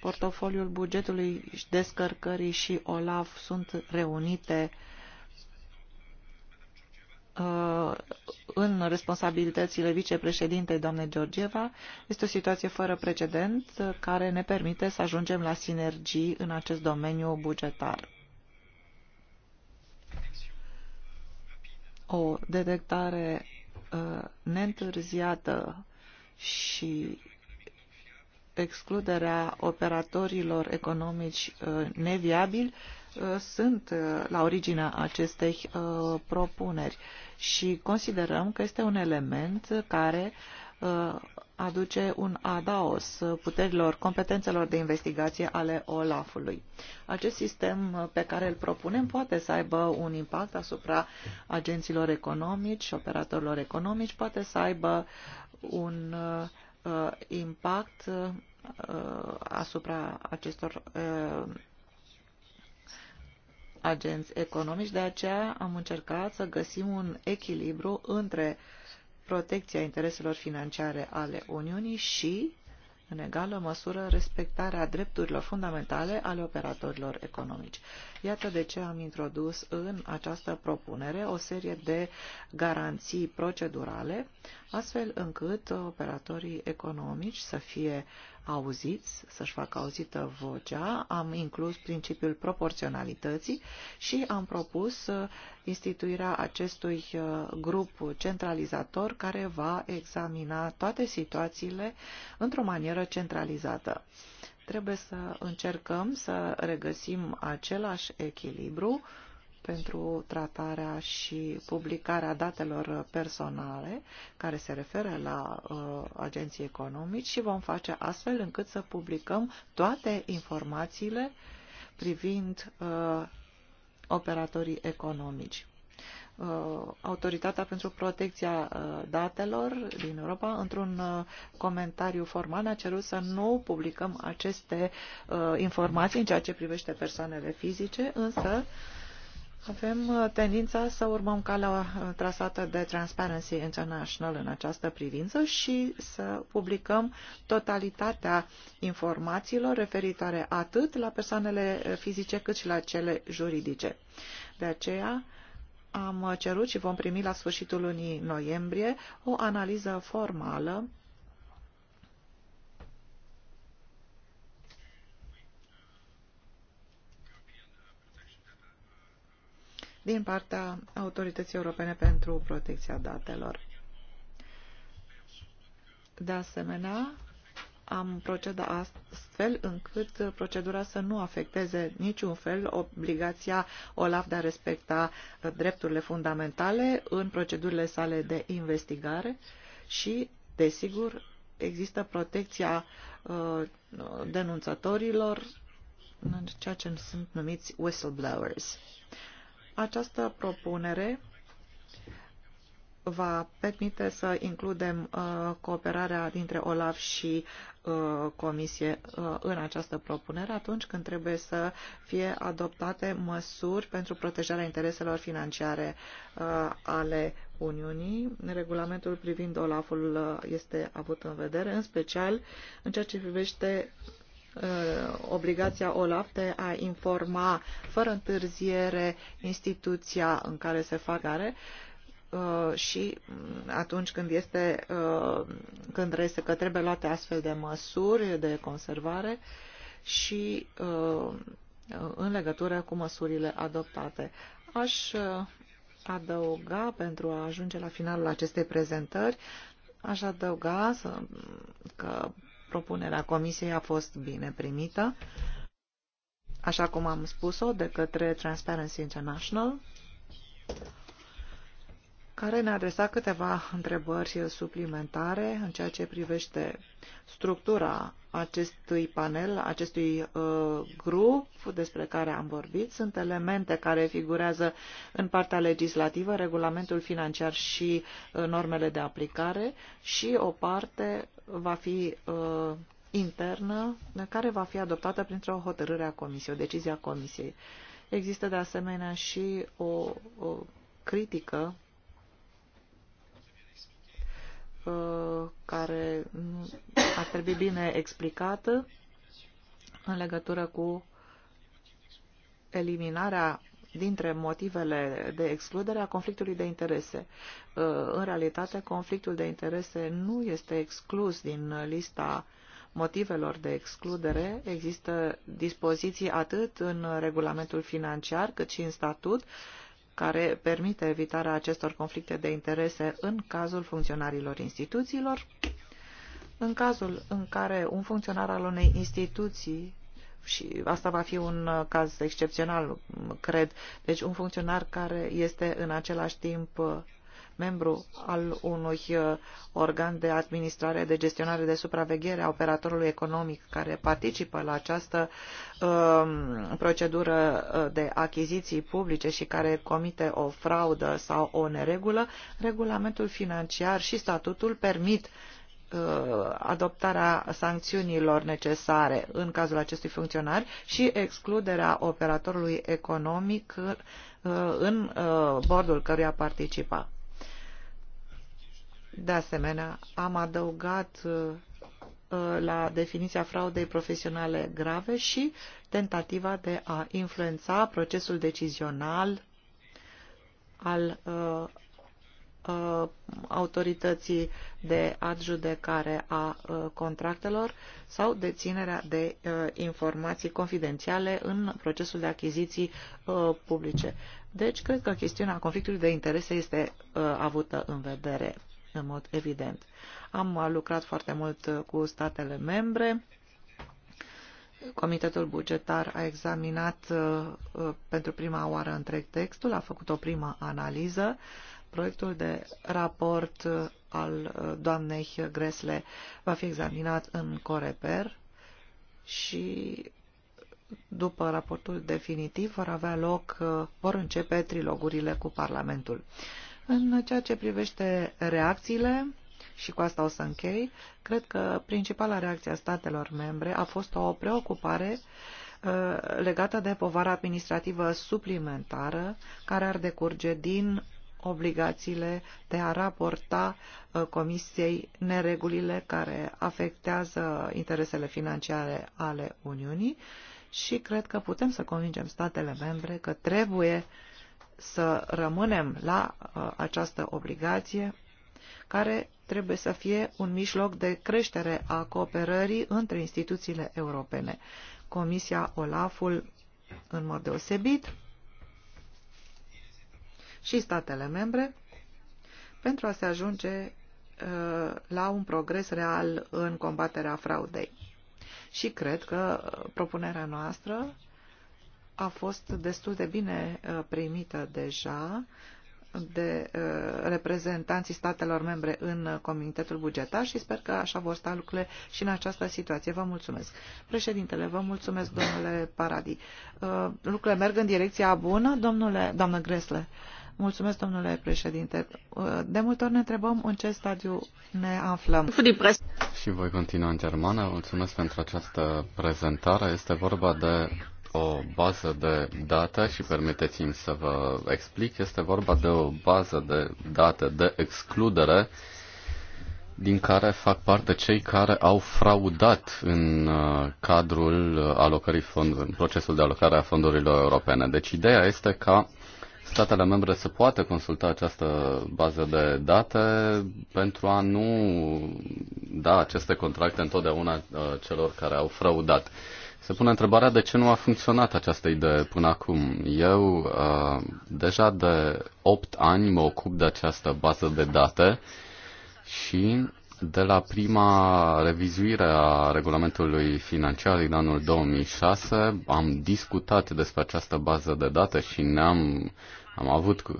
portofoliul bugetului, descărcării și OLAF sunt reunite uh, Uh, în responsabilitățile vicepreședintei doamnei Georgieva este o situație fără precedent uh, care ne permite să ajungem la sinergii în acest domeniu bugetar. O detectare uh, neîntârziată și excluderea operatorilor economici neviabili sunt uh, la originea acestei uh, propuneri și considerăm că este un element care uh, aduce un adaos puterilor, competențelor de investigație ale OLAF-ului. Acest sistem pe care îl propunem poate să aibă un impact asupra agenților economici și operatorilor economici, poate să aibă un impact asupra acestor agenți economici, de aceea am încercat să găsim un echilibru între protecția intereselor financiare ale Uniunii și, în egală măsură, respectarea drepturilor fundamentale ale operatorilor economici. Iată de ce am introdus în această propunere o serie de garanții procedurale, astfel încât operatorii economici să fie uh, auziți, să-și facă auzită vocea, am inclus principiul proporționalității și am propus uh, instituirea acestui uh, grup centralizator care va examina toate situațiile într-o manieră centralizată. Trebuie să încercăm să regăsim același echilibru uh, pentru tratarea și publicarea datelor personale care se referă la uh, agenții economici și vom face astfel încât să publicăm toate informațiile privind uh, operatorii economici. Uh, Autoritatea pentru Protecția uh, Datelor din Europa, într-un uh, comentariu formal, a cerut să nu publicăm aceste informații în ceea ce privește persoanele fizice, însă avem uh, tendința să urmăm calea uh, trasată de Transparency International în această privință și să publicăm totalitatea informațiilor referitoare atât la persoanele uh, fizice cât și la cele juridice. De aceea am cerut și vom primi la sfârșitul lunii noiembrie o analiză formală din partea Autorității Europene pentru Protecția Datelor. De asemenea, am procedat astfel încât procedura să nu afecteze niciun fel obligația OLAF de a respecta drepturile fundamentale în procedurile sale de investigare și, desigur, există protecția uh, denunțătorilor, ceea ce sunt numiți whistleblowers. Această propunere va permite să includem uh, cooperarea dintre OLAF și uh, Comisie uh, în această propunere atunci când trebuie să fie adoptate măsuri pentru protejarea intereselor financiare uh, ale Uniunii. Regulamentul privind OLAF-ul uh, este avut în vedere, în special în ceea ce privește Uh, obligația OLAF de a informa fără întârziere instituția în care se fac are uh, și mm, atunci când este uh, când este că trebuie luate astfel de măsuri de conservare și în legătură cu măsurile adoptate. Aș adăuga, pentru a ajunge la finalul acestei prezentări, aș adăuga să, că Propunerea Comisiei a fost bine primită, așa cum am spus-o, de către Transparency International, care ne adresa câteva întrebări suplimentare în ceea ce privește structura acestui panel, acestui uh, grup despre care am vorbit. Sunt elemente care figurează în partea legislativă, regulamentul financiar și uh, normele de aplicare și o parte va fi uh, internă care va fi adoptată printr-o hotărâre a Comisiei, o decizie a Comisiei. Există de asemenea și o, o critică Uh, care ar trebui bine explicată în legătură cu eliminarea dintre motivele de excludere a conflictului de interese. Uh, în realitate, conflictul de interese nu este exclus din lista motivelor de excludere. Există dispoziții atât în regulamentul financiar cât și în statut care permite evitarea acestor conflicte de interese în cazul funcționarilor instituțiilor, în cazul în care un funcționar al unei instituții și asta va fi un caz excepțional, cred. Deci un funcționar care este în același timp membru al unui uh, organ de administrare, de gestionare, de supraveghere a operatorului economic care participă la această um, procedură uh, de achiziții publice și care comite o fraudă sau o neregulă, regulamentul financiar și statutul permit uh, adoptarea sancțiunilor necesare în cazul acestui funcționar și excluderea operatorului economic în bordul căruia participa. De asemenea, am adăugat uh, uh, la definiția fraudei profesionale grave și tentativa de a influența procesul decizional al uh, autorității de adjudecare a contractelor sau deținerea de informații confidențiale în procesul de achiziții publice. Deci, cred că chestiunea conflictului de interese este avută în vedere în mod evident. Am lucrat foarte mult uh, cu statele membre. Comitetul bugetar a examinat uh, uh, pentru prima oară întreg textul, a făcut o prima analiză. Proiectul de raport al doamnei Gresle va fi examinat în Coreper și după raportul definitiv vor avea loc, vor începe trilogurile cu Parlamentul. În ceea ce privește reacțiile, și cu asta o să închei, cred că principala reacție a statelor membre a fost o preocupare uh, legată de povara administrativă suplimentară care ar decurge din obligațiile de a raporta uh, Comisiei neregulile care afectează interesele financiare ale Uniunii și cred că putem să convingem statele membre că trebuie să rămânem la uh, această obligație care trebuie să fie un mijloc de creștere a cooperării între instituțiile europene. Comisia Olaful în mod deosebit și statele membre pentru a se ajunge uh, la un progres real în combaterea fraudei. Și cred că uh, propunerea noastră a fost destul de bine uh, primită deja de uh, reprezentanții statelor membre în Comitetul Bugetar și sper că așa vor sta lucrurile și în această situație. Vă mulțumesc. Președintele, vă mulțumesc, domnule Paradi. Uh, lucrurile merg în direcția bună, domnule, doamnă Gresle. Mulțumesc, domnule președinte. De multe ori ne întrebăm în ce stadiu ne aflăm. Și voi continua în germană. Mulțumesc pentru această prezentare. Este vorba de o bază de date și permiteți-mi să vă explic. Este vorba de o bază de date de excludere din care fac parte cei care au fraudat în uh, cadrul alocării fondurilor. în procesul de alocare a fondurilor europene. Deci ideea este ca statele membre să poată consulta această bază de date pentru a nu da aceste contracte întotdeauna uh, celor care au fraudat. Se pune întrebarea de ce nu a funcționat această idee până acum. Eu uh, deja de 8 ani mă ocup de această bază de date și de la prima revizuire a regulamentului financiar din anul 2006 am discutat despre această bază de date și ne-am am avut uh,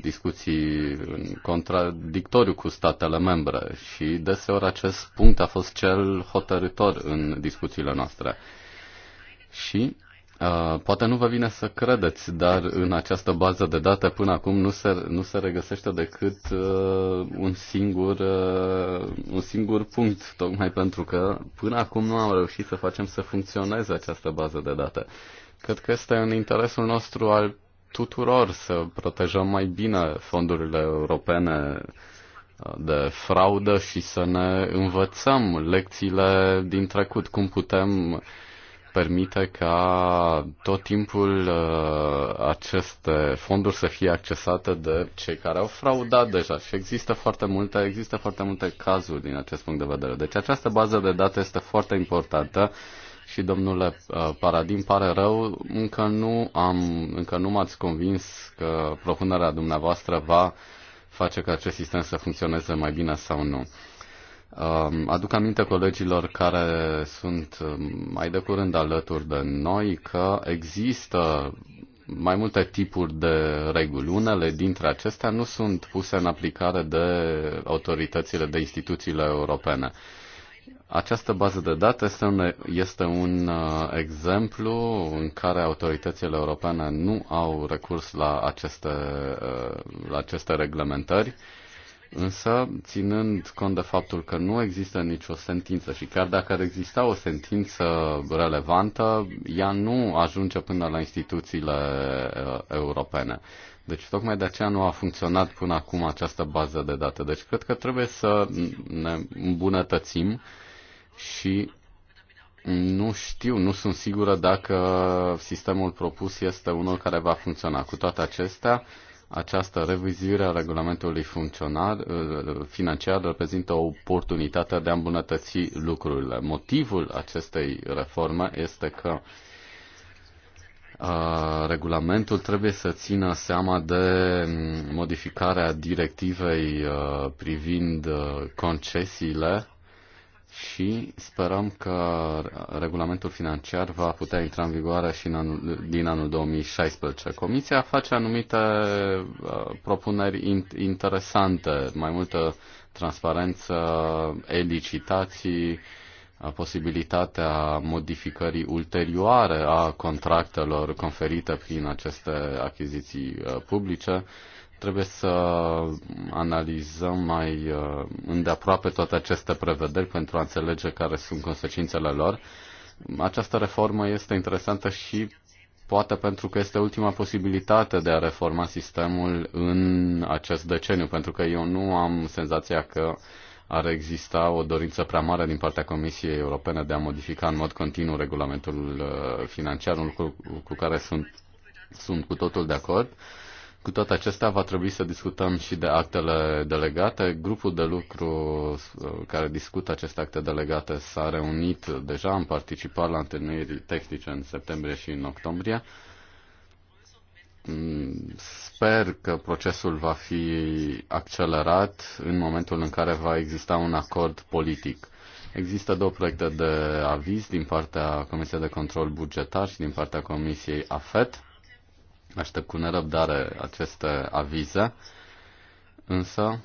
discuții în contradictoriu cu statele membre și deseori acest punct a fost cel hotărător în discuțiile noastre și uh, poate nu vă vine să credeți, dar în această bază de date până acum nu se, nu se regăsește decât uh, un, singur, uh, un singur punct, tocmai pentru că până acum nu am reușit să facem să funcționeze această bază de date. Cred că este în interesul nostru al tuturor să protejăm mai bine fondurile europene uh, de fraudă și să ne învățăm lecțiile din trecut, cum putem permite ca tot timpul uh, aceste fonduri să fie accesate de cei care au fraudat deja și există foarte multe, există foarte multe cazuri din acest punct de vedere. Deci această bază de date este foarte importantă și domnule uh, Paradin, pare rău, încă nu, am, încă nu m-ați convins că propunerea dumneavoastră va face ca acest sistem să funcționeze mai bine sau nu. Um, aduc aminte colegilor care sunt um, mai de curând alături de noi că există mai multe tipuri de reguli. Unele dintre acestea nu sunt puse în aplicare de autoritățile, de instituțiile europene. Această bază de date este un, este un uh, exemplu în care autoritățile europene nu au recurs la aceste, uh, la aceste reglementări Însă, ținând cont de faptul că nu există nicio sentință și chiar dacă ar exista o sentință relevantă, ea nu ajunge până la instituțiile europene. Deci tocmai de aceea nu a funcționat până acum această bază de date. Deci cred că trebuie să ne îmbunătățim și nu știu, nu sunt sigură dacă sistemul propus este unul care va funcționa. Cu toate acestea, această revizuire a regulamentului funcțional, uh, financiar reprezintă o oportunitate de a îmbunătăți lucrurile. Motivul acestei reforme este că uh, regulamentul trebuie să țină seama de mm, modificarea directivei uh, privind concesiile și sperăm că regulamentul financiar va putea intra în vigoare și în anul, din anul 2016. Comisia face anumite uh, propuneri interesante, mai multă transparență, elicitații, uh, posibilitatea modificării ulterioare a contractelor conferite prin aceste achiziții uh, publice Trebuie să analizăm mai uh, îndeaproape toate aceste prevederi pentru a înțelege care sunt consecințele lor. Această reformă este interesantă și poate pentru că este ultima posibilitate de a reforma sistemul în acest deceniu, pentru că eu nu am senzația că ar exista o dorință prea mare din partea Comisiei Europene de a modifica în mod continuu regulamentul uh, financiar, un lucru cu care sunt, sunt cu totul de acord. Cu toate acestea, va trebui să discutăm și de actele delegate. Grupul de lucru uh, care discută aceste acte delegate s-a reunit deja, am participat la întâlniri tehnice în septembrie și în octombrie. Mm, sper că procesul va fi accelerat în momentul în care va exista un acord politic. Există două proiecte de aviz din partea Comisiei de Control Bugetar și din partea Comisiei AFET Aștept cu nerăbdare aceste avize, însă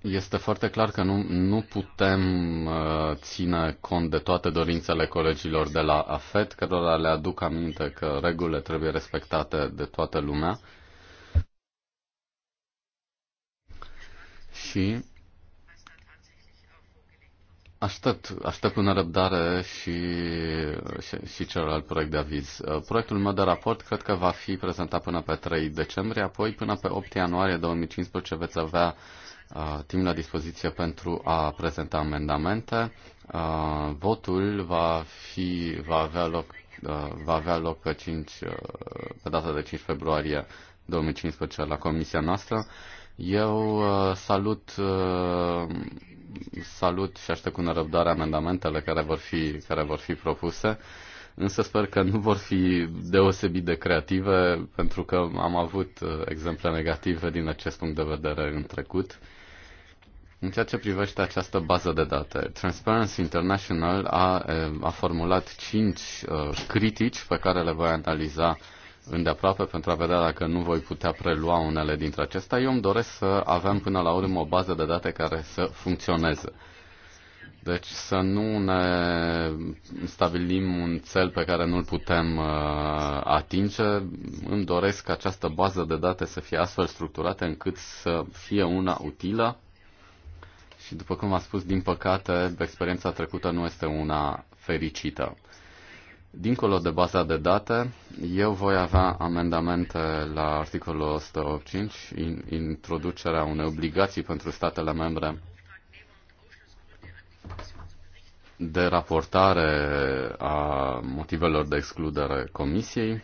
este foarte clar că nu, nu putem uh, ține cont de toate dorințele colegilor de la AFET, cărora le aduc aminte că regulile trebuie respectate de toată lumea. Și Aștept, aștept cu nerăbdare și, și, și celălalt proiect de aviz. Proiectul meu de raport cred că va fi prezentat până pe 3 decembrie, apoi până pe 8 ianuarie 2015 veți avea uh, timp la dispoziție pentru a prezenta amendamente. Uh, votul va, fi, va, avea loc, uh, va avea loc pe, 5, uh, pe data de 5 februarie 2015 la comisia noastră. Uh, eu uh, salut, uh, salut și aștept cu nerăbdare amendamentele care vor fi, care vor fi propuse, însă sper că nu vor fi deosebit de creative, pentru că am avut uh, exemple negative din acest punct de vedere în trecut. În ceea ce privește această bază de date, Transparency International a, a formulat cinci uh, critici pe care le voi analiza uh, îndeaproape pentru a vedea dacă nu voi putea prelua unele dintre acestea. Eu îmi doresc să avem până la urmă o bază de date care să funcționeze. Deci să nu ne stabilim un cel pe care nu-l putem uh, atinge. Îmi doresc ca această bază de date să fie astfel structurată încât să fie una utilă. Și după cum am spus, din păcate, experiența trecută nu este una fericită. Dincolo de baza de date, eu voi avea amendamente la articolul 185, in, introducerea unei obligații pentru statele membre de raportare a motivelor de excludere comisiei,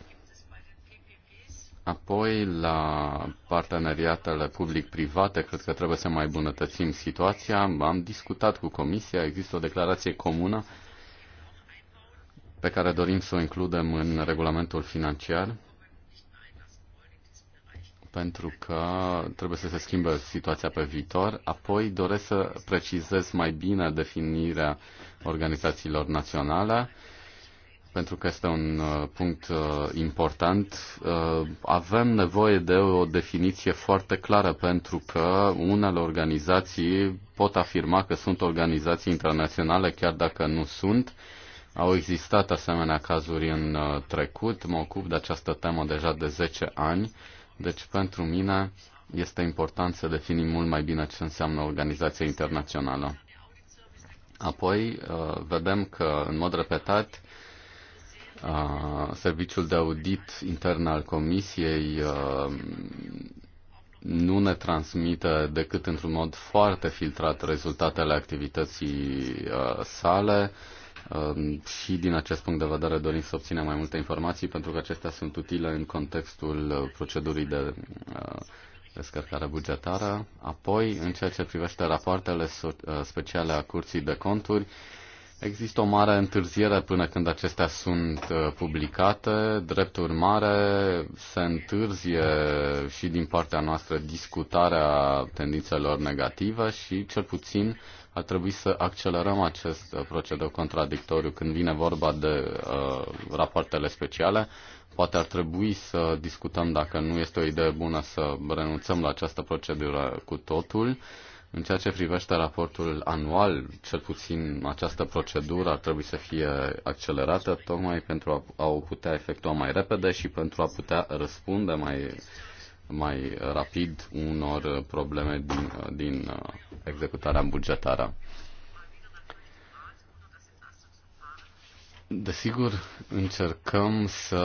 apoi la parteneriatele public-private, cred că trebuie să mai bunătățim situația. Am discutat cu comisia, există o declarație comună pe care dorim să o includem în regulamentul financiar, pentru că trebuie să se schimbe situația pe viitor. Apoi doresc să precizez mai bine definirea organizațiilor naționale, pentru că este un uh, punct uh, important. Uh, avem nevoie de o definiție foarte clară, pentru că unele organizații pot afirma că sunt organizații internaționale, chiar dacă nu sunt au existat asemenea cazuri în uh, trecut, mă ocup de această temă deja de 10 ani, deci pentru mine este important să definim mult mai bine ce înseamnă organizația internațională. Apoi uh, vedem că, în mod repetat, uh, Serviciul de audit intern al Comisiei nu ne transmite decât într-un mod foarte filtrat rezultatele activității sale. Um, și din acest punct de vedere dorim să obținem mai multe informații pentru că acestea sunt utile în contextul uh, procedurii de uh, descărcare bugetară. Apoi, în ceea ce privește rapoartele uh, speciale a Curții de Conturi, Există o mare întârziere până când acestea sunt publicate. Drept urmare, se întârzie și din partea noastră discutarea tendințelor negative și, cel puțin, ar trebui să accelerăm acest uh, procedeu contradictoriu când vine vorba de uh, rapoartele speciale. Poate ar trebui să discutăm dacă nu este o idee bună să renunțăm la această procedură cu totul. În ceea ce privește raportul anual, cel puțin această procedură ar trebui să fie accelerată tocmai pentru a, a o putea efectua mai repede și pentru a putea răspunde mai mai rapid unor probleme din, din uh, executarea bugetară. Desigur, încercăm să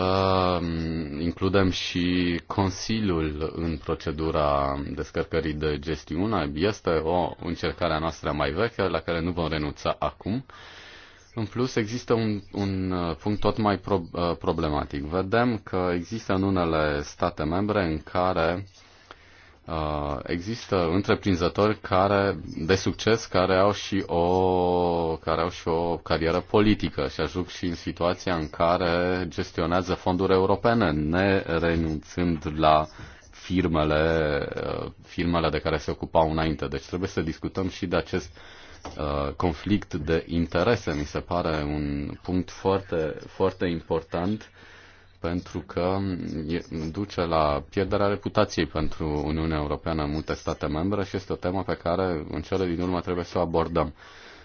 mm, includem și Consiliul în procedura descărcării de gestiune. Este o încercare a noastră mai veche la care nu vom renunța acum în plus, există un, un uh, punct tot mai pro, uh, problematic. Vedem că există în unele state membre în care uh, există întreprinzători care, de succes care au, și o, care au și o carieră politică și ajung și în situația în care gestionează fonduri europene, ne renunțând la firmele, uh, firmele de care se ocupau înainte. Deci trebuie să discutăm și de acest Uh, conflict de interese. Mi se pare un punct foarte, foarte important pentru că duce la pierderea reputației pentru Uniunea Europeană în multe state membre și este o temă pe care în cele din urmă trebuie să o abordăm.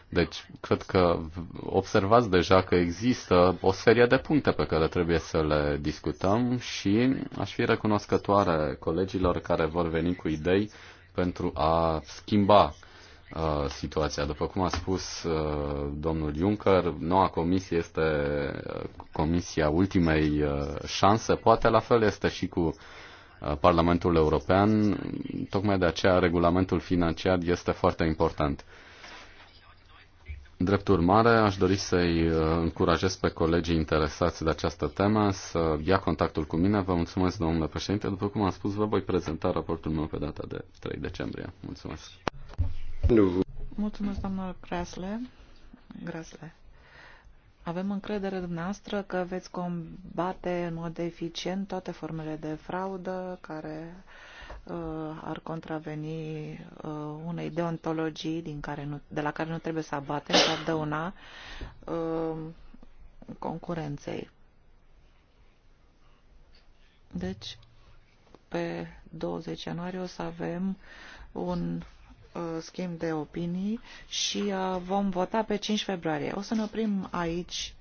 Deci, cred că observați deja că există o serie de puncte pe care trebuie să le discutăm și aș fi recunoscătoare colegilor care vor veni cu idei pentru a schimba Uh, situația. După cum a spus uh, domnul Juncker, noua comisie este uh, comisia ultimei uh, șanse. Poate la fel este și cu uh, Parlamentul European. Tocmai de aceea regulamentul financiar este foarte important. Drept urmare, aș dori să-i încurajez pe colegii interesați de această temă să ia contactul cu mine. Vă mulțumesc, domnule președinte. După cum am spus, vă voi prezenta raportul meu pe data de 3 decembrie. Mulțumesc. Mulțumesc, doamnă Grasle. Grasle. Avem încredere dumneavoastră că veți combate în mod eficient toate formele de fraudă care uh, ar contraveni uh, unei deontologii din care nu, de la care nu trebuie să abatem, dar dăuna uh, concurenței. Deci, pe 20 ianuarie o să avem un Uh, schimb de opinii și uh, vom vota pe 5 februarie. O să ne oprim aici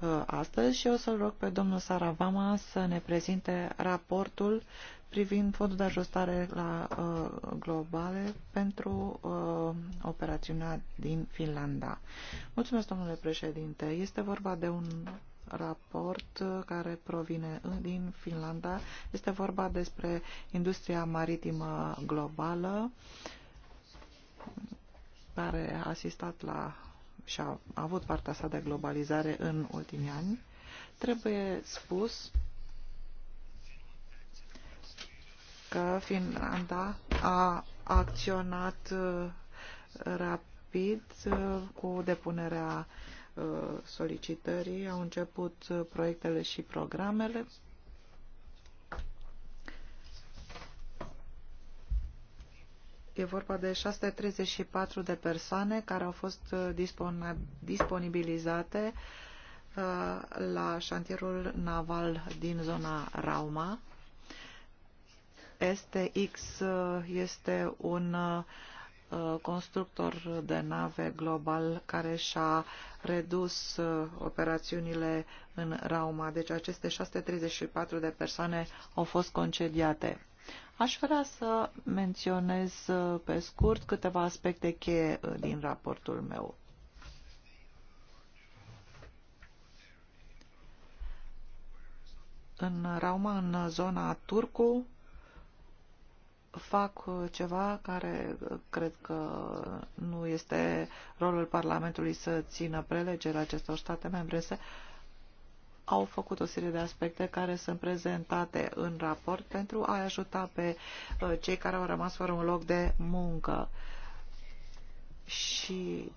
uh, astăzi și o să-l rog pe domnul Saravama să ne prezinte raportul privind fondul de ajustare la uh, globale pentru uh, operațiunea din Finlanda. Mulțumesc, domnule președinte. Este vorba de un raport care provine din Finlanda. Este vorba despre industria maritimă globală. Uh, care a asistat la și a avut partea sa de globalizare în ultimii ani, trebuie spus că Finlanda a acționat uh, rapid uh, cu depunerea uh, solicitării, au început proiectele și programele E vorba de 634 de persoane care au fost uh, disponibilizate uh, la șantierul naval din zona Rauma. STX uh, este un constructor de nave global care și-a redus operațiunile în Rauma. Deci aceste 634 de persoane au fost concediate. Aș vrea să menționez uh, pe scurt câteva aspecte cheie uh, din raportul meu. În Rauma, în zona Turcu, fac uh, ceva care cred că nu este rolul Parlamentului să țină prelegeri acestor state membre, au făcut o serie de aspecte care sunt prezentate în raport pentru a ajuta pe uh, cei care au rămas fără un loc de muncă. Și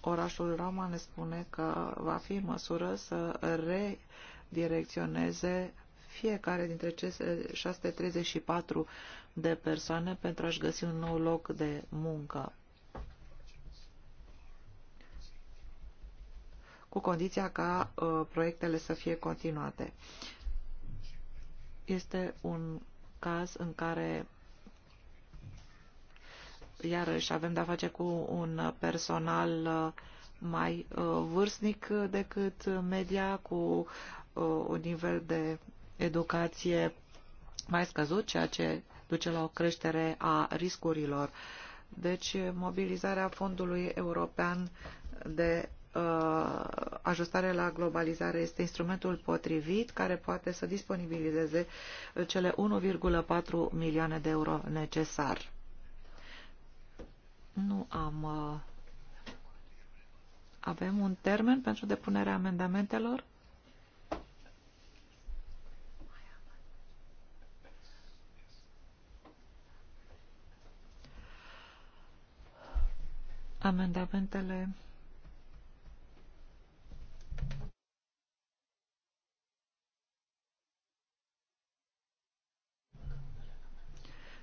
orașul Roma ne spune că va fi în măsură să redirecționeze fiecare dintre cele 634 de persoane pentru a-și găsi un nou loc de muncă. cu condiția ca uh, proiectele să fie continuate. Este un caz în care iarăși avem de-a face cu un personal uh, mai uh, vârstnic decât media, cu un nivel de educație mai scăzut, ceea ce duce la o creștere a riscurilor. Deci, mobilizarea Fondului European de Uh, ajustare la globalizare este instrumentul potrivit care poate să disponibilizeze cele 1,4 milioane de euro necesar. Nu am... Uh, avem un termen pentru depunerea amendamentelor? Amendamentele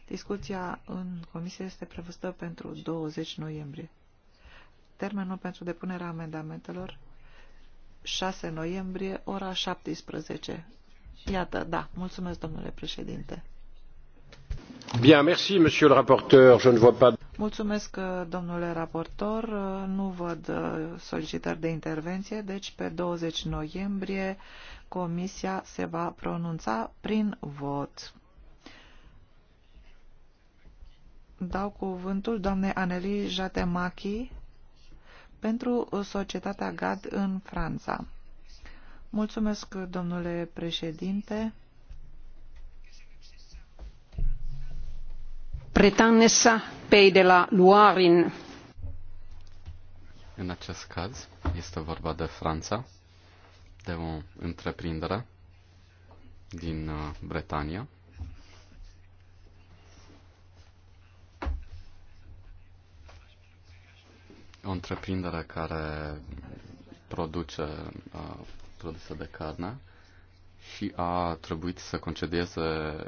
Discuția în comisie este prevăzută pentru 20 noiembrie. Termenul pentru depunerea amendamentelor 6 noiembrie, ora 17. Iată, da, mulțumesc, domnule președinte. Bien, merci, monsieur le rapporteur. Je ne vois pas... Mulțumesc, domnule raportor. Nu văd uh, solicitări de intervenție, deci pe 20 noiembrie Comisia se va pronunța prin vot. dau cuvântul doamnei Aneli Jatemachi pentru societatea GAD în Franța. Mulțumesc, domnule președinte. Bretannessa pei de la Luarin. În acest caz este vorba de Franța, de o întreprindere din uh, Bretania, o întreprindere care produce uh, produse de carne și a trebuit să concedieze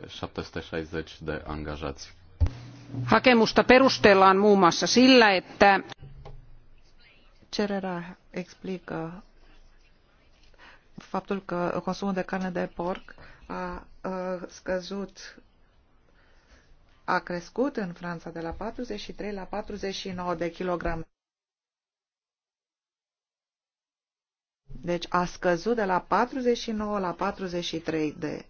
760 de angajați. Hakemusta perustellaan muun muassa sillä, että cererea explică faptul că consumul de carne de porc a, a scăzut, a crescut în Franța de la 43 la 49 de kilograme. Deci a scăzut de la 49 la 43 de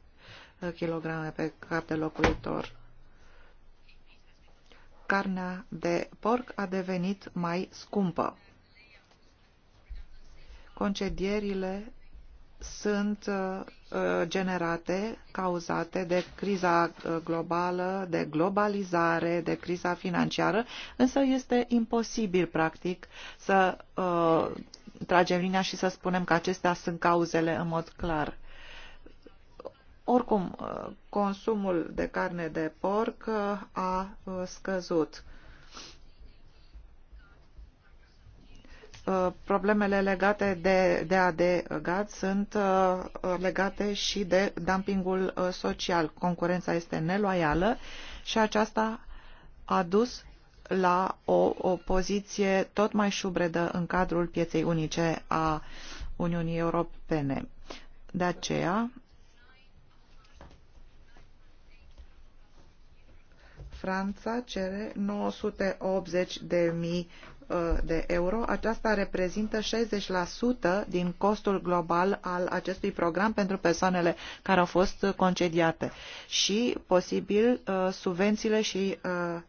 uh, kilograme pe cap de locuitor. Carnea de porc a devenit mai scumpă. Concedierile sunt uh, uh, generate, cauzate de criza uh, globală, de globalizare, de criza financiară, însă este imposibil, practic, să tragem linia și să spunem că acestea sunt cauzele în mod clar. Oricum, consumul de carne de porc a scăzut Uh, problemele legate de de gat sunt uh, uh, legate și de dumpingul social. Concurența este neloială și aceasta a dus la o, o poziție tot mai șubredă în cadrul pieței unice a Uniunii Europene. De aceea, Franța cere 980 de mii Uh, de euro, aceasta reprezintă 60% din costul global al acestui program pentru persoanele care au fost concediate și, posibil, uh, subvențiile și uh,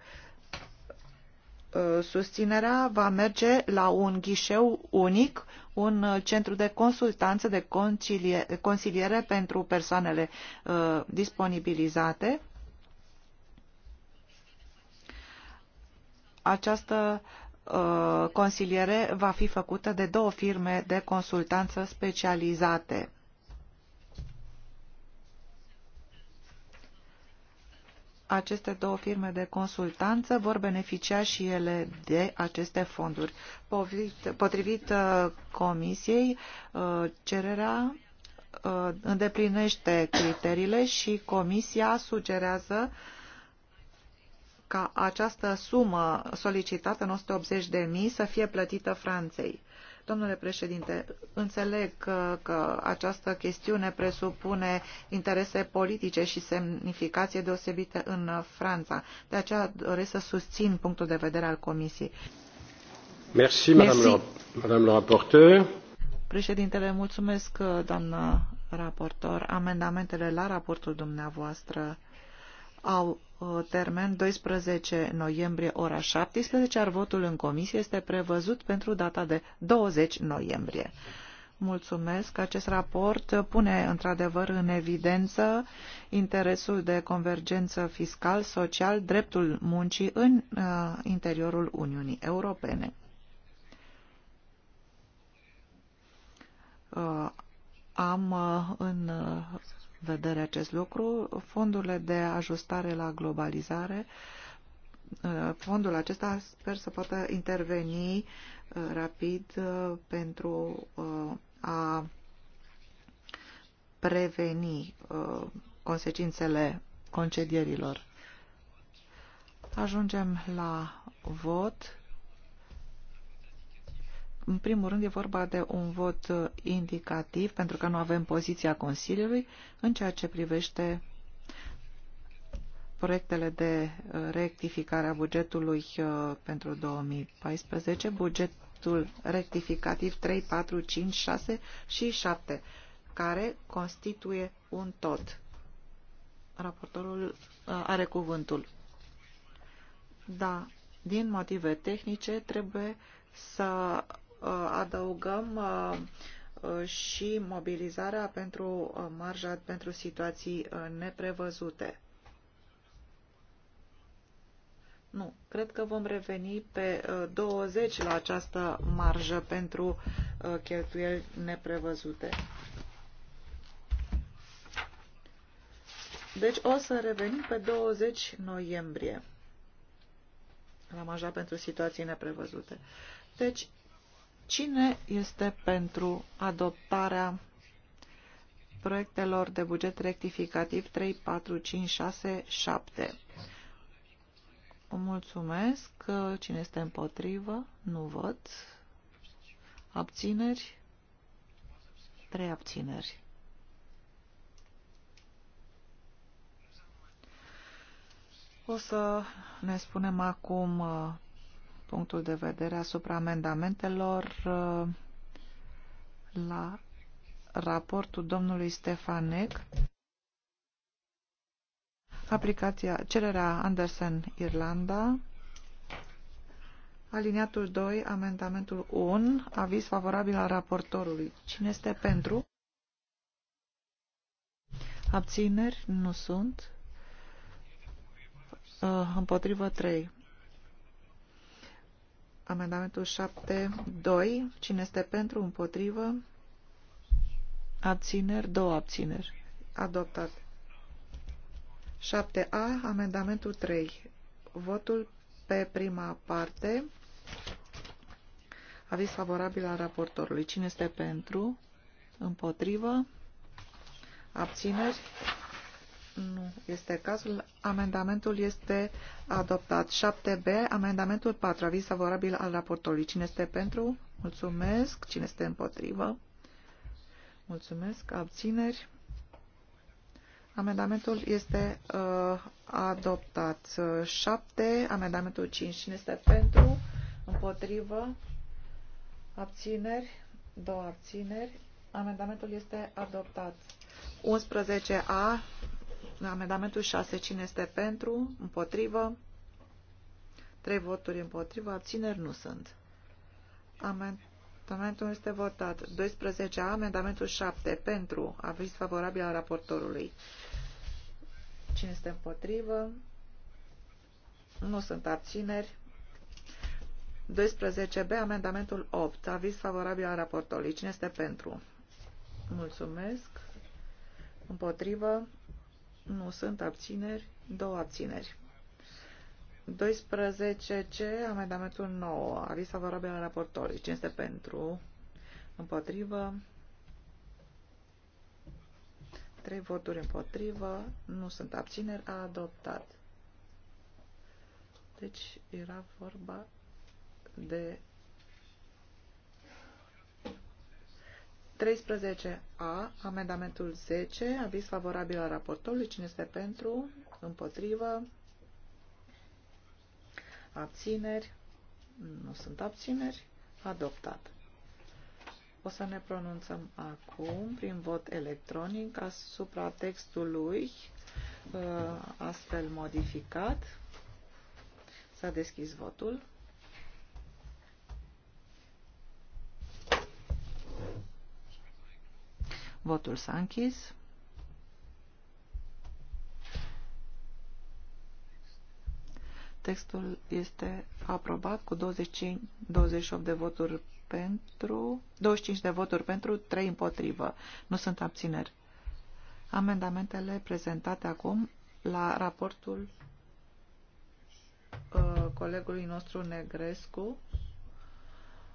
susținerea va merge la un ghișeu unic, un centru de consultanță, de consiliere pentru persoanele disponibilizate. Această uh, Uh, consiliere va fi făcută de două firme de consultanță specializate. Aceste două firme de consultanță vor beneficia și ele de aceste fonduri. Potrivit uh, Comisiei, uh, cererea îndeplinește criteriile și Comisia sugerează ca această sumă solicitată, de mii să fie plătită Franței. Domnule președinte, înțeleg că, că această chestiune presupune interese politice și semnificație deosebite în Franța. De aceea doresc să susțin punctul de vedere al Comisiei. Merci, Merci. Madame raporteur. Președintele, mulțumesc, doamnă raportor. Amendamentele la raportul dumneavoastră au Uh, termen 12 noiembrie ora 17, iar votul în comisie este prevăzut pentru data de 20 noiembrie. Mulțumesc. Acest raport pune într-adevăr în evidență interesul de convergență fiscal, social, dreptul muncii în uh, interiorul Uniunii Europene. Uh, am uh, în uh, vedere acest lucru. Fondurile de ajustare la globalizare, uh, fondul acesta sper să poată interveni uh, rapid uh, pentru a preveni consecințele concedierilor. Ajungem la vot. În primul rând e vorba de un vot indicativ, pentru că nu avem poziția Consiliului în ceea ce privește proiectele de uh, rectificare a bugetului uh, pentru 2014, bugetul rectificativ 3, 4, 5, 6 și 7, care constituie un tot. Raportorul uh, are cuvântul. Da, din motive tehnice trebuie să Uh, adăugăm uh, uh, și mobilizarea pentru marja pentru situații neprevăzute. Nu, cred că vom reveni pe 20 la această marjă pentru cheltuieli neprevăzute. Deci o să revenim pe 20 noiembrie la marja pentru situații neprevăzute. Deci Cine este pentru adoptarea proiectelor de buget rectificativ 3, 4, 5, 6, 7? O Mulțumesc. Cine este împotrivă? Nu văd. Abțineri? Trei abțineri. O să ne spunem acum uh, punctul de vedere asupra amendamentelor uh, la raportul domnului Stefanec, aplicația, cererea Andersen Irlanda, aliniatul 2, amendamentul 1, aviz favorabil al raportorului. Cine este pentru? Abțineri? Nu sunt. Uh, împotrivă 3. Amendamentul 7.2. Cine este pentru, împotrivă? Abțineri, două abțineri. Adoptat. 7A, amendamentul 3. Votul pe prima parte. Aviz favorabil al raportorului. Cine este pentru? Împotrivă? Abțineri? Nu este cazul. Amendamentul este adoptat. 7B, amendamentul 4, aviz favorabil al raportorului. Cine este pentru? Mulțumesc. Cine este împotrivă? Mulțumesc. Abțineri. Amendamentul este uh, adoptat. 7, amendamentul 5. Cine este pentru? Împotrivă? Abțineri? Două abțineri. Amendamentul este adoptat. 11A, Amendamentul 6. Cine este pentru? Împotrivă? Trei voturi împotrivă. Abțineri nu sunt. Amendamentul este votat. 12. Amendamentul 7. Pentru. Aviz favorabil al raportorului. Cine este împotrivă? Nu sunt abțineri. 12b, amendamentul 8, aviz favorabil al raportorului. Cine este pentru? Mulțumesc. Împotrivă. Nu sunt abțineri, două abțineri. 12C, amendamentul 9, avis favorabil al raportorului. Cine este pentru? Împotrivă? 3 voturi împotrivă, nu sunt abțineri, a adoptat. Deci era vorba de 13A, amendamentul 10, aviz favorabil al raportorului. Cine este pentru? Împotrivă? Abțineri? Nu sunt abțineri. Adoptat. O să ne pronunțăm acum, prin vot electronic, asupra textului uh, astfel modificat. S-a deschis votul. Votul s-a închis. Textul este aprobat cu 25, 28 de voturi pentru, 25 de voturi pentru, 3 împotrivă. Nu sunt abțineri. Amendamentele prezentate acum la raportul uh, colegului nostru Negrescu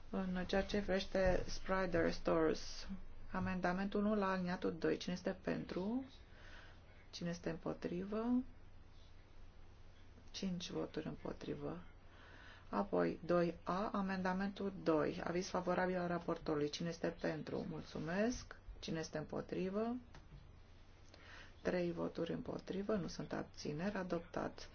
în ceea ce vrește Sprider Stores Amendamentul 1 la aliniatul 2. Cine este pentru? Cine este împotrivă? 5 voturi împotrivă. Apoi, 2A, amendamentul 2. Aviz favorabil al raportorului. Cine este pentru? Mulțumesc. Cine este împotrivă? 3 voturi împotrivă. Nu sunt abțineri. Adoptat.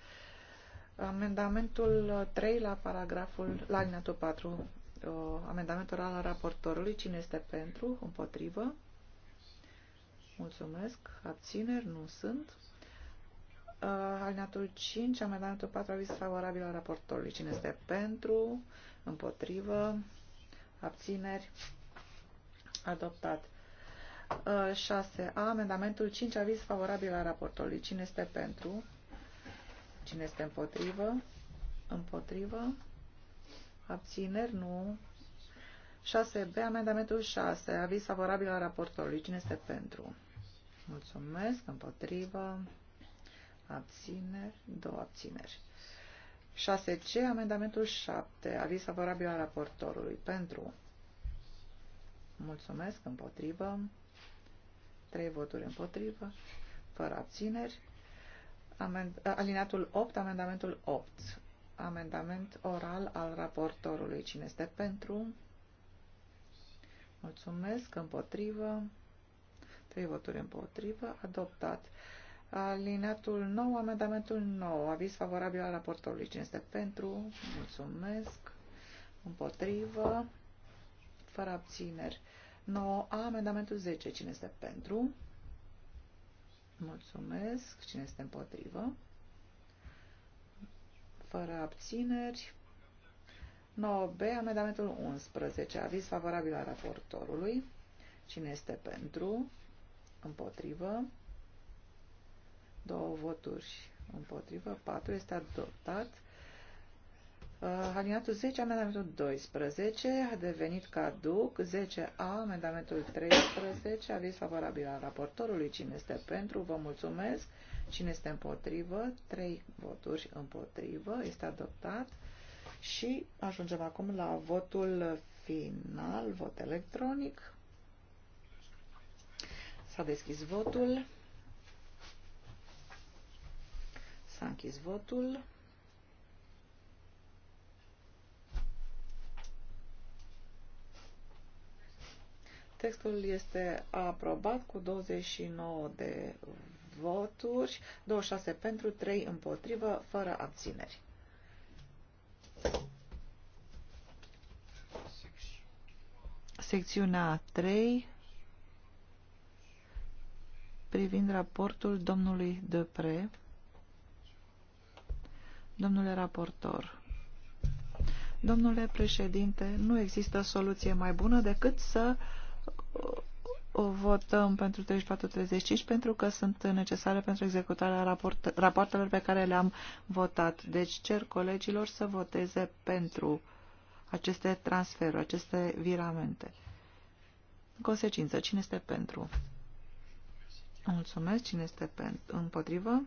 Amendamentul 3 la paragraful, la alineatul 4 uh, amendament oral al raportorului. Cine este pentru? Împotrivă? Mulțumesc. Abțineri? Nu sunt. Uh, alineatul 5, amendamentul 4, aviz favorabil al raportorului. Cine este pentru? Împotrivă? Abțineri? Adoptat. 6A, uh, amendamentul 5, aviz favorabil al raportorului. Cine este pentru? Cine este împotrivă? Împotrivă? Abțineri? Nu. 6B, amendamentul 6, aviz favorabil al raportorului. Cine este pentru? Mulțumesc, împotrivă, abțineri, două abțineri. 6C, amendamentul 7, aviz favorabil al raportorului. Pentru? Mulțumesc, împotrivă, trei voturi împotrivă, fără abțineri. Amend alineatul 8, amendamentul 8, amendament oral al raportorului. Cine este pentru? Mulțumesc. Împotrivă. Trei voturi împotrivă. Adoptat. Alineatul nou, amendamentul nou, Aviz favorabil al raportorului. Cine este pentru? Mulțumesc. Împotrivă. Fără abțineri. 9A, amendamentul 10. Cine este pentru? Mulțumesc. Cine este împotrivă? fără abțineri. 9B, amendamentul 11, aviz favorabil al raportorului. Cine este pentru? Împotrivă. Două voturi împotrivă. 4 este adoptat. Uh, Alinatul 10, amendamentul 12 a devenit caduc. 10A, amendamentul 13, aviz favorabil al raportorului. Cine este pentru? Vă mulțumesc. Cine este împotrivă? 3 voturi împotrivă. Este adoptat. Și ajungem acum la votul final, vot electronic. S-a deschis votul. S-a închis votul. Textul este aprobat cu 29 de voturi, 26 pentru, 3 împotrivă, fără abțineri. Secțiunea 3 privind raportul domnului Depre. Domnule raportor, domnule președinte, nu există soluție mai bună decât să uh, votăm pentru 34-35 pentru că sunt necesare pentru executarea raport rapoartelor pe care le-am votat. Deci cer colegilor să voteze pentru aceste transferuri, aceste viramente. În consecință, cine este pentru? Mulțumesc. Cine este împotrivă?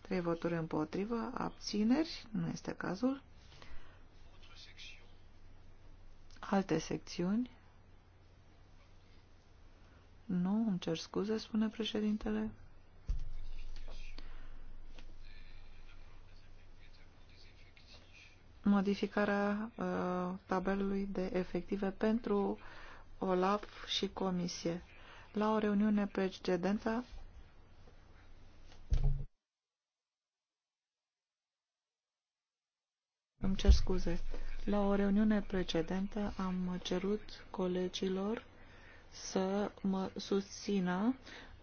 Trei voturi împotrivă. Abțineri? Nu este cazul. Alte secțiuni? Nu, îmi cer scuze, spune președintele. Modificarea uh, tabelului de efective pentru OLAF și Comisie. La o reuniune precedentă Îmi cer scuze. La o reuniune precedentă am cerut colegilor să mă susțină,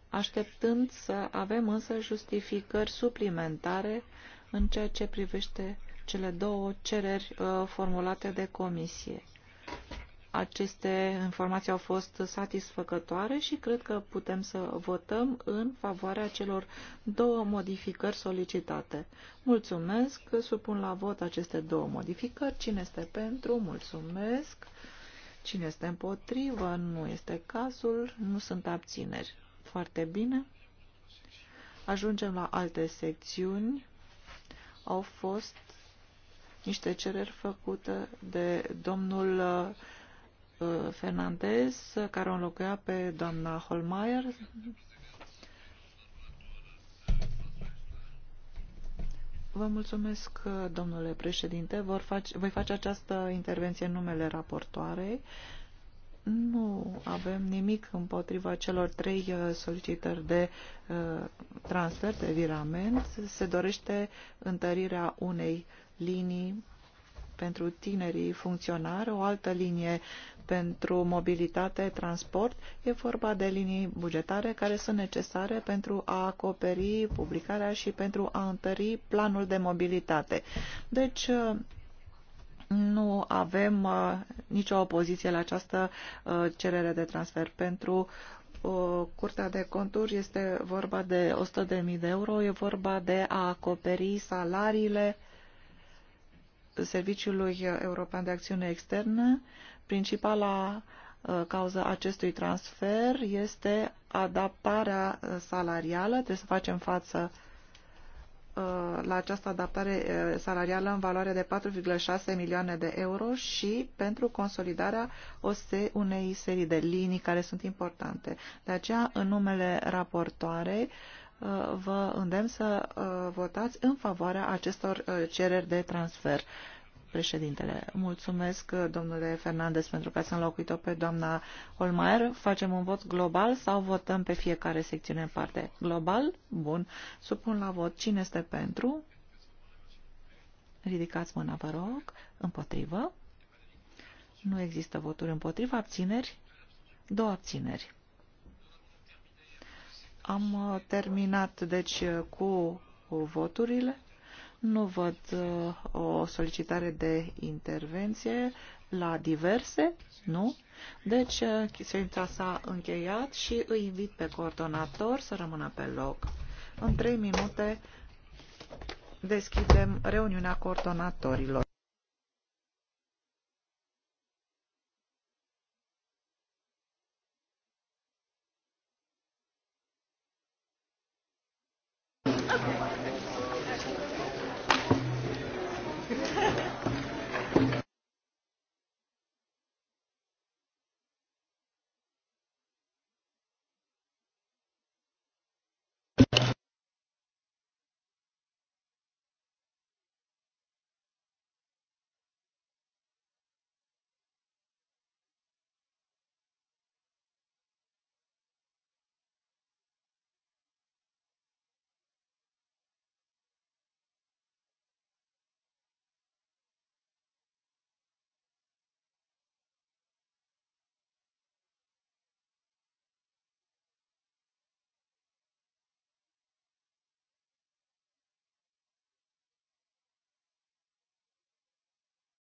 așteptând să avem însă justificări suplimentare în ceea ce privește cele două cereri uh, formulate de comisie. Aceste informații au fost satisfăcătoare și cred că putem să votăm în favoarea celor două modificări solicitate. Mulțumesc, supun la vot aceste două modificări. Cine este pentru? Mulțumesc. Cine este împotrivă? Nu este cazul. Nu sunt abțineri. Foarte bine. Ajungem la alte secțiuni. Au fost niște cereri făcute de domnul uh, Fernandez, care o înlocuia pe doamna Holmeier. Vă mulțumesc, domnule președinte. Vor face, voi face această intervenție în numele raportoarei. Nu avem nimic împotriva celor trei uh, solicitări de uh, transfer, de virament. Se dorește întărirea unei linii pentru tinerii funcționari, o altă linie pentru mobilitate, transport. E vorba de linii bugetare care sunt necesare pentru a acoperi publicarea și pentru a întări planul de mobilitate. Deci, nu avem uh, nicio opoziție la această uh, cerere de transfer pentru uh, Curtea de conturi este vorba de 100.000 de euro, e vorba de a acoperi salariile Serviciului European de Acțiune Externă Principala uh, cauză acestui transfer este adaptarea uh, salarială. Trebuie să facem față uh, la această adaptare salarială în valoare de 4,6 milioane de euro și pentru consolidarea unei serii de linii care sunt importante. De aceea, în numele raportoarei, vă îndemn să votați în favoarea acestor cereri de transfer. Președintele, mulțumesc, domnule Fernandez, pentru că ați înlocuit-o pe doamna Holmaier. Facem un vot global sau votăm pe fiecare secțiune în parte? Global? Bun. Supun la vot. Cine este pentru? Ridicați mâna, vă rog. Împotrivă? Nu există voturi împotrivă. Abțineri? Două abțineri. Am uh, terminat, deci, uh, cu voturile. Nu văd uh, o solicitare de intervenție la diverse, nu? Deci, uh, ședința s-a încheiat și îi invit pe coordonator să rămână pe loc. În trei minute deschidem reuniunea coordonatorilor.